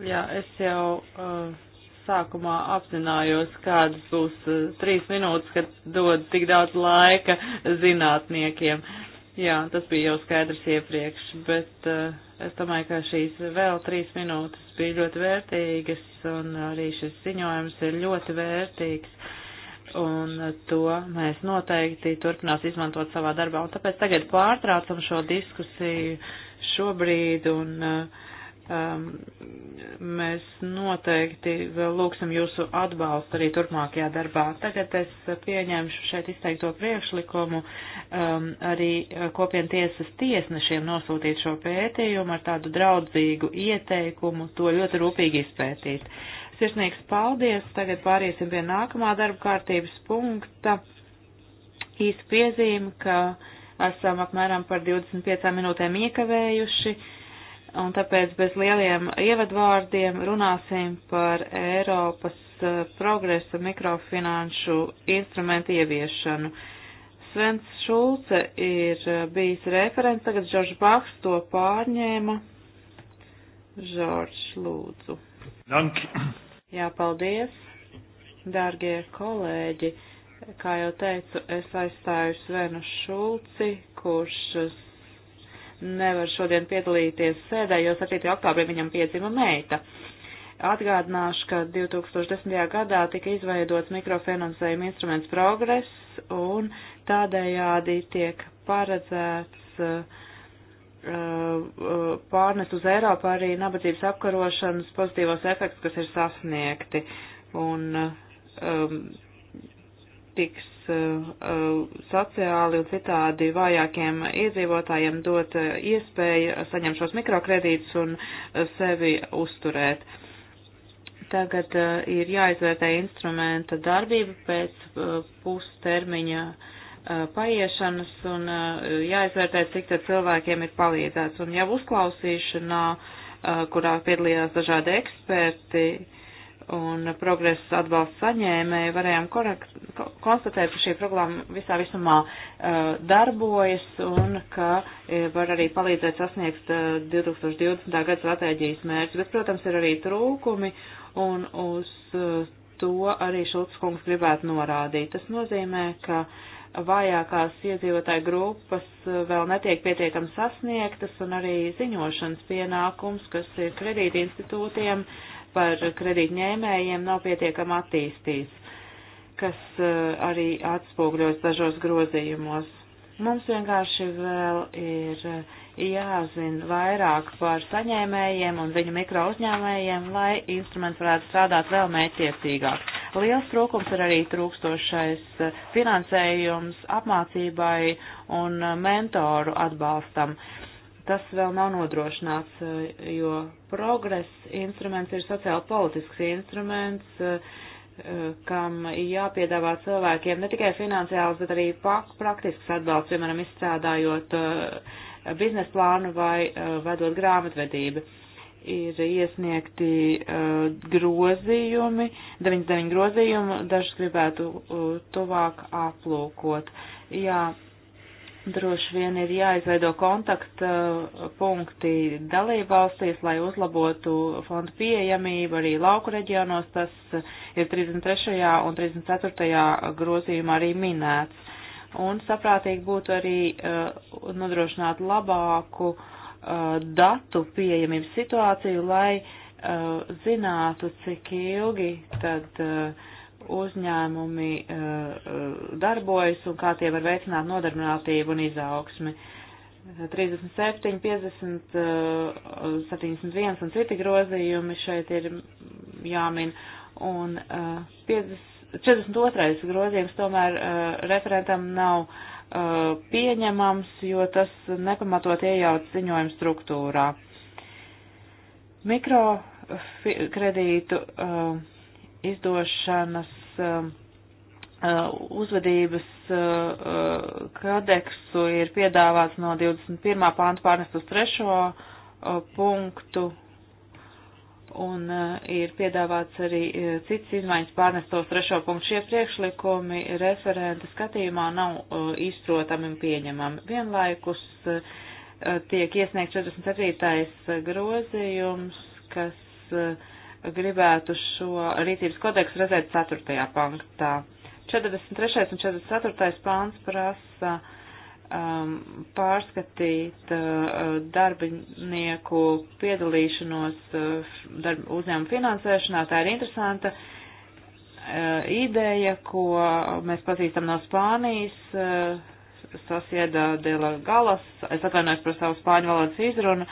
Jā, es jau uh, sākumā apzinājos, kādas būs uh, trīs minūtes, kad dod tik daudz laika zinātniekiem. Jā, tas bija jau skaidrs iepriekš, bet uh, es domāju, ka šīs vēl trīs minūtes bija ļoti vērtīgas un arī šis ziņojums ir ļoti vērtīgs. Uh, un to mēs noteikti turpinās izmantot savā darbā. Un tāpēc tagad pārtraucam šo diskusiju šobrīd un um, mēs noteikti vēl lūksim jūsu atbalstu arī turpmākajā darbā. Tagad es pieņemšu šeit izteikto priekšlikumu um, arī uh, kopienu tiesas tiesnešiem nosūtīt šo pētījumu ar tādu draudzīgu ieteikumu to ļoti rūpīgi izpētīt. Uh, Sirsnīgs paldies. Tagad pāriesim pie nākamā darba kārtības punkta. Īsa piezīme, ka esam apmēram par 25 minūtēm iekavējuši, un tāpēc bez lieliem ievadvārdiem runāsim par Eiropas eh, progresa mikrofinanšu instrumentu ieviešanu. Svens Šulce ir eh, bijis referents, tagad Žoržs Baks to pārņēma. Žoržs, lūdzu. Dank. Jā, paldies, dārgie kolēģi. Kā jau teicu, es aizstāju Svenu Šulci, kurš nevar šodien piedalīties sēdē, jo 7. oktobrī viņam piedzima meita. Atgādināšu, ka 2010. gadā tika izveidots mikrofinansējuma instruments progress un tādējādi tiek paredzēts uh, Uh, uh, pārnest uz Eiropu arī nabadzības apkarošanas pozitīvos efektus, kas ir sasniegti un uh, um, tiks uh, sociāli un citādi vājākiem iedzīvotājiem dot iespēju saņemt šos mikrokredītus un sevi uzturēt. Tagad uh, ir jāizvērtē instrumenta darbība pēc uh, pustermiņa uh, paiešanas un jāizvērtē, cik tad cilvēkiem ir palīdzēts. Un jau uzklausīšanā, kurā piedalījās dažādi eksperti un progresa atbalsta saņēmēji, varējām korekt, konstatēt, ka šī programma visā visumā darbojas un ka var arī palīdzēt sasniegt 2020. gada stratēģijas mērķus. Bet, protams, ir arī trūkumi un uz to arī Šulc kungs gribētu norādīt. Tas nozīmē, ka uh, vājākās iedzīvotāju grupas vēl netiek pietiekami sasniegtas un arī ziņošanas pienākums, kas ir kredīti institūtiem par kredītņēmējiem nav pietiekami attīstīts, kas eh, arī atspūgļos dažos grozījumos. Mums vienkārši vēl ir jāzina vairāk par saņēmējiem un viņu mikro uzņēmējiem, lai instruments varētu strādāt vēl mētiecīgāk. Liels trūkums ir arī trūkstošais eh, finansējums apmācībai un eh, mentoru atbalstam. Tas vēl nav nodrošināts, eh, jo progress instruments ir sociāli politisks instruments, kam jāpiedāvā cilvēkiem ne tikai finansiāls, bet arī praktisks atbalsts, piemēram, izstrādājot uh, biznesa plānu vai uh, vedot grāmatvedību. Ir iesniegti uh, grozījumi, 99 grozījumi, dažus gribētu uh, tuvāk aplūkot. Jā, droši vien ir jāizveido kontaktpunkti dalībvalstīs, lai uzlabotu fondu pieejamību arī lauku reģionos. Tas ir 33. un 34. grozījumā arī minēts un saprātīgi būtu arī uh, nodrošināt labāku uh, datu pieejamību situāciju, lai uh, zinātu, cik ilgi tad uh, uzņēmumi uh, uh darbojas un kā tie var veicināt nodarbinātību un izaugsmi. 37, 50, uh, 71 un citi grozījumi šeit ir jāmin, un uh, 50 42. grozījums tomēr uh, referentam nav uh, pieņemams, jo tas nepamatot iejauc ziņojumu struktūrā. Mikrokredītu uh, izdošanas um, uzvedības kodeksu ir piedāvāts no 21. pānta pārnest uz 3. punktu un uh, ir piedāvāts arī uh, cits izmaiņas pārnestos trešo punktu. Šie priekšlikumi referenta skatījumā nav uh, izprotami un pieņemami. Vienlaikus uh, tiek iesniegts 47. grozījums, kas uh, gribētu šo rīcības kodeksu redzēt 4. panktā. 43. un 44. pāns prasa um, pārskatīt uh, darbinieku piedalīšanos uh, darb, uzņēmumu finansēšanā. Tā ir interesanta uh, ideja, ko mēs pazīstam no Spānijas. Uh, Sasieda de la Galas, es atvainojos par savu spāņu valodas izrunu,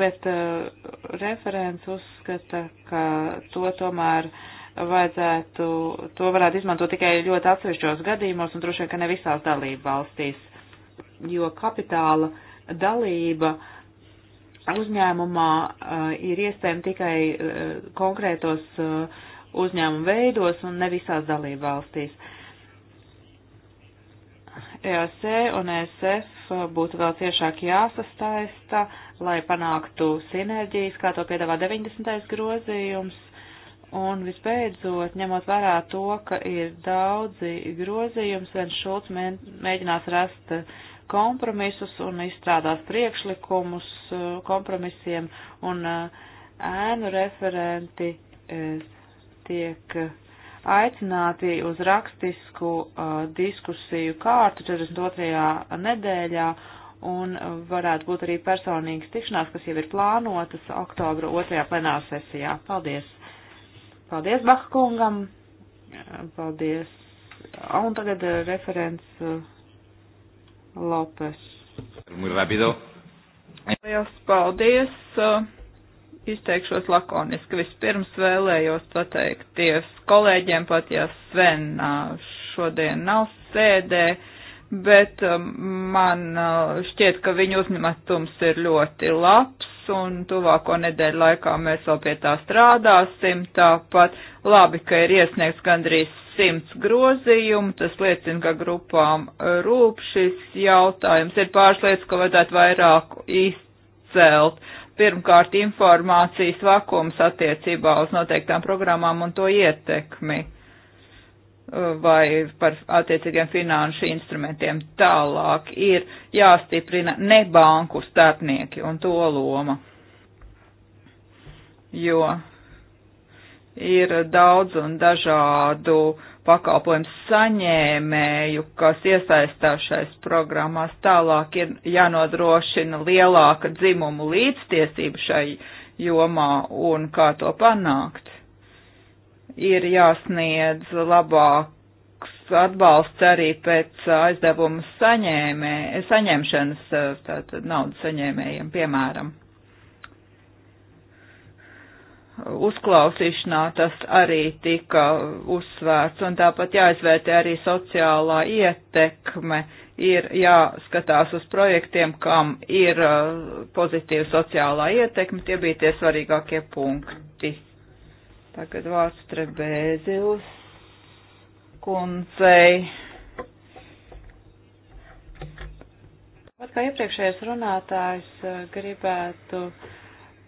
bet uh, referents uzskata, ka to tomēr vajadzētu, to varētu izmantot tikai ļoti atsevišķos gadījumos un droši vien, ka ne visās dalību valstīs. Uh, jo kapitāla dalība uzņēmumā eh, ir iespējama tikai eh, konkrētos eh, uzņēmumu veidos un ne visās dalību valstīs. EAC un ESF būtu vēl ciešāk jāsastaista, lai panāktu sinerģijas, kā to piedāvā 90. grozījums. Un visbeidzot, ņemot vērā to, ka ir daudzi grozījums, viens šulc mēģinās rast kompromisus un izstrādās priekšlikumus uh, kompromisiem, un uh, ēnu referenti uh, tiek aicināti uz rakstisku diskusiju kārtu 42. nedēļā, un varētu būt arī personīgas tikšanās, kas jau ir plānotas oktobra 2. plenāra sesijā. Paldies! Paldies Bahkungam! Paldies! Un tagad referents Lopes. Muy rápido. Liels paldies. Uh, izteikšos lakoniski. Vispirms vēlējos pateikties kolēģiem, pat ja Sven uh, šodien nav sēdē, bet um, man uh, šķiet, ka viņu uzņematums ir ļoti labs un tuvāko nedēļu laikā mēs vēl pie tā strādāsim. Tāpat labi, ka ir iesniegts gandrīz simts grozījumu, tas liecina, ka grupām rūp šis jautājums. Ir pāris lietas, ko vajadzētu vairāk izcelt. Pirmkārt, informācijas vakums attiecībā uz noteiktām programmām un to ietekmi uh, vai par attiecīgiem finanšu instrumentiem. Tālāk ir jāstiprina nebanku starpnieki un to loma. Jo ir daudz un dažādu pakalpojumu saņēmēju, kas iesaistās šais programmās. Tālāk ir jānodrošina lielāka dzimumu līdztiesība šai jomā un kā to panākt. Ir jāsniedz labāk atbalsts arī pēc aizdevuma saņēmē, saņemšanas, tātad naudas saņēmējiem, piemēram uzklausīšanā tas arī tika uzsvērts, un tāpat jāizvērtē arī sociālā ietekme, ir jāskatās uz projektiem, kam ir uh, pozitīva sociālā ietekme, tie bija tie svarīgākie punkti. Tagad vārds Trebēzils kundzei. Pat kā iepriekšējais runātājs uh, gribētu uh,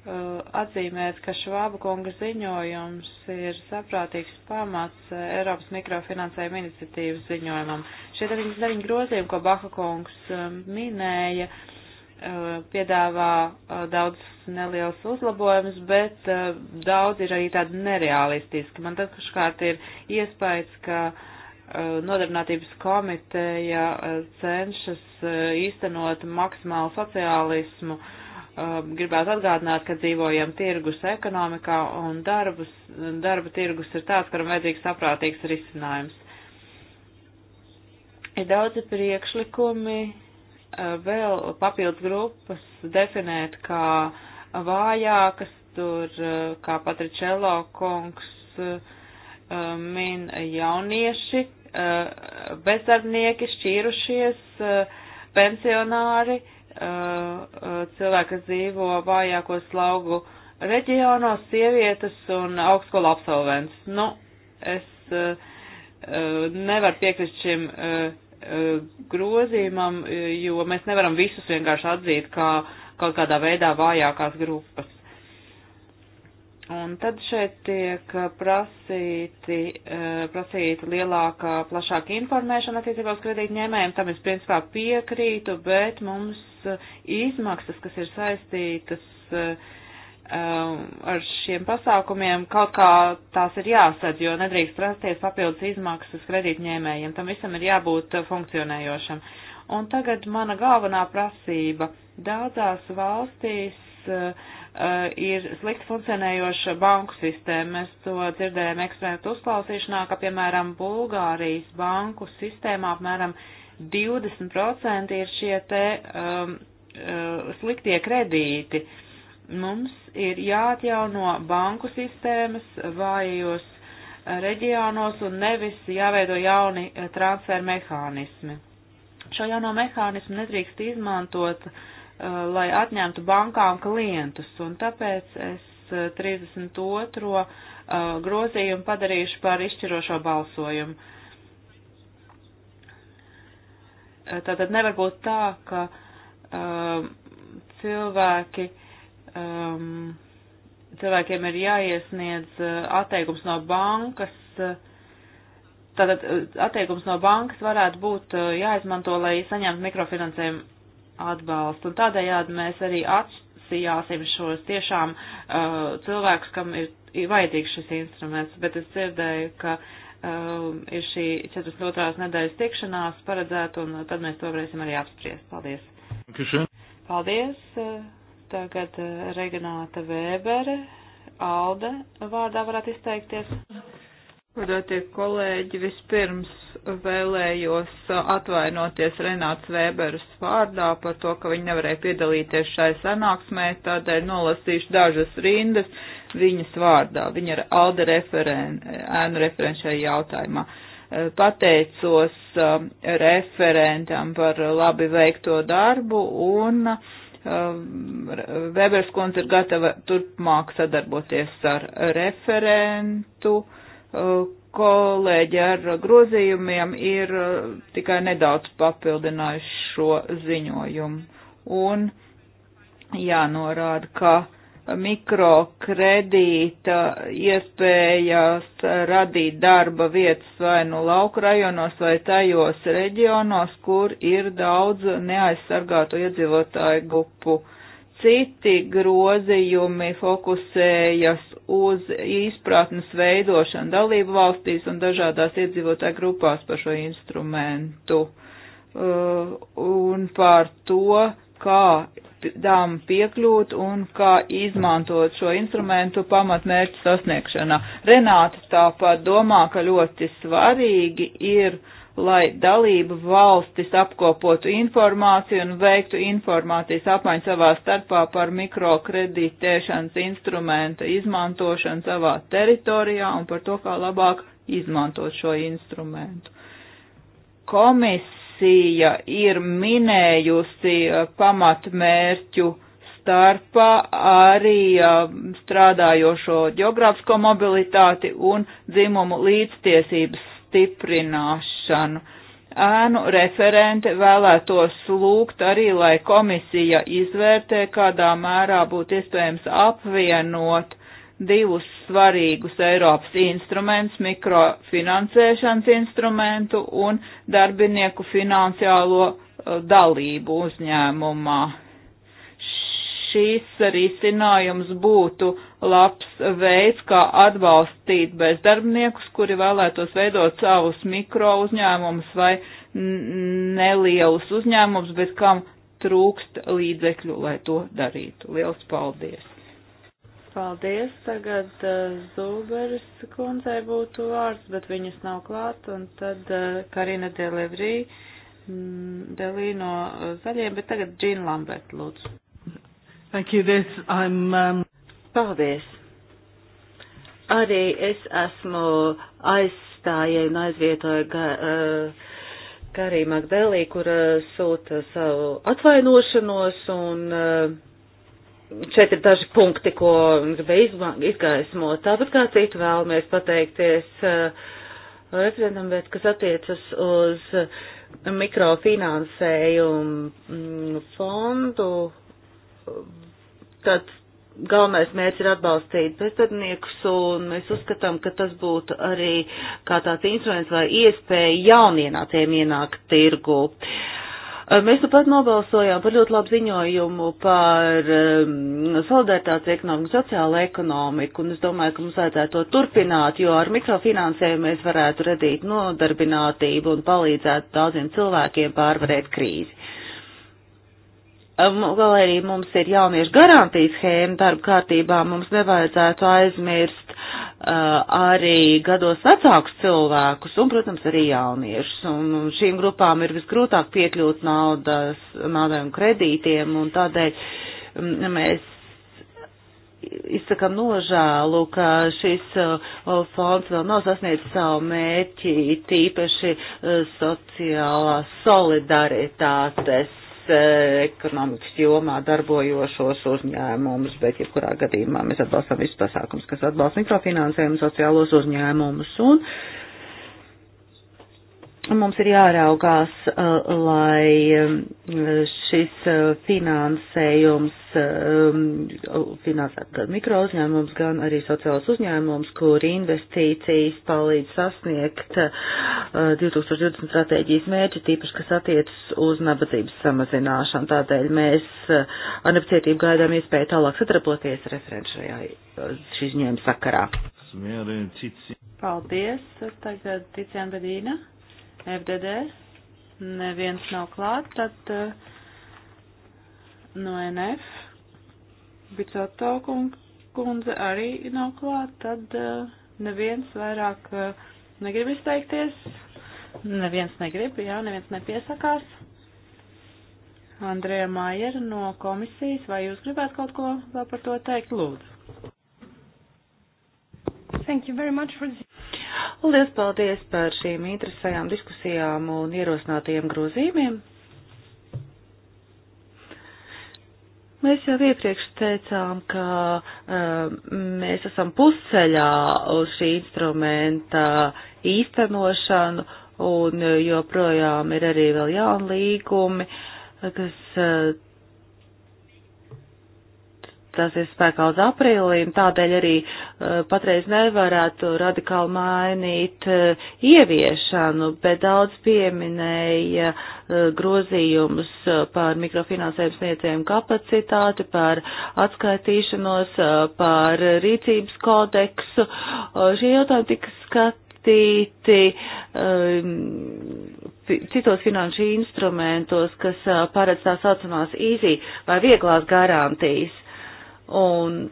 Eh, atzīmēt, ka Švāba kunga ziņojums ir saprātīgs pamats eh, Eiropas mikrofinansējuma iniciatīvas ziņojumam. Šie 99 grozījumi, ko Baha kungs eh, minēja, piedāvā daudz neliels uzlabojums, bet daudz ir arī tādi nerealistiski. Man tad kažkārt ir iespējas, ka nodarbinātības komiteja cenšas īstenot maksimālu sociālismu, uh, Um, gribētu atgādināt, ka dzīvojam tirgus ekonomikā un darbus, darba tirgus ir tāds, kuram vajadzīgs saprātīgs risinājums. Ir daudzi priekšlikumi uh, vēl papildus grupas definēt kā vājākas, tur uh, kā Patričello kungs uh, min jaunieši, bezdarbnieki, šķīrušies, pensionāri, uh, Uh, cilvēki, kas dzīvo vājāko slaugu reģionos, sievietes un augstskolu absolvents. Nu, es uh, uh, nevaru piekrist šim grozījumam, jo mēs nevaram visus vienkārši atzīt kā kaut kādā veidā vājākās grupas. Un tad šeit tiek prasīti, prasīta lielākā, plašāka informēšana attiecībā uz kredītņēmējiem. Tam es principā piekrītu, bet mums izmaksas, kas ir saistītas eh, ar šiem pasākumiem, kaut kā tās ir jāsadz, jo nedrīkst rasties papildus izmaksas kredītņēmējiem. Tam visam ir jābūt eh, funkcionējošam. Un tagad mana galvenā prasība. Daudzās valstīs uh, ir slikti funkcionējoša banku sistēma. Mēs to dzirdējām ekspertu uzklausīšanā, ka, piemēram, Bulgārijas banku sistēmā apmēram 20% ir šie te um, uh, sliktie kredīti. Mums ir jāatjauno banku sistēmas vājos reģionos un nevis jāveido jauni uh, transfer mehānismi. Šo jauno mehānismu nedrīkst izmantot, uh, lai atņemtu bankām klientus, un tāpēc es 32. grozījumu padarīšu par izšķirošo balsojumu. Tātad nevar būt tā, ka um, cilvēki, um, cilvēkiem ir jāiesniedz uh, atteikums no bankas. Uh, tātad uh, atteikums no bankas varētu būt jāizmanto, lai saņemtu mikrofinansējumu atbalstu. Un tādējādi mēs arī atsījāsim šos tiešām uh, cilvēkus, kam ir, ir vajadzīgs šis instruments. Bet es dzirdēju, ka uh, Um, ir šī 42. nedēļas tikšanās paredzēta, un tad mēs to varēsim arī apspriest. Paldies! Paldies! Tagad uh, Reginēta Vēbere, Alde vārdā varētu izteikties. Godātie kolēģi, vispirms vēlējos uh, atvainoties Renāts Vēberas vārdā par to, ka viņi nevarēja piedalīties šai sanāksmē, tādēļ nolasīšu dažas rindas viņas vārdā. Viņa ir Alde referen, ēnu referents šajā jautājumā. Eh, pateicos eh, referentam par labi veikto darbu un Vēbers eh, kundze ir gatava turpmāk sadarboties ar referentu. Kolēģi ar grozījumiem ir tikai nedaudz papildinājuši šo ziņojumu. Un jānorāda, ka mikrokredīta iespējas radīt darba vietas vai nu lauku rajonos vai tajos reģionos, kur ir daudz neaizsargātu iedzīvotāju grupu. Citi grozījumi fokusējas uz izpratnes veidošanu dalību valstīs un dažādās iedzīvotāju grupās par šo instrumentu. Uh, un par to, kā tām piekļūt un kā izmantot šo instrumentu pamatmērķu sasniegšanā. Renāta tāpat domā, ka ļoti svarīgi ir, lai dalība valstis apkopotu informāciju un veiktu informācijas apmaiņu savā starpā par mikrokreditēšanas instrumenta izmantošanu savā teritorijā un par to, kā labāk izmantot šo instrumentu. Komis komisija ir minējusi uh, pamatmērķu starpā arī uh, strādājošo geogrāfisko mobilitāti un dzimumu līdztiesības stiprināšanu. Ēnu referente vēlētos lūgt arī, lai komisija izvērtē, kādā mērā būtu iespējams apvienot divus svarīgus Eiropas instrumentus - mikrofinansēšanas instrumentu un darbinieku finansiālo uh, dalību uzņēmumā. Šīs risinājums būtu labs veids, kā atbalstīt bezdarbniekus, kuri vēlētos veidot savus mikro uzņēmumus vai nelielus uzņēmumus, bet kam trūkst līdzekļu, lai to darītu. Liels paldies! Paldies, tagad uh, eh, Zūberis kundzei būtu vārds, bet viņas nav klāt, un tad uh, Karina Delivrī, mm, Delī no uh, Zaļiem, bet tagad Džina Lambert, lūdzu. Thank you, this, I'm, um... Paldies. Arī es esmu aizstājēju un aizvietoju ga, uh, Karī Magdelī, kur uh, sūta savu atvainošanos un uh, šeit ir daži punkti, ko gribēju izgaismot. Tāpat kā citu vēlamies pateikties eh, referendam, bet kas attiecas uz mikrofinansējumu mm, fondu, tad galvenais mērķis ir atbalstīt bezdarbniekus, un mēs uzskatām, ka tas būtu arī kā tāds instruments vai iespēja jaunienācējiem ienākt tirgu. Uh, Mēs nu pat nobalsojām par ļoti labu ziņojumu par solidaritātes ekonomiku, sociālo ekonomiku, un es domāju, ka mums vajadzētu to turpināt, jo ar mikrofinansējumu mēs varētu radīt nodarbinātību un palīdzētu daudziem cilvēkiem pārvarēt krīzi. Vēl arī mums ir jauniešu garantijas schēma darba kārtībā, mums nevajadzētu aizmirst uh, arī gados vecākus cilvēkus un, protams, arī jauniešus. Un šīm grupām ir visgrūtāk piekļūt naudas, naudai un kredītiem, un tādēļ mēs izsakam nožēlu, ka šis fonds vēl nav sasniedzis savu mērķi, tīpaši sociālās solidaritātes E, ekonomikas jomā darbojošos uzņēmumus, bet jebkurā gadījumā mēs atbalstam visus pasākums, kas atbalsta mikrofinansējumu, sociālos uzņēmumus un uh, mums ir jāraugās, uh, lai um, šis uh, finansējums um, finansētu gan mikrouzņēmums, gan arī sociāls uzņēmums, kur investīcijas palīdz sasniegt 2020 uh, stratēģijas mērķi, tīpaši, kas attiecas uz nabadzības samazināšanu. Tādēļ mēs ar nepacietību gaidām iespēju tālāk satrapoties referentu šajā šī ziņojuma sakarā. Paldies, tagad Ticijana Bedīna. FDD neviens nav klāt, tad uh, no NF Bicoto kundze arī nav klāt, tad uh, neviens vairāk uh, negrib izteikties, neviens negrib, jā, neviens nepiesakās. Andrija Mājera no komisijas, vai jūs gribētu kaut ko vēl par to teikt, lūdzu? Thank you very much for this. Lielas paldies par šīm interesējām diskusijām un ierosinātajiem grozījumiem. Mēs jau iepriekš teicām, ka um, mēs esam pusceļā uz šī instrumenta īstenošanu un joprojām ir arī vēl jauni līgumi, kas uh, stāsies spēkā uz aprīlī, un tādēļ arī uh, patreiz nevarētu radikāli mainīt uh, ieviešanu, bet daudz pieminēja uh, grozījumus par mikrofinansējumu sniedzējumu kapacitāti, par atskaitīšanos, par rīcības kodeksu. Šie jautājumi tika skatīti um, citos finanšu instrumentos, kas paredz tā saucamās īzī vai vieglās garantijas. Un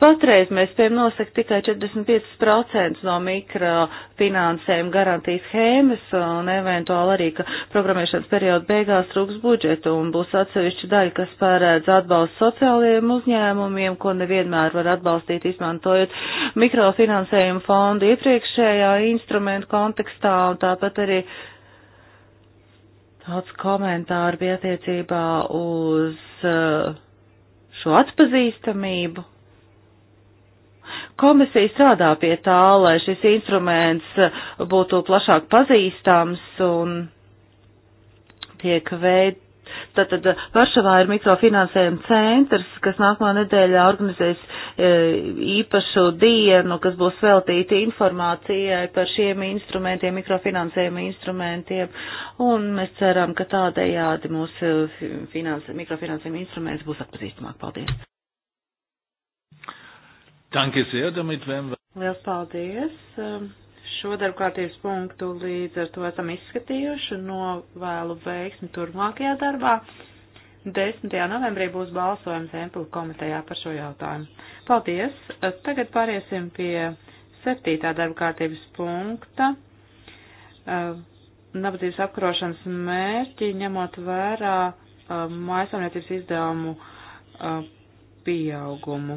Patreiz mēs spējam nosakt tikai 45% no mikrofinansējuma garantijas schēmas un eventuāli arī, ka programmēšanas perioda beigās trūks budžetu un būs atsevišķa daļa, kas pārēdz atbalstu sociālajiem uzņēmumiem, ko nevienmēr var atbalstīt izmantojot mikrofinansējuma fondu iepriekšējā instrumentu kontekstā un tāpat arī uh, Daudz komentāru bija attiecībā uz uh, šo atpazīstamību. Komisija strādā pie tā, lai šis instruments uh, būtu plašāk pazīstams un tiek veid, Tātad eh, Varšavā ir mikrofinansējuma centrs, kas nākamā nedēļā organizēs eh, īpašu dienu, kas būs veltīta informācijai par šiem instrumentiem, mikrofinansējuma instrumentiem, un mēs ceram, ka tādējādi mūsu eh, finans, mikrofinansējuma instruments būs atpazīstamāk. Paldies! Danke sehr, damit wären wir. Liels paldies! Um šo darbkārtības punktu līdz ar to esam izskatījuši un novēlu veiksmi turpmākajā darbā. 10. novembrī būs balsojums Emplu komitejā par šo jautājumu. Paldies! Tagad pāriesim pie 7. darba kārtības punkta. Eh, nabadzības apkarošanas mērķi ņemot vērā eh, mājasamniecības izdevumu eh, pieaugumu.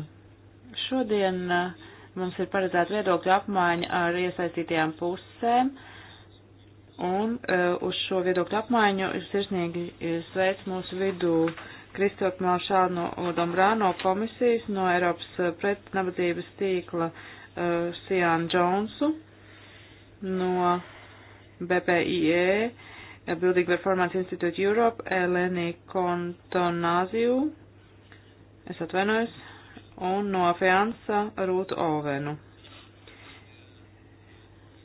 Šodien uh, Mums ir paredzēta viedokļu apmaiņa ar iesaistītajām pusēm. Un uh, uz šo viedokļu apmaiņu ir sirsnīgi eh, sveic mūsu vidū Kristop Melšānu Dombrāno komisijas no Eiropas eh, pretnabadzības tīkla uh, Sian Džonsu no BPIE, Building Performance Institute Europe, Eleni Kontonaziju, es atvainojos, un no Fiansa Rūtu Ovenu.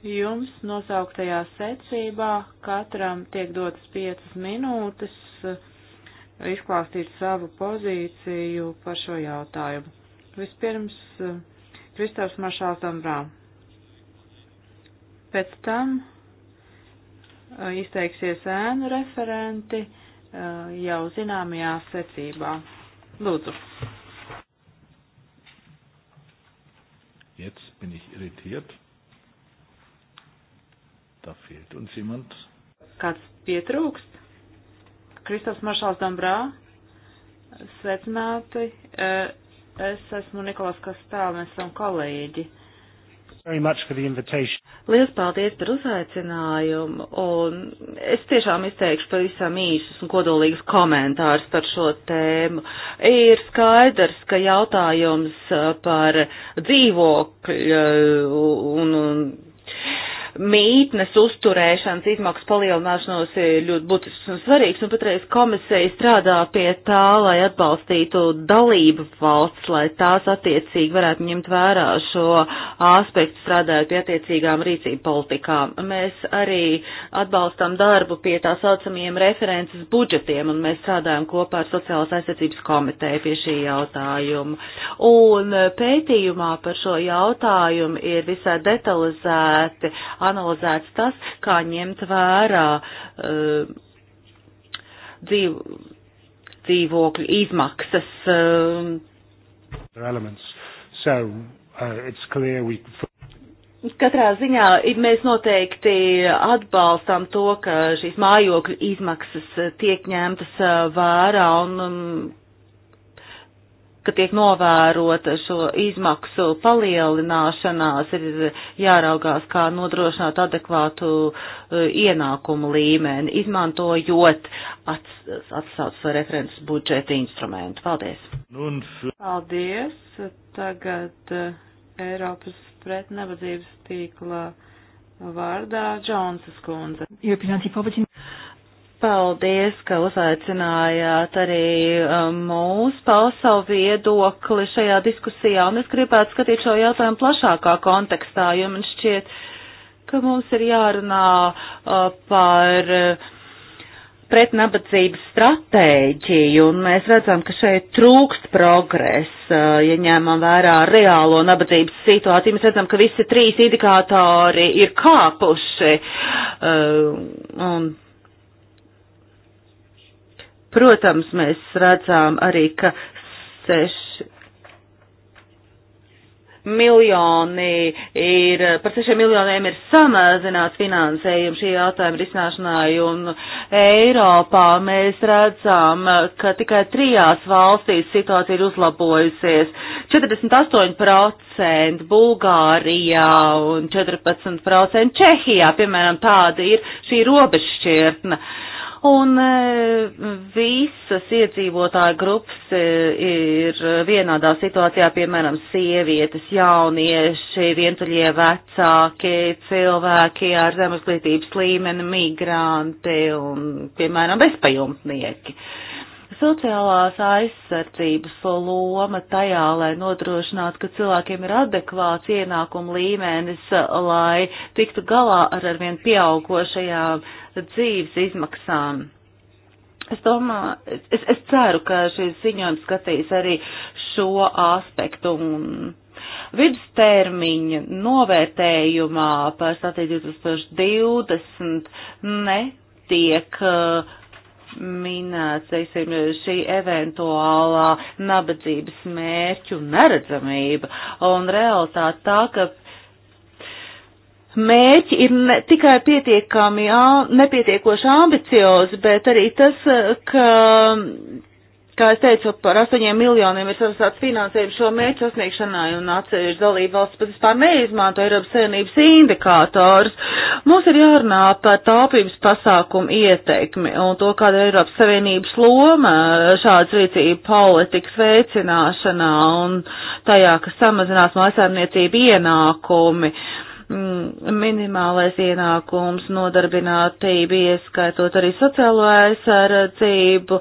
Jums nosauktajā secībā katram tiek dotas piecas minūtes eh, izklāstīt savu pozīciju par šo jautājumu. Vispirms eh, Kristofs Maršāls Dambrā. Pēc tam eh, izteiksies ēnu referenti jau zināmajā secībā. Lūdzu. Jetzt bin ich irritiert. Da fehlt uns jemand. Kāds pietrūkst? Kristofs Maršals Dambrā. Sveicināti. Eh, es esmu Nikolās Kastāv, mēs esam kolēģi. Lielas paldies par uzaicinājumu, un es tiešām izteikšu pavisam īsus un kodolīgus komentārus par šo tēmu. Ir skaidrs, ka jautājums eh, par dzīvokļu eh, un, un mītnes uzturēšanas izmaksu palielināšanos ir ļoti būtisks un svarīgs, un patreiz komisija strādā pie tā, lai atbalstītu dalību valsts, lai tās attiecīgi varētu ņemt vērā šo aspektu strādājot pie attiecīgām rīcību politikām. Mēs arī atbalstam darbu pie tā saucamajiem references budžetiem, un mēs strādājam kopā ar Sociālās aizsardzības komiteju pie šī jautājuma. Un pētījumā par šo jautājumu ir visai detalizēti analizēti analizēts tas, kā ņemt vērā uh, dzīv, dzīvokļu izmaksas. Uh, so, uh, we... Katrā ziņā mēs noteikti atbalstam to, ka šīs mājokļu izmaksas eh, tiek ņemtas vērā un um, ka tiek novērota šo izmaksu palielināšanās, ir jāraugās, kā nodrošināt adekvātu e, ienākumu līmeni, izmantojot atsaucu vai referents budžeta instrumentu. Paldies! Un... Paldies! Tagad e, Eiropas pretnabadzības tīkla vārdā Džonsas kundze. Paldies, ka uzaicinājāt arī um, mūs paust savu viedokli šajā diskusijā, un es gribētu skatīt šo jautājumu plašākā kontekstā, jo man šķiet, ka mums ir jārunā uh, par uh, pretnabadzības stratēģiju, un mēs redzam, ka šeit trūkst progresa, uh, ja ņemam vērā reālo nabadzības situāciju. Mēs redzam, ka visi trīs indikātori ir kāpuši. Un Protams, mēs redzām arī, ka 6 miljoni ir, par 6 miljoniem ir samazināts finansējums šī jautājuma risināšanai, un Eiropā mēs redzam, ka tikai trijās valstīs situācija ir uzlabojusies. 48% Bulgārijā un 14% Čehijā, piemēram, tāda ir šī robežšķirtne. Uh, un e, visas iedzīvotāja grupas e, ir vienādā situācijā, piemēram, sievietes, jaunieši, vientuļie vecāki, cilvēki ar zemesglītības līmeni, migranti un, piemēram, bezpajumtnieki. Sociālās aizsardzības loma tajā, lai nodrošinātu, ka cilvēkiem ir adekvāts ienākuma līmenis, lai tiktu galā ar arvien pieaugošajām uh, dzīves izmaksām. Es domāju, es, es ceru, ka šis ziņojums skatīs arī šo aspektu un vidustermiņa novērtējumā par stratēģiju 2020 netiek uh, minēts, teiksim, šī eventuālā nabadzības mērķu neredzamība un realitāte tā, ka mērķi ir ne tikai pietiekami, nepietiekoši ambiciozi, bet arī tas, ka, kā es teicu, par astoņiem miljoniem ir savsāts finansējums šo mērķu sasniegšanai un atsevišķi dalību valsts pat vispār neizmanto Eiropas savienības indikātors. Mums ir jārunā par taupības pasākumu ieteikmi un to, kāda ir Eiropas savienības loma šādas rīcība politikas veicināšanā un tajā, kas samazinās mājasēmniecību ienākumi. Uh, Mm, minimālais ienākums, nodarbinātība, ieskaitot arī sociālo aizsardzību,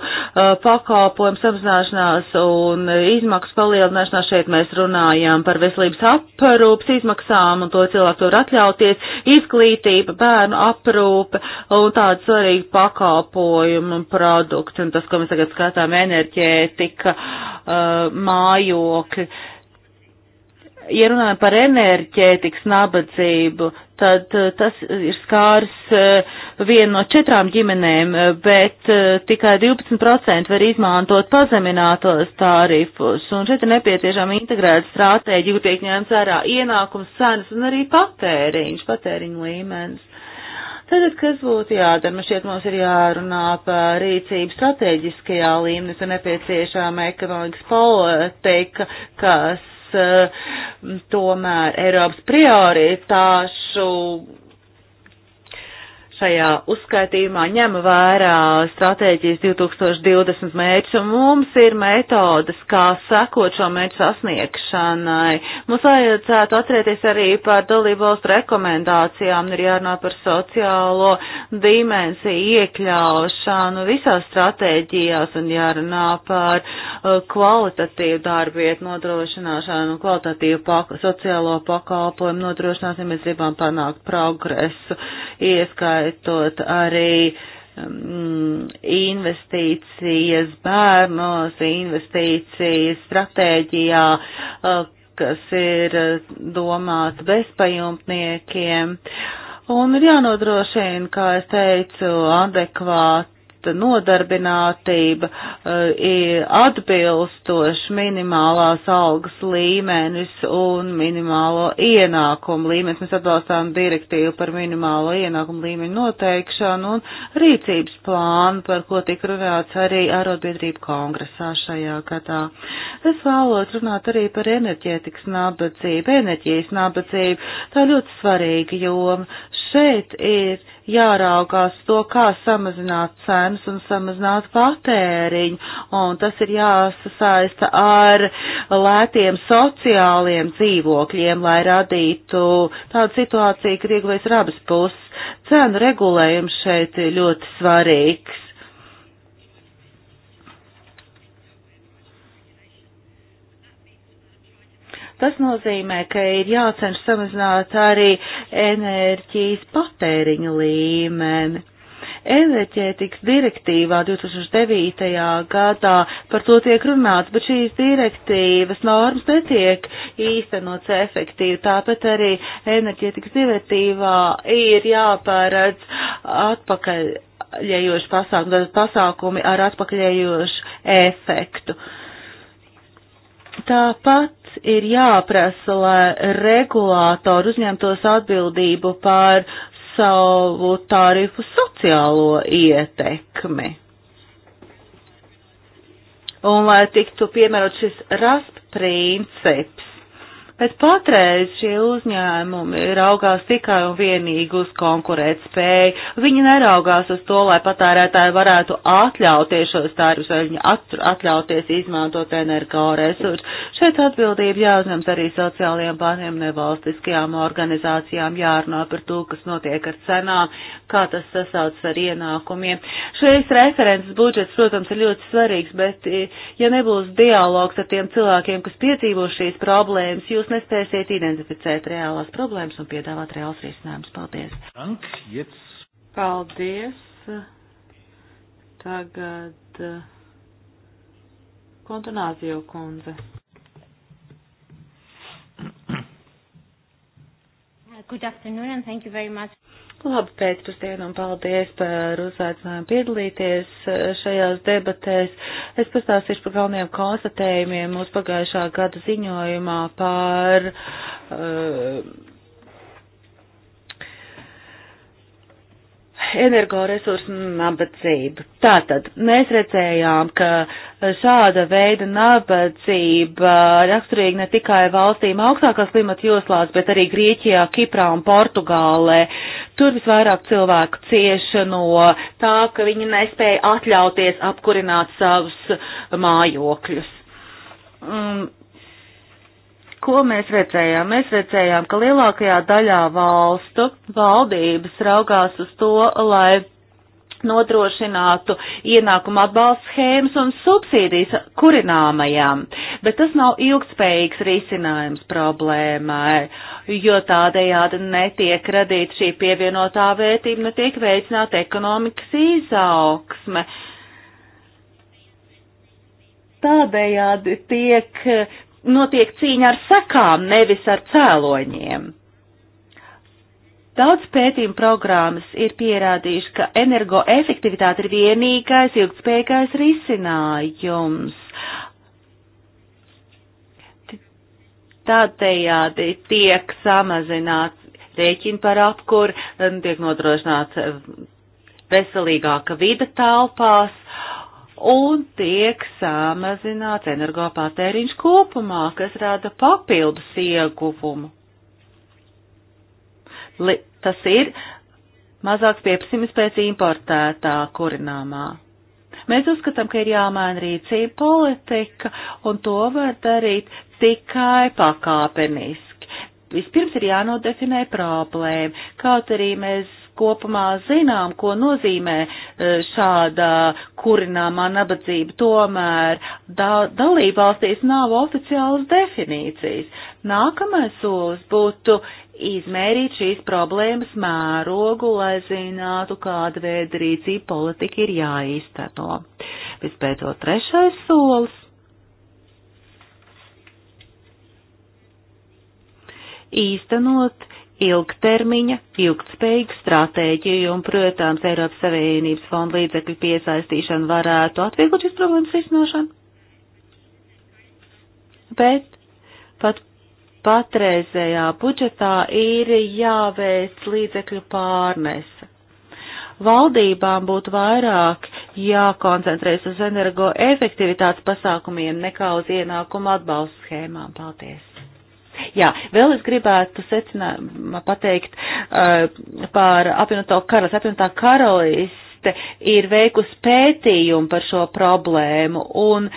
pakalpojumu samazināšanās un izmaksu palielināšanās. Šeit mēs runājām par veselības aprūpas izmaksām un to cilvēku tur atļauties, izglītība, bērnu aprūpe un tādi svarīgi pakalpojumi un produkti. Un tas, ko mēs tagad skatām, enerģētika, mājokļi ja runājam par enerģētikas nabadzību, tad eh, tas ir skārs eh, vienu no četrām ģimenēm, eh, bet tikai 12% var izmantot pazeminātos tārifus. Un šeit ir nepieciešama integrēta stratēģija, kur tiek ņemts vērā ienākums, cenas un arī patēriņš, patēriņu līmenis. Tātad, kas būtu jādara? Man šķiet, mums ir jārunā par rīcību strateģiskajā līmenī, ir nepieciešama ekonomikas politika, kas Eh, tomēr Eiropas prioritāšu šajā uzskaitījumā ņem vērā stratēģijas 2020 mērķus, un mums ir metodas, kā sekot šo mērķu sasniegšanai. Mums vajadzētu atcerēties arī par dalību valstu rekomendācijām, ir jārunā par sociālo dimensiju iekļaušanu visās stratēģijās, un jārunā par uh, kvalitatīvu darbietu nodrošināšanu, kvalitatīvu paka sociālo pakalpojumu nodrošināšanu, ja mēs gribam panākt progresu. Ieskait ieskaitot arī um, investīcijas bērnos, investīcijas stratēģijā, uh, kas ir domāts bezpajumtniekiem. Un ir jānodrošina, kā es teicu, adekvāti nodarbinātība e, atbilstoši minimālās algas līmenis un minimālo ienākumu līmenis. Mēs atbalstām direktīvu par minimālo ienākumu līmeņu noteikšanu un rīcības plānu, par ko tika runāts arī Arotbiedrību kongresā šajā gadā. Es vēlos runāt arī par enerģētikas nabadzību, enerģijas nabadzību. Tā ļoti svarīga joma. Šeit ir jāraugās to, kā samazināt cenas un samazināt patēriņu, un tas ir jāsasaista ar lētiem sociāliem dzīvokļiem, lai radītu tādu situāciju, ka ieguvēs ir abas puses. Cenu regulējums šeit ir ļoti svarīgs. Tas nozīmē, ka ir jācenš samazināt arī enerģijas patēriņa līmeni. Enerģētikas direktīvā 2009. gadā par to tiek runāts, bet šīs direktīvas normas netiek īstenots efektīvi. Tāpat arī enerģētikas direktīvā ir jāpāredz atpakaļējoši pasākumi, pasākumi ar atpakaļējošu efektu. Uh, Tāpat ir jāprasa, lai regulātori uzņemtos atbildību pār savu tarifu sociālo ietekmi. Un lai tiktu piemērot šis rasp princips, Bet patreiz šie uzņēmumi raugās tikai un vienīgi uz konkurēt spēju. Viņi neraugās uz to, lai patērētāji varētu atļauties šos tārus, vai viņi atļauties izmantot energoresursus. Šeit atbildība jāuzņems arī sociālajiem pārniem nevalstiskajām organizācijām, jārunā par to, kas notiek ar cenām, kā tas sasaucas ar ienākumiem. Šis references budžets, protams, ir ļoti svarīgs, bet eh, ja nebūs dialogs ar tiem cilvēkiem, kas piedzīvo šīs problēmas, jūs jūs nespēsiet identificēt reālās problēmas un piedāvāt reāls risinājums. Paldies! Dank, jetzt. Paldies! Tagad eh, kontonāzio kundze. Uh, good afternoon and thank you very much. Labu pēcpusdienu un paldies par uzaicinājumu piedalīties uh, šajās debatēs. Es pastāstīšu par galvenajiem konstatējumiem mūsu pagājušā gada ziņojumā par uh, energoresursu nabadzību. Tātad mēs redzējām, ka šāda veida nabadzība raksturīga ne tikai valstīm augstākās klimata joslās, bet arī Grieķijā, Kiprā un Portugālē. Tur visvairāk cilvēku cieši no tā, ka viņi nespēja atļauties apkurināt savus mājokļus. Um, Ko mēs redzējām? Mēs redzējām, ka lielākajā daļā valstu valdības raugās uz to, lai nodrošinātu ienākuma atbalsts schēmas un subsīdijas kurināmajām, bet tas nav ilgspējīgs risinājums problēmai, jo tādējādi netiek radīta šī pievienotā vērtība, netiek veicināta ekonomikas izaugsme. Tādējādi tiek notiek cīņa ar sekām, nevis ar cēloņiem. Daudz pētījumu programmas ir pierādījuši, ka energoefektivitāte ir vienīgais ilgspējīgais risinājums. Tādējādi tiek samazināts rēķini par apkur, tiek nodrošināts eh, veselīgāka vida telpās un tiek samazināts energopatēriņš kopumā, kas rada papildus ieguvumu. Li, tas ir mazāks pieprasījums pēc importētā kurināmā. Mēs uzskatām, ka ir jāmaina rīcība politika, un to var darīt tikai pakāpeniski. Vispirms ir jānodefinē problēma, kaut arī mēs kopumā zinām, ko nozīmē e, šāda kurināmā nabadzība, tomēr da dalībvalstīs nav oficiālas definīcijas. Nākamais solis būtu izmērīt šīs problēmas mērogu, lai zinātu, kāda veida rīcība politika ir jāīsteno. Vispēcot trešais solis. Īstenot ilgtermiņa, ilgtspējīgu stratēģiju un, protams, Eiropas Savienības fonda līdzekļu piesaistīšanu varētu atvieglot šīs problēmas risināšanu. Bet pat patreizējā budžetā ir jāveic līdzekļu pārnese. Valdībām būtu vairāk jākoncentrēs uz energoefektivitātes pasākumiem nekā uz ienākumu atbalstu schēmām. Paldies! Jā, vēl es gribētu secināt, pateikt uh, par apvienoto karas, apvienotā karaliste ir veikusi pētījumu par šo problēmu un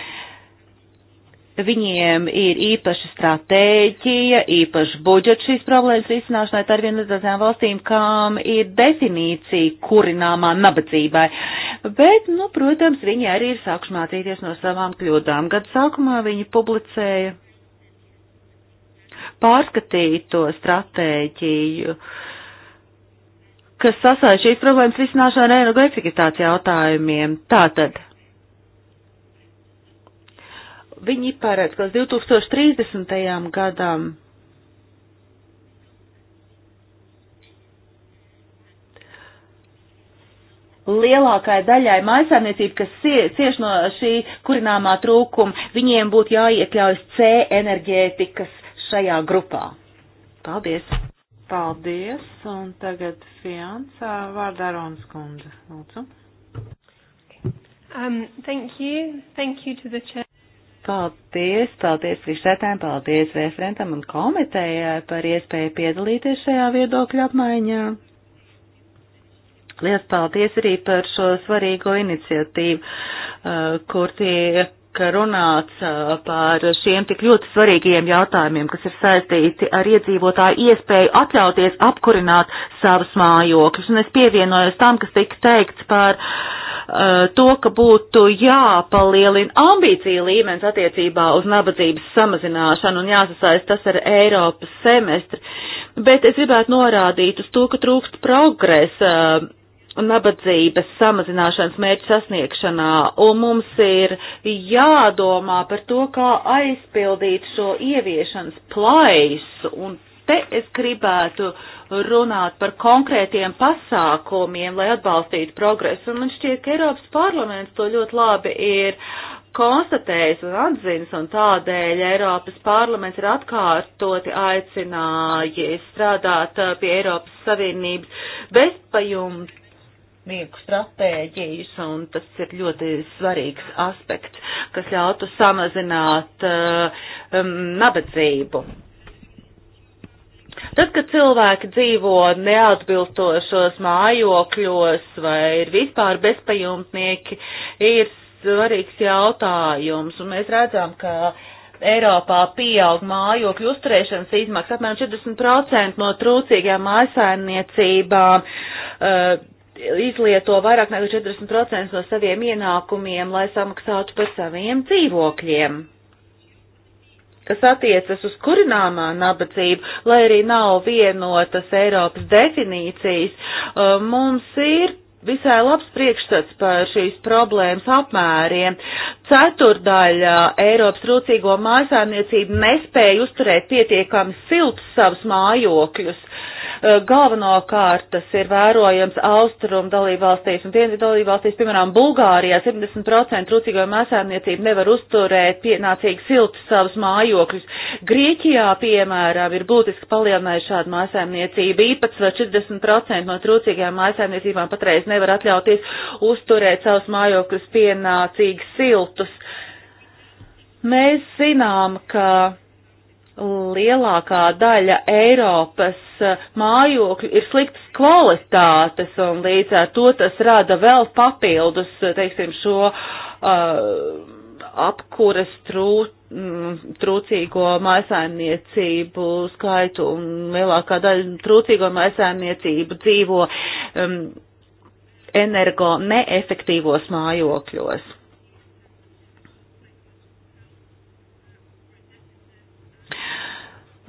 viņiem ir īpaša stratēģija, īpaša budžets šīs problēmas risināšanai, tā ir viena no tādām valstīm, kām ir definīcija kurināmā nabadzībai. Bet, nu, protams, viņi arī ir sākuši mācīties no savām kļūdām. Gadu sākumā viņi publicēja pārskatīto stratēģiju, kas sasāja šīs problēmas risināšanu ar energoefektivitātes jautājumiem. Tātad, viņi paredz, ka līdz 2030. gadam lielākai daļai maisaimniecību, kas cieš no šī kurināmā trūkuma, viņiem būtu jāiekļaujas C enerģētikas šajā grupā. Paldies! Paldies, un tagad fiancā vārdā Ronas kundze. Lūdzu. Um, thank you. Thank you to the chair. Paldies, paldies priekšsētājiem, paldies referentam un komitējai par iespēju piedalīties šajā viedokļu apmaiņā. Lielas paldies arī par šo svarīgo iniciatīvu, uh, kur tiek tika runāts par šiem tik ļoti svarīgiem jautājumiem, kas ir saistīti ar iedzīvotāju iespēju atļauties apkurināt savus mājokļus. Un es pievienojos tam, kas tika teikts par uh, to, ka būtu jāpalielina ambīcija līmenis attiecībā uz nabadzības samazināšanu un jāsasaist tas ar Eiropas semestri. Bet es gribētu norādīt uz to, ka trūkst progresa. Uh, nabadzības samazināšanas mērķu sasniegšanā, un mums ir jādomā par to, kā aizpildīt šo ieviešanas plaisu, un te es gribētu runāt par konkrētiem pasākumiem, lai atbalstītu progresu, un man šķiet, ka Eiropas parlaments to ļoti labi ir konstatējis un atzinis, un tādēļ Eiropas parlaments ir atkārtoti aicinājis strādāt uh, pie Eiropas Savienības bezpajumta mīgu stratēģijas, un tas ir ļoti svarīgs aspekts, kas ļautu samazināt uh, um, nabadzību. Tad, kad cilvēki dzīvo neatbilstošos mājokļos vai ir vispār bezpajumtnieki, ir svarīgs jautājums, un mēs redzam, ka Eiropā pieaug mājokļu uzturēšanas izmaksas apmēram 40% no trūcīgām mājasājumniecībām. Uh, eh, izlieto vairāk nekā 40% no saviem ienākumiem, lai samaksātu par saviem dzīvokļiem. Kas attiecas uz kurināmā nabadzību, lai arī nav vienotas Eiropas definīcijas, uh, mums ir visai labs priekšstats par šīs problēmas apmēriem. Ceturdaļa Eiropas rūcīgo mājasāniecību nespēja uzturēt pietiekami silts savus mājokļus, Eh, galvenokārt tas ir vērojams austrumu dalībvalstīs un dienvidu dalībvalstīs, piemēram, Bulgārijā 70% rūcīgo mēsēmniecību nevar uzturēt pienācīgi siltu savus mājokļus. Grieķijā, piemēram, ir būtiski palielinājusi šādu mēsēmniecību īpatsvaru 40% no trūcīgajām mājasēmniecībām patreiz nevar atļauties uzturēt savus mājokļus pienācīgi siltus. Mēs zinām, ka lielākā daļa Eiropas e, mājokļu ir sliktas kvalitātes, un līdz ar to tas rada vēl papildus, e, teiksim, šo uh, apkures trūt, trūcīgo mājasājumniecību skaitu, un lielākā daļa trūcīgo mājasājumniecību dzīvo um, energo neefektīvos mājokļos.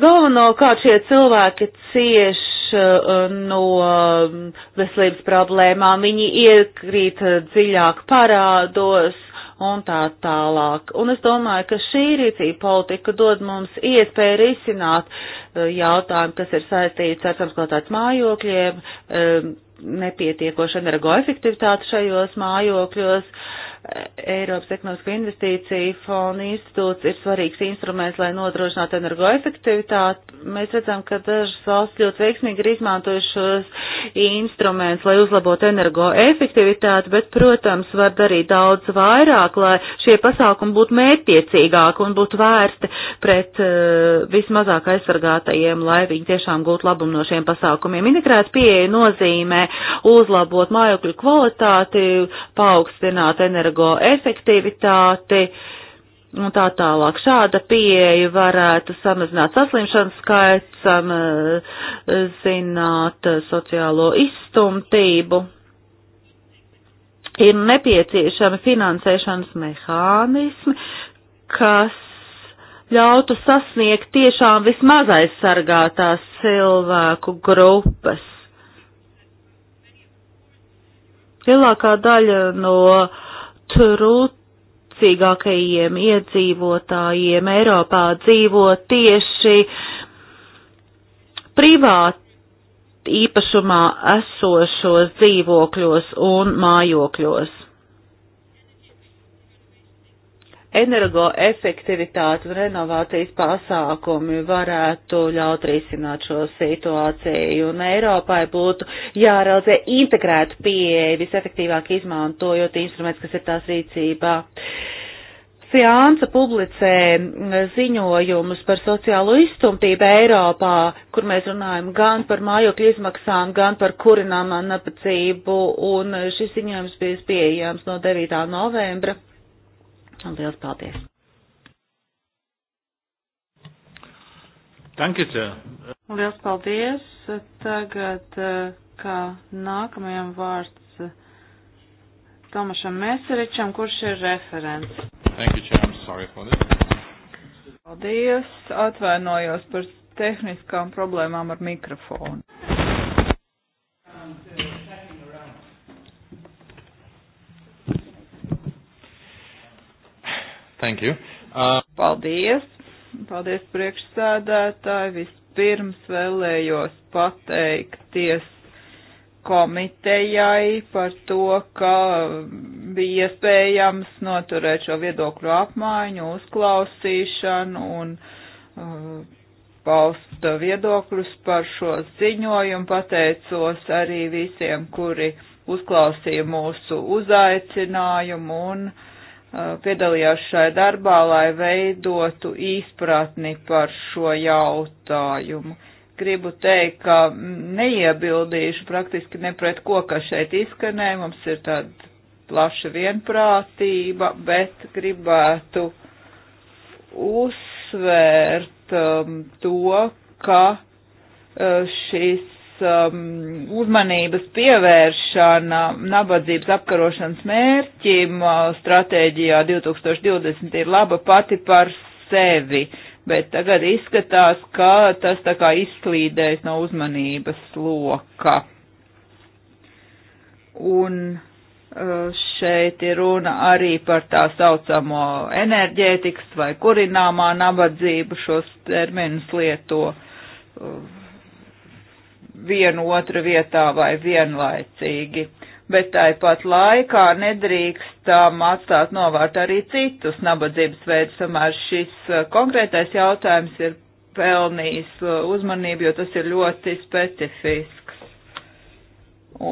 Galvenokārt šie cilvēki cieš uh, no um, veselības problēmām, viņi iekrīt uh, dziļāk parādos un tā tālāk. Un es domāju, ka šī rīcība politika dod mums iespēju risināt uh, jautājumu, kas ir saistīts ar samskotāt mājokļiem, um, nepietiekošu energoefektivitāti šajos mājokļos, Eiropas ekonomisko investīciju fonda institūts ir svarīgs instruments, lai nodrošinātu energoefektivitāti. Mēs redzam, ka dažas valsts ļoti veiksmīgi ir izmantojušos instrumentus, lai uzlabotu energoefektivitāti, bet, protams, var darīt daudz vairāk, lai šie pasākumi būtu mērķiecīgāki un būtu vērsti pret uh, vismazāk aizsargātajiem, lai viņi tiešām gūtu labumu no šiem pasākumiem. Integrēta pieeja nozīmē uzlabot mājokļu kvalitāti, paaugstināt energo energoefektivitāti un tā tālāk. Šāda pieeja varētu samazināt saslimšanas skaits, samazināt sociālo izstumtību. Ir nepieciešami finansēšanas mehānismi, kas ļautu sasniegt tiešām vismaz aizsargātās cilvēku grupas. Lielākā daļa no uh, trūcīgākajiem iedzīvotājiem Eiropā dzīvo tieši privāti īpašumā esošos dzīvokļos un mājokļos energoefektivitātes un renovācijas pasākumi varētu ļaut risināt šo situāciju, un Eiropai būtu jāraudzē integrētu pieeja visefektīvāk izmantojot instruments, kas ir tās rīcībā. Fianca publicē ziņojumus par sociālo izstumtību Eiropā, kur mēs runājam gan par mājokļu izmaksām, gan par kurināmā nabadzību, un šis ziņojums bija pieejams no 9. novembra Liels paldies! Tankite. Liels paldies! Tagad eh, kā nākamajam vārds eh, Tomašam Meseričam, kurš ir referents. Thank you, Chair. I'm sorry for this. Paldies! Atvainojos par tehniskām problēmām ar mikrofonu. Thank you. Uh... Paldies. Paldies priekšsēdētāji. Vispirms vēlējos pateikties komitejai par to, ka bija iespējams noturēt šo viedokļu apmaiņu, uzklausīšanu un uh, paust viedokļus par šo ziņojumu. Pateicos arī visiem, kuri uzklausīja mūsu uzaicinājumu un uh, Uh, piedalījās šai darbā, lai veidotu izpratni par šo jautājumu. Gribu teikt, ka neiebildīšu praktiski ne pret ko, kas šeit izskanē, mums ir tāda plaša vienprātība, bet gribētu uzsvērt um, to, ka uh, šis um, uzmanības pievēršana nabadzības apkarošanas mērķim uh, stratēģijā 2020 ir laba pati par sevi, bet tagad izskatās, ka tas tā kā izslīdēs no uzmanības loka. Un uh, šeit ir runa arī par tā saucamo enerģētikas vai kurināmā nabadzību šos terminus lieto. Uh, vienu otru vietā vai vienlaicīgi. Bet tāpat laikā nedrīkstam atstāt novērt arī citus nabadzības veidus, tomēr šis uh, konkrētais jautājums ir pelnījis uh, uzmanību, jo tas ir ļoti specifisks.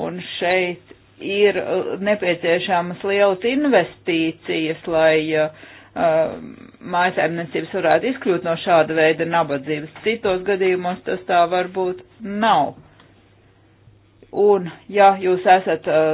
Un šeit ir uh, nepieciešamas lielas investīcijas, lai uh, Uh, mājasēmniecības varētu izkļūt no šāda veida nabadzības. Citos gadījumos tas tā varbūt nav. Un, ja jūs esat uh,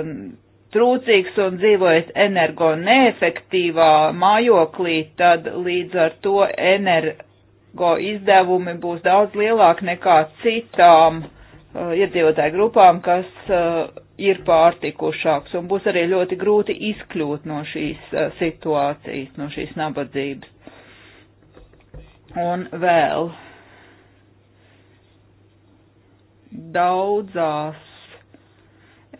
trūcīgs un dzīvojat energo neefektīvā mājoklī, tad līdz ar to energo izdevumi būs daudz lielāki nekā citām uh, iedzīvotāju grupām, kas uh, ir pārtikušāks un būs arī ļoti grūti izkļūt no šīs eh, situācijas, no šīs nabadzības. Un vēl daudzās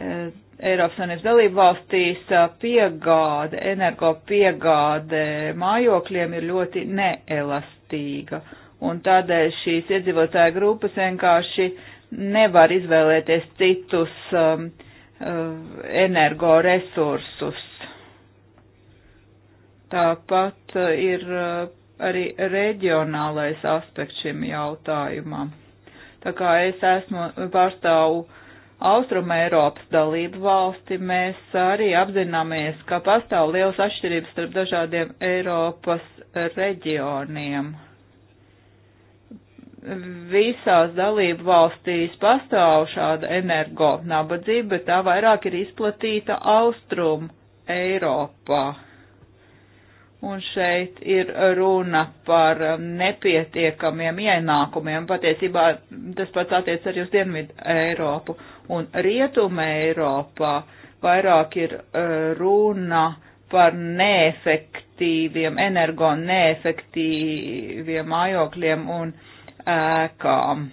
eh, Eiropas Savienības dalību valstīs eh, piegāde, energo piegāde mājokļiem ir ļoti neelastīga. Un tādēļ šīs iedzīvotāja grupas vienkārši nevar izvēlēties citus um, uh, Eh, energoresursus. Tāpat eh, ir eh, arī reģionālais aspekts šim jautājumam. Tā kā es esmu pārstāvu Austrum Eiropas dalību valsti, mēs arī apzināmies, ka pastāv liels atšķirības starp dažādiem Eiropas reģioniem visās dalību valstīs pastāv šāda energo nabadzība, bet tā vairāk ir izplatīta austrum Eiropā. Un šeit ir runa par nepietiekamiem ienākumiem. Patiesībā tas pats attiec arī uz Dienvidu Eiropu un Rietumu Eiropā. Vairāk ir e, runa par neefektīviem, energo neefektīviem mājokļiem un uh, ēkām.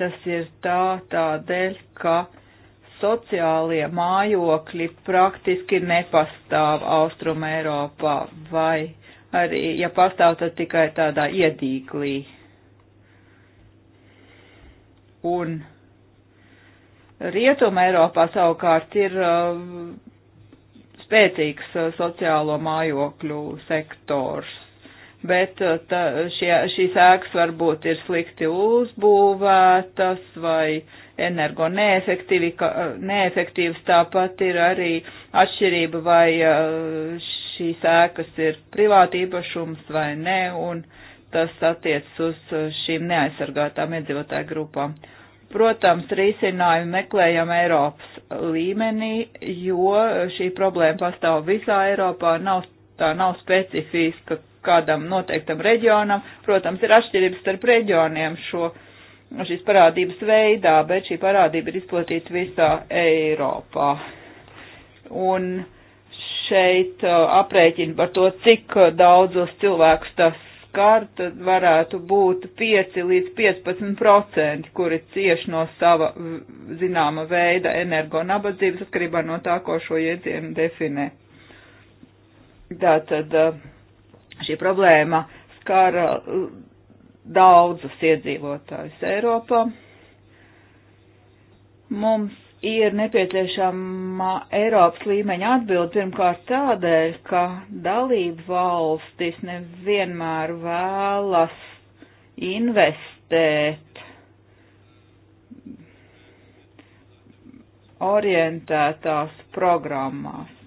Tas ir tā tādēļ, ka sociālie mājokļi praktiski nepastāv Austrum Eiropā vai arī, ja pastāv, tad tikai tādā iedīklī. Un Rietuma Eiropā savukārt ir uh, spēcīgs uh, sociālo mājokļu sektors bet uh, tā, šie, šīs ēkas varbūt ir slikti uzbūvētas vai energo uh, neefektīvas, tāpat ir arī atšķirība vai uh, šīs ēkas ir privāti īpašums vai nē, un tas attiec uz šīm neaizsargātām iedzīvotāju grupām. Protams, risinājumu meklējam Eiropas līmenī, jo šī problēma pastāv visā Eiropā, nav, tā nav specifiska kādam noteiktam reģionam. Protams, ir atšķirības starp reģioniem šo, šīs parādības veidā, bet šī parādība ir izplatīta visā Eiropā. Un šeit uh, aprēķina par to, cik daudzos cilvēkus tas skar, tad varētu būt 5 līdz 15 procenti, kuri cieš no sava zināma veida energo nabadzības atkarībā no tā, ko šo jēdzienu definē. Tātad uh, Šī problēma skar uh, daudzus iedzīvotājus Eiropā. Mums ir nepieciešama Eiropas līmeņa atbilde pirmkārt tādēļ, ka dalību valstis nevienmēr vēlas investēt orientētās programmās.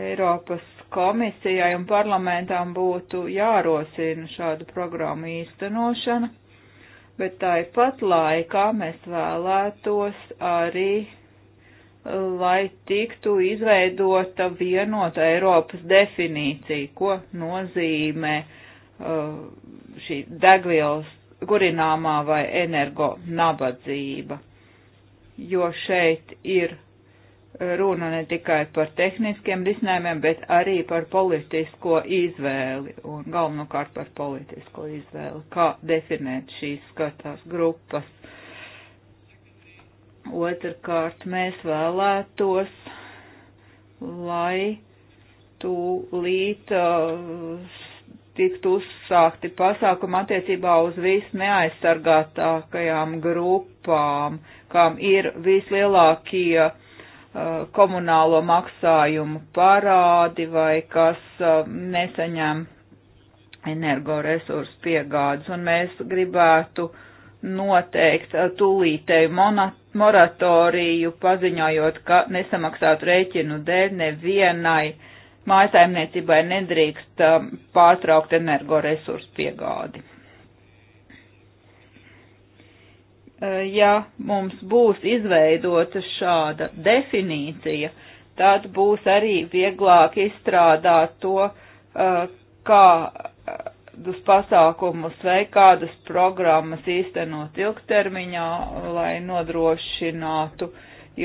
Eiropas komisijai un parlamentām būtu jārosina šādu programmu īstenošana, bet tāpat laikā mēs vēlētos arī, lai tiktu izveidota vienota Eiropas definīcija, ko nozīmē uh, šī degvielas kurināmā vai energo nabadzība, jo šeit ir runa ne tikai par tehniskiem risinājumiem, bet arī par politisko izvēli un galvenokārt par politisko izvēli, kā definēt šīs skatās grupas. Otrkārt, mēs vēlētos, lai tūlīt uh, tiktu uzsākti pasākumi attiecībā uz visneaizsargātākajām grupām, kam ir vislielākie uh, Uh, komunālo maksājumu parādi vai kas uh, nesaņem energoresursu piegādes, un mēs gribētu noteikt uh, tūlītēju moratoriju, paziņojot, ka nesamaksātu rēķinu dēļ nevienai mājasaimniecībai nedrīkst pārtraukt energoresursu piegādi. ja mums būs izveidota šāda definīcija, tad būs arī vieglāk izstrādāt to, kādus pasākumus vai kādas programmas īstenot ilgtermiņā, lai nodrošinātu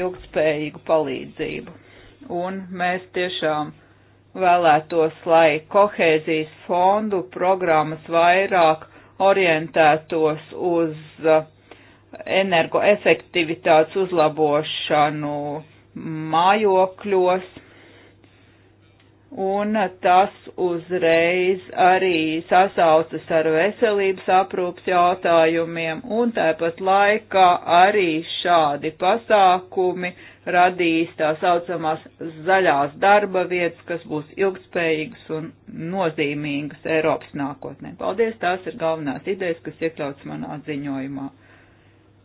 ilgspējīgu palīdzību. Un mēs tiešām vēlētos, lai kohēzijas fondu programmas vairāk orientētos uz uh, energoefektivitātes uzlabošanu mājokļos, un tas uzreiz arī sasaucas ar veselības aprūpas jautājumiem, un tāpat laikā arī šādi pasākumi radīs tā saucamās zaļās darba vietas, kas būs ilgspējīgas un nozīmīgas Eiropas nākotnē. Paldies, tās ir galvenās idejas, kas iekļauts manā ziņojumā.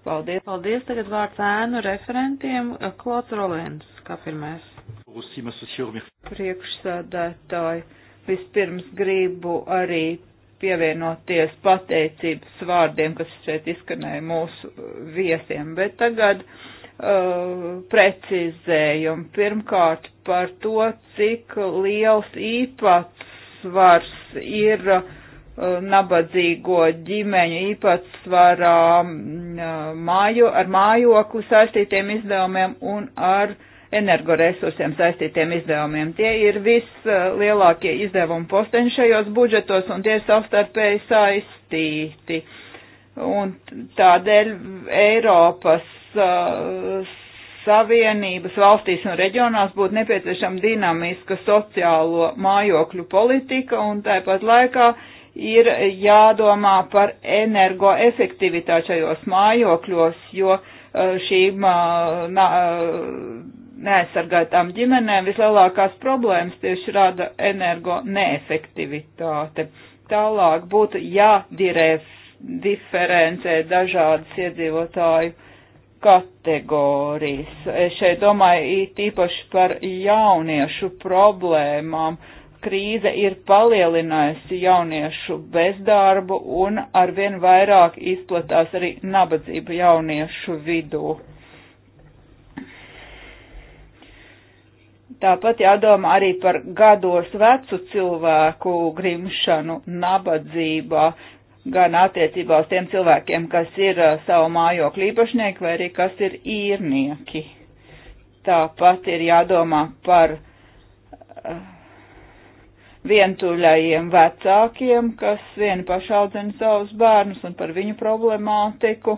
Paldies. Paldies. Tagad vārds ēnu referentiem. Klots Rolēns, kā pirmais. Priekšsēdētāji, vispirms gribu arī pievienoties pateicības vārdiem, kas šeit izskanēja mūsu viesiem, bet tagad uh, precizējumu. Pirmkārt par to, cik liels īpatsvars ir uh, nabadzīgo ģimeņu īpatsvarā māju, ar mājokli saistītiem izdevumiem un ar energoresursiem saistītiem izdevumiem. Tie ir vislielākie izdevumu posteņi šajos budžetos un tie ir savstarpēji saistīti. Un tādēļ Eiropas uh, Savienības valstīs un reģionās būtu nepieciešama dinamiska sociālo mājokļu politika un tāpat laikā uh, ir jādomā par energoefektivitāti šajos mājokļos, jo uh, šīm uh, na, uh, neaizsargātām ģimenēm vislielākās problēmas tieši rada energo neefektivitāte. Tālāk būtu jādiferencē dažādas iedzīvotāju kategorijas. Es šeit domāju it īpaši par jauniešu problēmām. Uh, krīze ir palielinājusi jauniešu bezdarbu un arvien vairāk izplatās arī nabadzība jauniešu vidū. Tāpat jādomā arī par gados vecu cilvēku grimšanu nabadzībā, gan attiecībā uz tiem cilvēkiem, kas ir savu mājokļu īpašnieki vai arī kas ir īrnieki. Tāpat ir jādomā par uh, vientuļajiem vecākiem, kas vieni pašaudzina savus bērnus un par viņu problemātiku.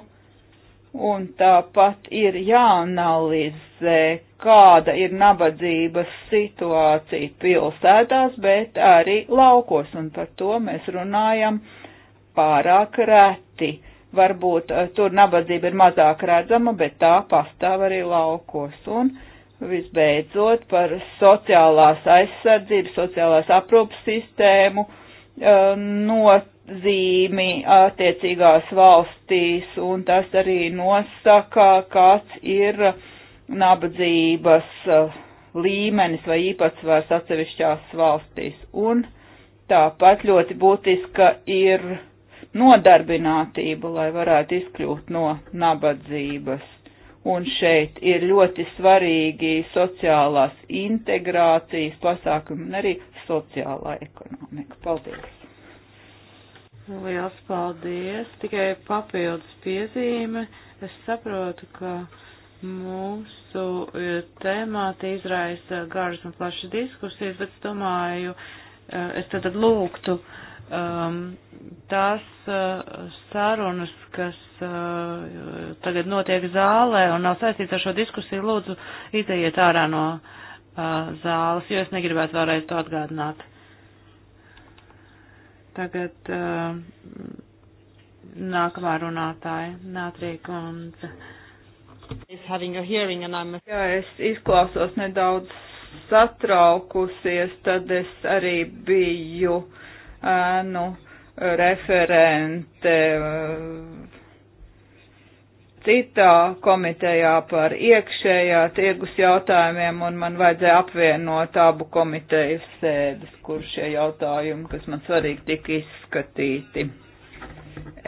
Un tāpat ir jāanalizē, kāda ir nabadzības situācija pilsētās, bet arī laukos, un par to mēs runājam pārāk reti. Varbūt eh, tur nabadzība ir mazāk redzama, bet tā pastāv arī laukos. Un, uh, visbeidzot par sociālās aizsardzības, sociālās aprūpas sistēmu eh, nozīmi attiecīgās valstīs, un tas arī nosaka, kāds ir nabadzības eh, līmenis vai īpatsvars atsevišķās valstīs. Un tāpat ļoti būtiska ir nodarbinātība, lai varētu izkļūt no nabadzības un šeit ir ļoti svarīgi sociālās integrācijas pasākumi un arī sociālā ekonomika. Paldies! Liels paldies! Tikai papildus piezīme. Es saprotu, ka mūsu e, tēmāti izraisa garas un plašas diskusijas, bet es domāju, e, es tad lūgtu uh, um, tās uh, sarunas, kas uh, tagad notiek zālē un nav saistīts ar šo diskusiju, lūdzu, izējiet ārā no uh, zāles, jo es negribētu vēlreiz to atgādināt. Tagad uh, nākamā runātāja, Nātrija Kundze. Jā, es izklausos nedaudz satraukusies, tad es arī biju uh, ēnu referente eh, citā komitejā par iekšējā tirgus jautājumiem, un man vajadzēja apvienot abu komiteju sēdes, kur šie jautājumi, kas man svarīgi, tika izskatīti.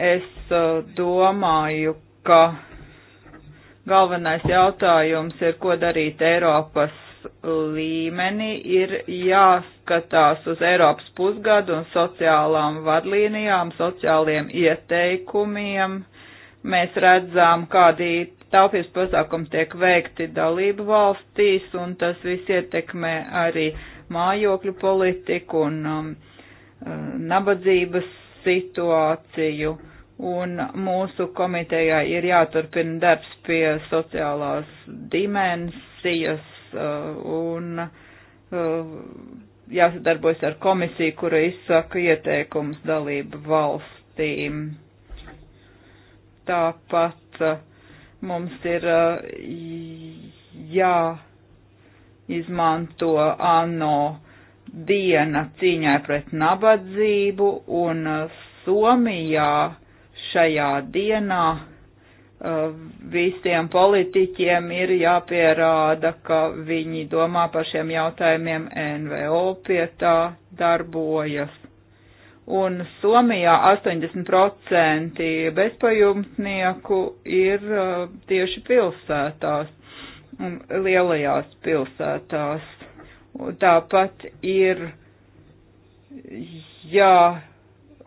Es eh, domāju, ka galvenais jautājums ir, ko darīt Eiropas līmenī ir jāskatās uz Eiropas pusgadu un sociālām vadlīnijām, sociāliem ieteikumiem. Mēs redzam, kādi taupības pasākumi tiek veikti dalību valstīs, un tas viss ietekmē arī mājokļu politiku un um, nabadzības situāciju. Un mūsu komitejā ir jāturpina darbs pie sociālās dimensijas Uh, un uh, jāsadarbojas ar komisiju, kura izsaka ieteikumus dalību valstīm. Tāpat uh, mums ir jāizmanto ANO diena cīņai pret nabadzību un Somijā šajā dienā Eh, visiem politiķiem ir jāpierāda, ka viņi domā par šiem jautājumiem, NVO pie tā darbojas. Un Somijā 80% bezpajumtnieku ir eh, tieši pilsētās, lielajās pilsētās. Un tāpat ir jā. Ja,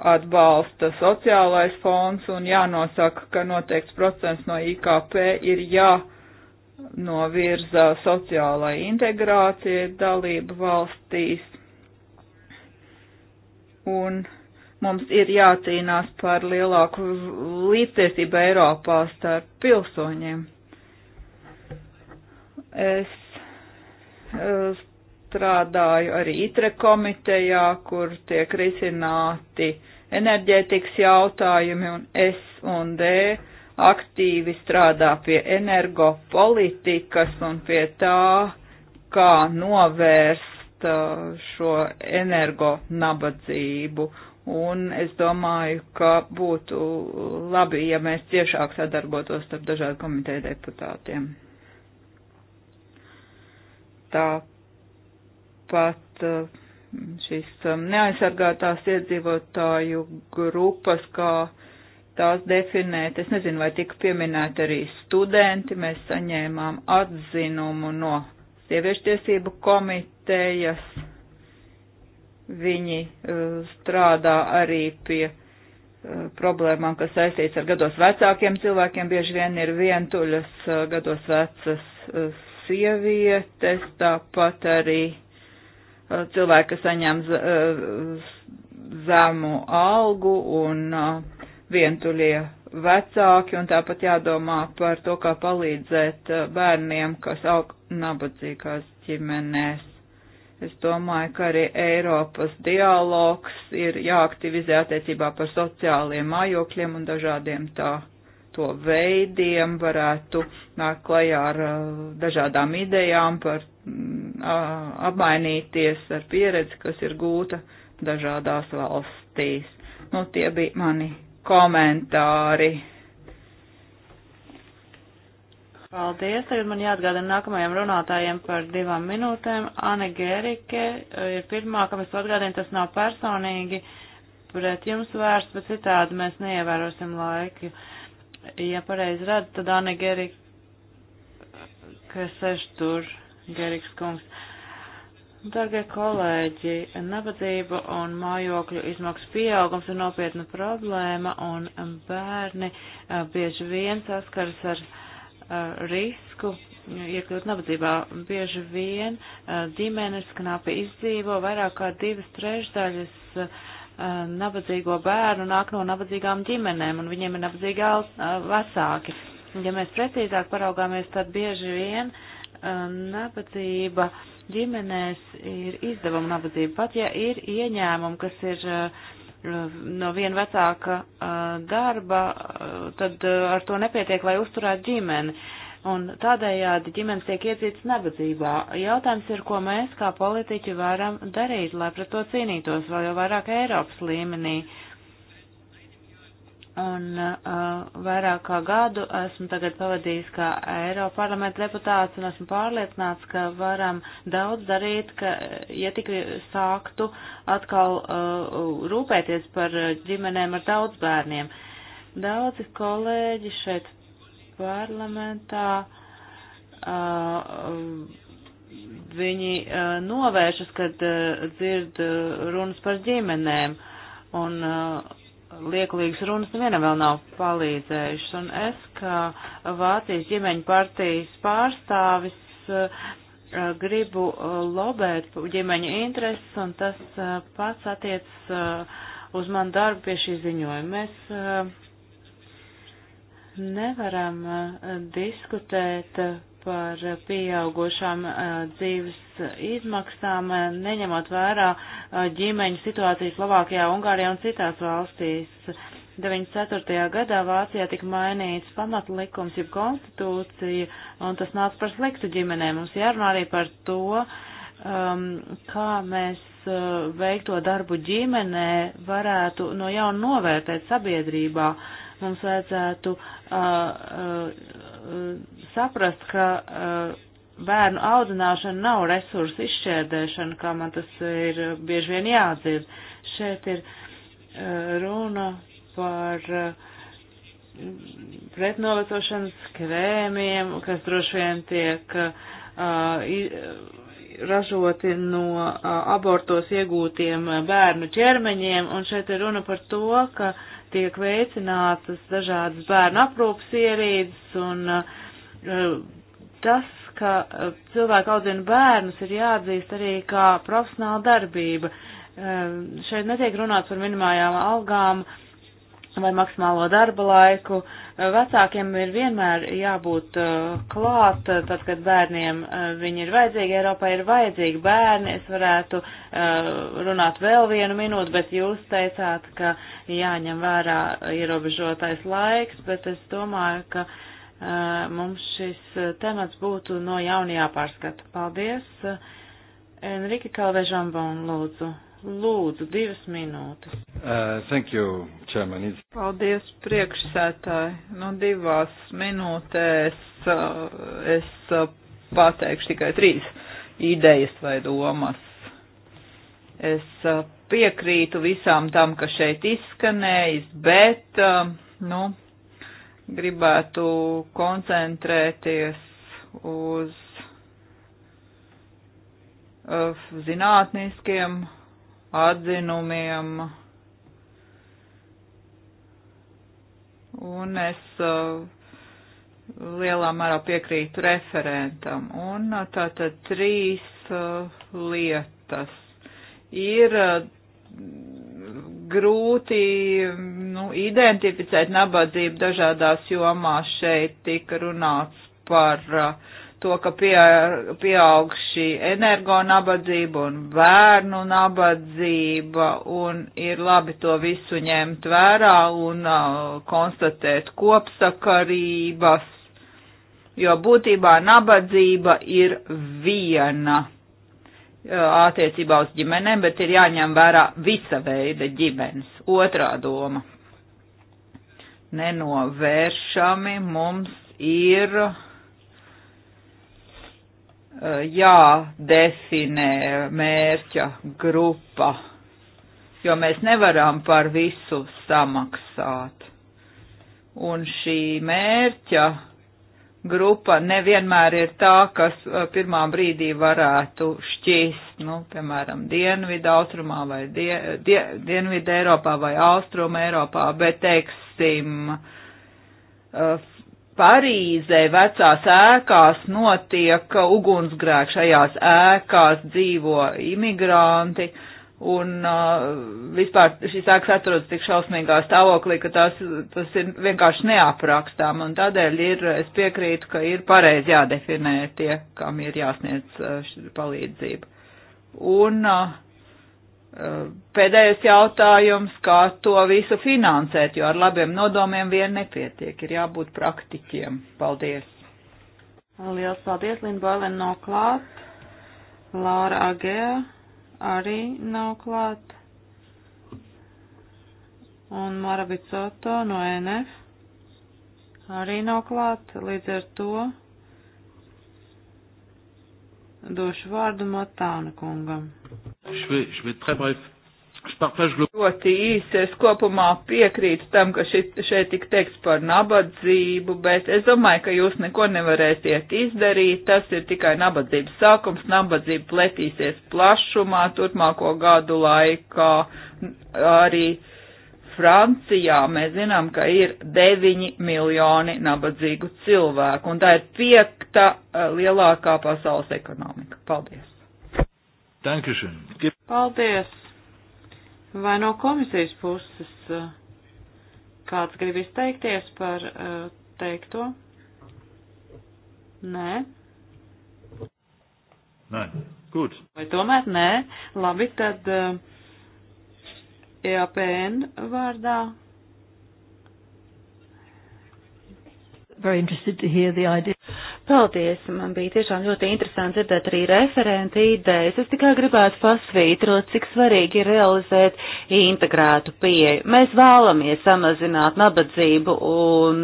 jāatbalsta sociālais fonds un jānosaka, ka noteikts procents no IKP ir jānovirza sociālai integrācijai dalību valstīs. Un mums ir jācīnās par lielāku līdztiesību Eiropā starp pilsoņiem. Es eh, strādāju arī ITRE komitejā, kur tiek risināti enerģētikas jautājumi un S un D aktīvi strādā pie energopolitikas un pie tā, kā novērst uh, šo energo nabadzību. Un es domāju, ka būtu labi, ja mēs ciešāk sadarbotos starp dažādu komiteju deputātiem. Tāpat uh, šīs um, neaizsargātās iedzīvotāju grupas, kā tās definēt. Es nezinu, vai tika pieminēti arī studenti. Mēs saņēmām atzinumu no sieviešu tiesību komitejas. Viņi uh, strādā arī pie uh, problēmām, kas saistīts ar gados vecākiem cilvēkiem. Bieži vien ir vientuļas uh, gados vecas uh, sievietes, tāpat arī Eh, cilvēki, kas saņem eh, zemu algu un eh, vientuļie vecāki, un tāpat jādomā par to, kā palīdzēt bērniem, kas aug nabadzīgās ģimenēs. Es domāju, ka arī Eiropas dialogs ir jāaktivizē attiecībā par sociāliem mājokļiem un dažādiem tā to veidiem, varētu nākt klajā ar dažādām idejām par Mm, apmainīties ar pieredzi, kas ir gūta dažādās valstīs. Nu, tie bija mani komentāri. Paldies, tagad man jāatgādina nākamajiem runātājiem par divām minūtēm. Ane Gērike e, ir pirmā, kam es atgādinu, tas nav personīgi pret jums vērsts, bet citādi mēs neievērosim laiku. Ja pareizi redzu, tad Ane Gērike, kas seš tur. Geriks kungs. Dargie kolēģi, nabadzība un mājokļu izmaksu pieaugums ir nopietna problēma, un bērni bieži vien saskaras ar risku iekļūt nabadzībā. Bieži vien ģimenes knapi izdzīvo vairāk kā divas trešdaļas nabadzīgo bērnu nāk no nabadzīgām ģimenēm, un viņiem ir nabadzīgi vecāki. Ja mēs precīzāk paraugāmies, tad bieži vien uh, Um, nabadzība ģimenēs ir izdevuma nabadzība. Pat ja ir ieņēmumi, kas ir uh, no viena vecāka uh, darba, uh, tad ar to nepietiek, lai uzturētu ģimeni. Un tādējādi ģimenes tiek iedzīts nabadzībā. Jautājums ir, ko mēs kā politiķi varam darīt, lai pret to cīnītos vēl jau vairāk Eiropas līmenī. Uh, un uh, vairāk kā gadu esmu tagad pavadījis kā Eiropa parlamenta deputāts un esmu pārliecināts, ka varam daudz darīt, ka, ja tik sāktu atkal uh, rūpēties par ģimenēm ar daudz bērniem. Daudzi kolēģi šeit parlamentā. Uh, Viņi uh, novēršas, kad uh, dzird uh, runas par ģimenēm, un uh, liekulīgas runas nevienam vēl nav palīdzējušas. Un es, kā Vācijas ģimeņu partijas pārstāvis, eh, gribu eh, lobēt ģimeņu intereses, un tas eh, pats attiec uz manu darbu pie šī ziņojuma. Mēs nevaram diskutēt par pieaugušām eh, dzīves izmaksām, eh, neņemot vērā eh, ģimeņu situāciju Slovākijā, Ungārijā un citās valstīs. 94. gadā Vācijā tika mainīts pamatlikums, jeb konstitūcija, un tas nāca par sliktu ģimenēm. Mums jārunā arī par to, um, kā mēs uh, veikto darbu ģimenē varētu no jauna novērtēt sabiedrībā. Mums vajadzētu uh, uh, Eh, saprast, ka eh, bērnu audzināšana nav resursu izšķērdēšana, kā man tas ir eh, bieži vien jādzird. Šeit ir runa par pretnovecošanas krēmiem, kas droši vien tiek ražoti no abortos iegūtiem bērnu ķermeņiem, un šeit ir runa par to, ka uh, tiek veicinātas dažādas bērnu aprūpas ierīdes un uh, tas, ka uh, cilvēku audzina bērnus, ir jāatzīst arī kā profesionāla darbība. Uh, šeit netiek runāts par minimājām algām vai maksimālo darba laiku. Uh, Vecākiem ir vienmēr jābūt uh, klāt, uh, tad, kad bērniem uh, viņi ir vajadzīgi, Eiropā ir vajadzīgi bērni, es varētu runāt vēl vienu minūtu, bet jūs teicāt, ka jāņem vērā ierobežotais laiks, bet es domāju, ka mums šis temats būtu no jauna jāpārskata. Paldies! Enrika Kalvežambon, lūdzu. Lūdzu, divas minūtes. Uh, thank you, Chairman. It's... Paldies, priekšsētāji. Nu, divās minūtēs uh, es uh, pateikšu tikai trīs idejas vai domas. Es uh, piekrītu visām tam, kas šeit izskanējis, bet, uh, nu, gribētu koncentrēties uz uh, zinātniskiem atzinumiem. Un es uh, lielā mērā piekrītu referentam. Un uh, tātad trīs uh, lietas. Ir uh, grūti nu, identificēt nabadzību dažādās jomās. Šeit tika runāts par uh, to, ka pie, pieaug šī energo nabadzība un bērnu nabadzība, un ir labi to visu ņemt vērā un uh, konstatēt kopsakarības, jo būtībā nabadzība ir viena uh, attiecībā uz ģimenēm, bet ir jāņem vērā visa veida ģimenes. Otrā doma. Nenovēršami mums ir uh, Eh, jādefinē mērķa grupa, jo mēs nevaram par visu samaksāt. Un šī mērķa grupa nevienmēr ir tā, kas eh, pirmā brīdī varētu šķist, nu, piemēram, dienvidu austrumā vai die, die, dienvidu Eiropā vai austrumu Eiropā, bet, teiksim, eh, Parīzē vecās ēkās notiek ugunsgrēks, šajās ēkās dzīvo imigranti, un uh, vispār šīs ēkas atrodas tik šausmīgā stāvoklī, ka tās, tas ir vienkārši neaprakstām, un tādēļ ir, es piekrītu, ka ir pareizi jādefinē tie, kam ir jāsniedz uh, palīdzība. Un uh, Pēdējais jautājums, kā to visu finansēt, jo ar labiem nodomiem vien nepietiek, ir jābūt praktiķiem. Paldies! Liels paldies, Linda Boilena nav klāt, Lāra Agēja arī nav klāt, un Mara Bicoto no NF arī nav klāt, līdz ar to Došu vārdu Matāna kungam. Ļoti īsi es kopumā piekrītu tam, ka šit, šeit tik teiks par nabadzību, bet es domāju, ka jūs neko nevarēsiet izdarīt. Tas ir tikai nabadzības sākums. Nabadzība pletīsies plašumā turpmāko gadu laikā arī Francijā mēs zinām, ka ir 9 miljoni nabadzīgu cilvēku, un tā ir piekta eh, lielākā pasaules ekonomika. Paldies! Dankeschön. Paldies! Vai no komisijas puses eh, kāds grib izteikties par eh, teikto? Nē. Nē. Gut. Vai tomēr nē? Labi, tad uh, EAPN vārdā. Very interested to hear the idea. Paldies, man bija tiešām ļoti interesanti dzirdēt arī referenti idejas. Es tikai gribētu pasvītrot, cik svarīgi ir realizēt integrētu pieeju. Mēs vēlamies samazināt nabadzību un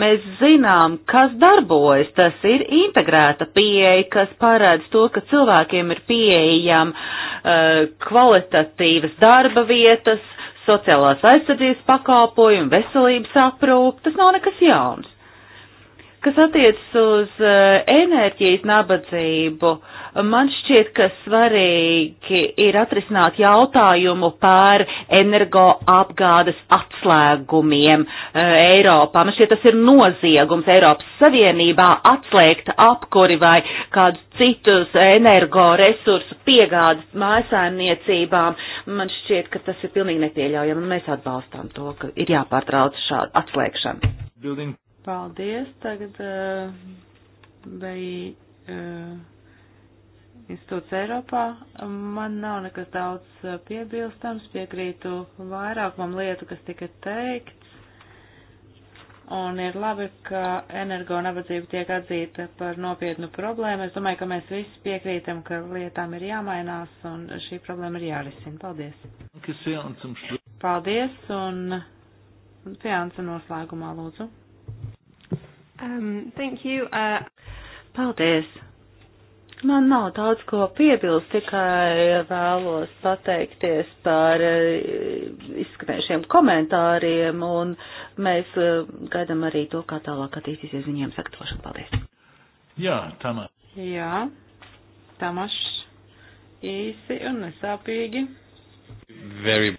mēs zinām, kas darbojas. Tas ir integrēta pieeja, kas parāda to, ka cilvēkiem ir pieejam uh, kvalitatīvas darba vietas, sociālās aizsardzības pakalpojumi, veselības aprūp. Tas nav nekas jauns. Kas attiecas uz eh, enerģijas nabadzību, man šķiet, ka svarīgi ir atrisināt jautājumu par energoapgādes atslēgumiem eh, Eiropā. Man šķiet, tas ir noziegums Eiropas Savienībā atslēgt apkuri vai kādus citus energoresursu piegādes mājasājumniecībām. Man šķiet, ka tas ir pilnīgi nepieļaujami, un mēs atbalstām to, ka ir jāpārtrauc šāda atslēgšana. Building. Paldies. Tagad uh, vai uh, institūts Eiropā. Man nav nekas daudz eh, piebilstams, piekrītu vairākumam lietu, kas tika teikts. Un ir labi, ka energo nabadzība tiek atzīta par nopietnu problēmu. Es domāju, ka mēs visi piekrītam, ka lietām ir jāmainās un šī problēma ir jārisina. Paldies. Paldies un Fianca noslēgumā lūdzu. Um, thank you. Uh... Paldies. Man nav daudz ko piebilst, tikai vēlos pateikties par uh, izskanējušiem komentāriem, un mēs uh, gaidām arī to, kā tālāk attīstīsies viņiem sagatavošana. Paldies! Jā, Tamas. Jā, Tamas īsi un nesāpīgi. Very...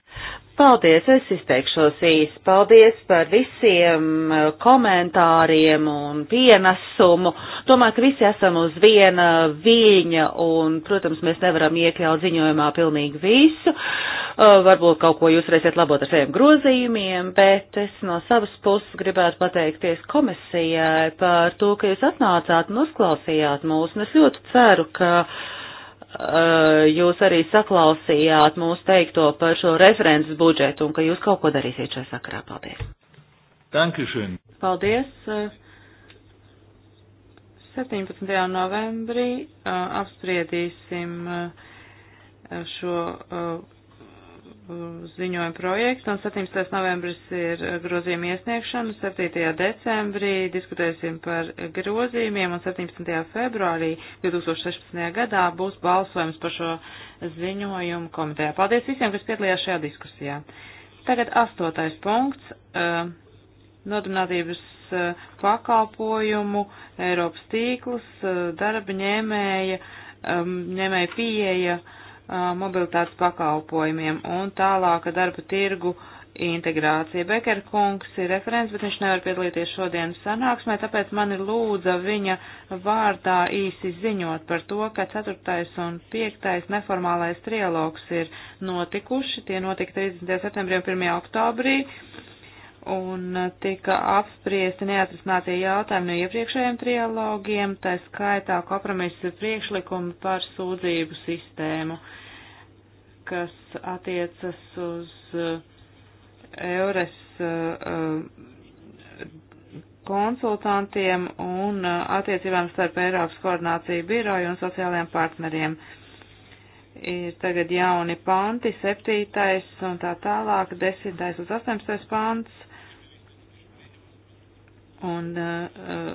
Paldies, es izteikšos īsi. Paldies par visiem eh, komentāriem un pienesumu. Domāju, ka visi esam uz viena viļņa un, protams, mēs nevaram iekļaut ziņojumā pilnīgi visu. Eh, varbūt kaut ko jūs varēsiet labot ar saviem grozījumiem, bet es no savas puses gribētu pateikties komisijai par to, ka jūs atnācāt un uzklausījāt mūs. Un es ļoti ceru, ka. Uh, Eh, jūs arī saklausījāt mūsu teikto par šo references budžetu un ka jūs kaut ko darīsiet šajā sakarā. Paldies! Dankeschön! Paldies! 17. novembrī eh, apspriedīsim eh, šo ziņojuma projektu, un 17. novembris ir grozījuma iesniegšana, 7. decembrī diskutēsim par grozījumiem, un 17. februārī 2016. gadā būs balsojums par šo ziņojumu komitejā. Paldies visiem, kas piedalījās šajā diskusijā. Tagad 8. punkts eh, - nodarbinātības eh, pakalpojumu Eiropas tīklus, eh, darba ņēmēja, ņēmēja pieeja mobilitātes pakalpojumiem un tālāka darba tirgu integrācija. Beker kungs ir referents, bet viņš nevar piedalīties šodienas sanāksmē, tāpēc mani lūdza viņa vārdā īsi ziņot par to, ka 4. un 5. neformālais trialogs ir notikuši. Tie notika 30. septembrī un 1. oktobrī. Uh, un tika apspriesti neatrisinātie jautājumi no iepriekšējiem trialogiem, tā skaitā kompromisu priekšlikumu par sūdzību sistēmu, kas attiecas uz uh, Eures uh, uh, konsultantiem un attiecībām starp Eiropas koordināciju biroju un sociālajiem partneriem ir tagad jauni panti, septītais un tā tālāk, desmitais uz astoņpadsmitais pants, un uh,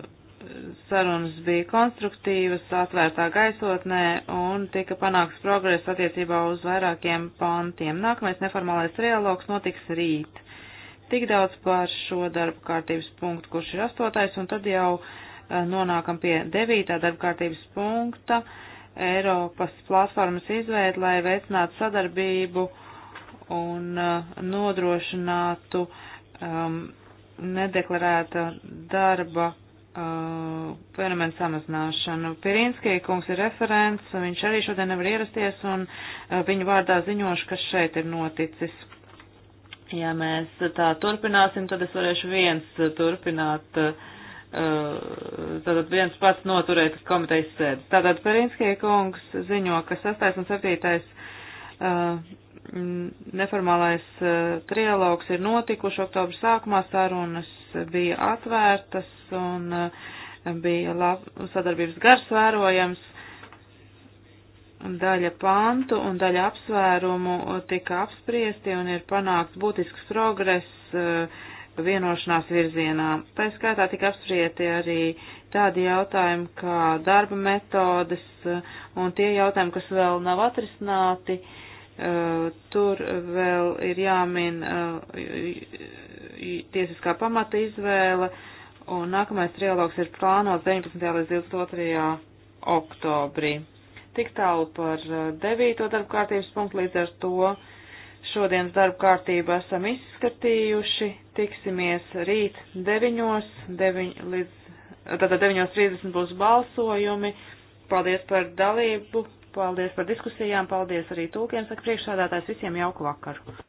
sarunas bija konstruktīvas, atvērtā gaisotnē un tika panāks progress attiecībā uz vairākiem pantiem. Nākamais neformālais trialogs notiks rīt. Tik daudz par šo darba kārtības punktu, kurš ir astotais, un tad jau eh, nonākam pie devītā darba kārtības punkta Eiropas platformas izveidi, lai veicinātu sadarbību un eh, nodrošinātu um, nedeklarēta darba uh, fenomenu samazināšanu. Pirinskija kungs ir referents, viņš arī šodien nevar ierasties, un uh, viņu vārdā ziņošu, kas šeit ir noticis. Ja mēs tā turpināsim, tad es varēšu viens turpināt, uh, tātad viens pats noturēt komitejas sēdes. Tātad Pirinskija kungs ziņo, ka 6. un 7. Uh, Mm, neformālais eh, trialogs ir notikuši oktobra sākumā, sarunas bija atvērtas un eh, bija lab, sadarbības gars vērojams. Daļa pantu un daļa apsvērumu eh, tika apspriesti un ir panākts būtisks progress vienošanās virzienā. Tā skaitā tika apsprieti arī tādi jautājumi kā darba metodes un tie jautājumi, kas vēl nav atrisināti. Uh, Eh, tur vēl ir jāmin eh, tiesiskā pamata izvēle, un nākamais trialogs ir plānots 19. līdz 22. oktobrī. Tik tālu par 9. Eh, darba kārtības punktu līdz ar to. Šodienas darba kārtību esam izskatījuši. Tiksimies rīt 9, 9 līdz, tātad 9.30 būs balsojumi. Paldies par dalību Paldies par diskusijām, paldies arī tūkiem, saka priekšsādātājs, visiem jauku vakaru.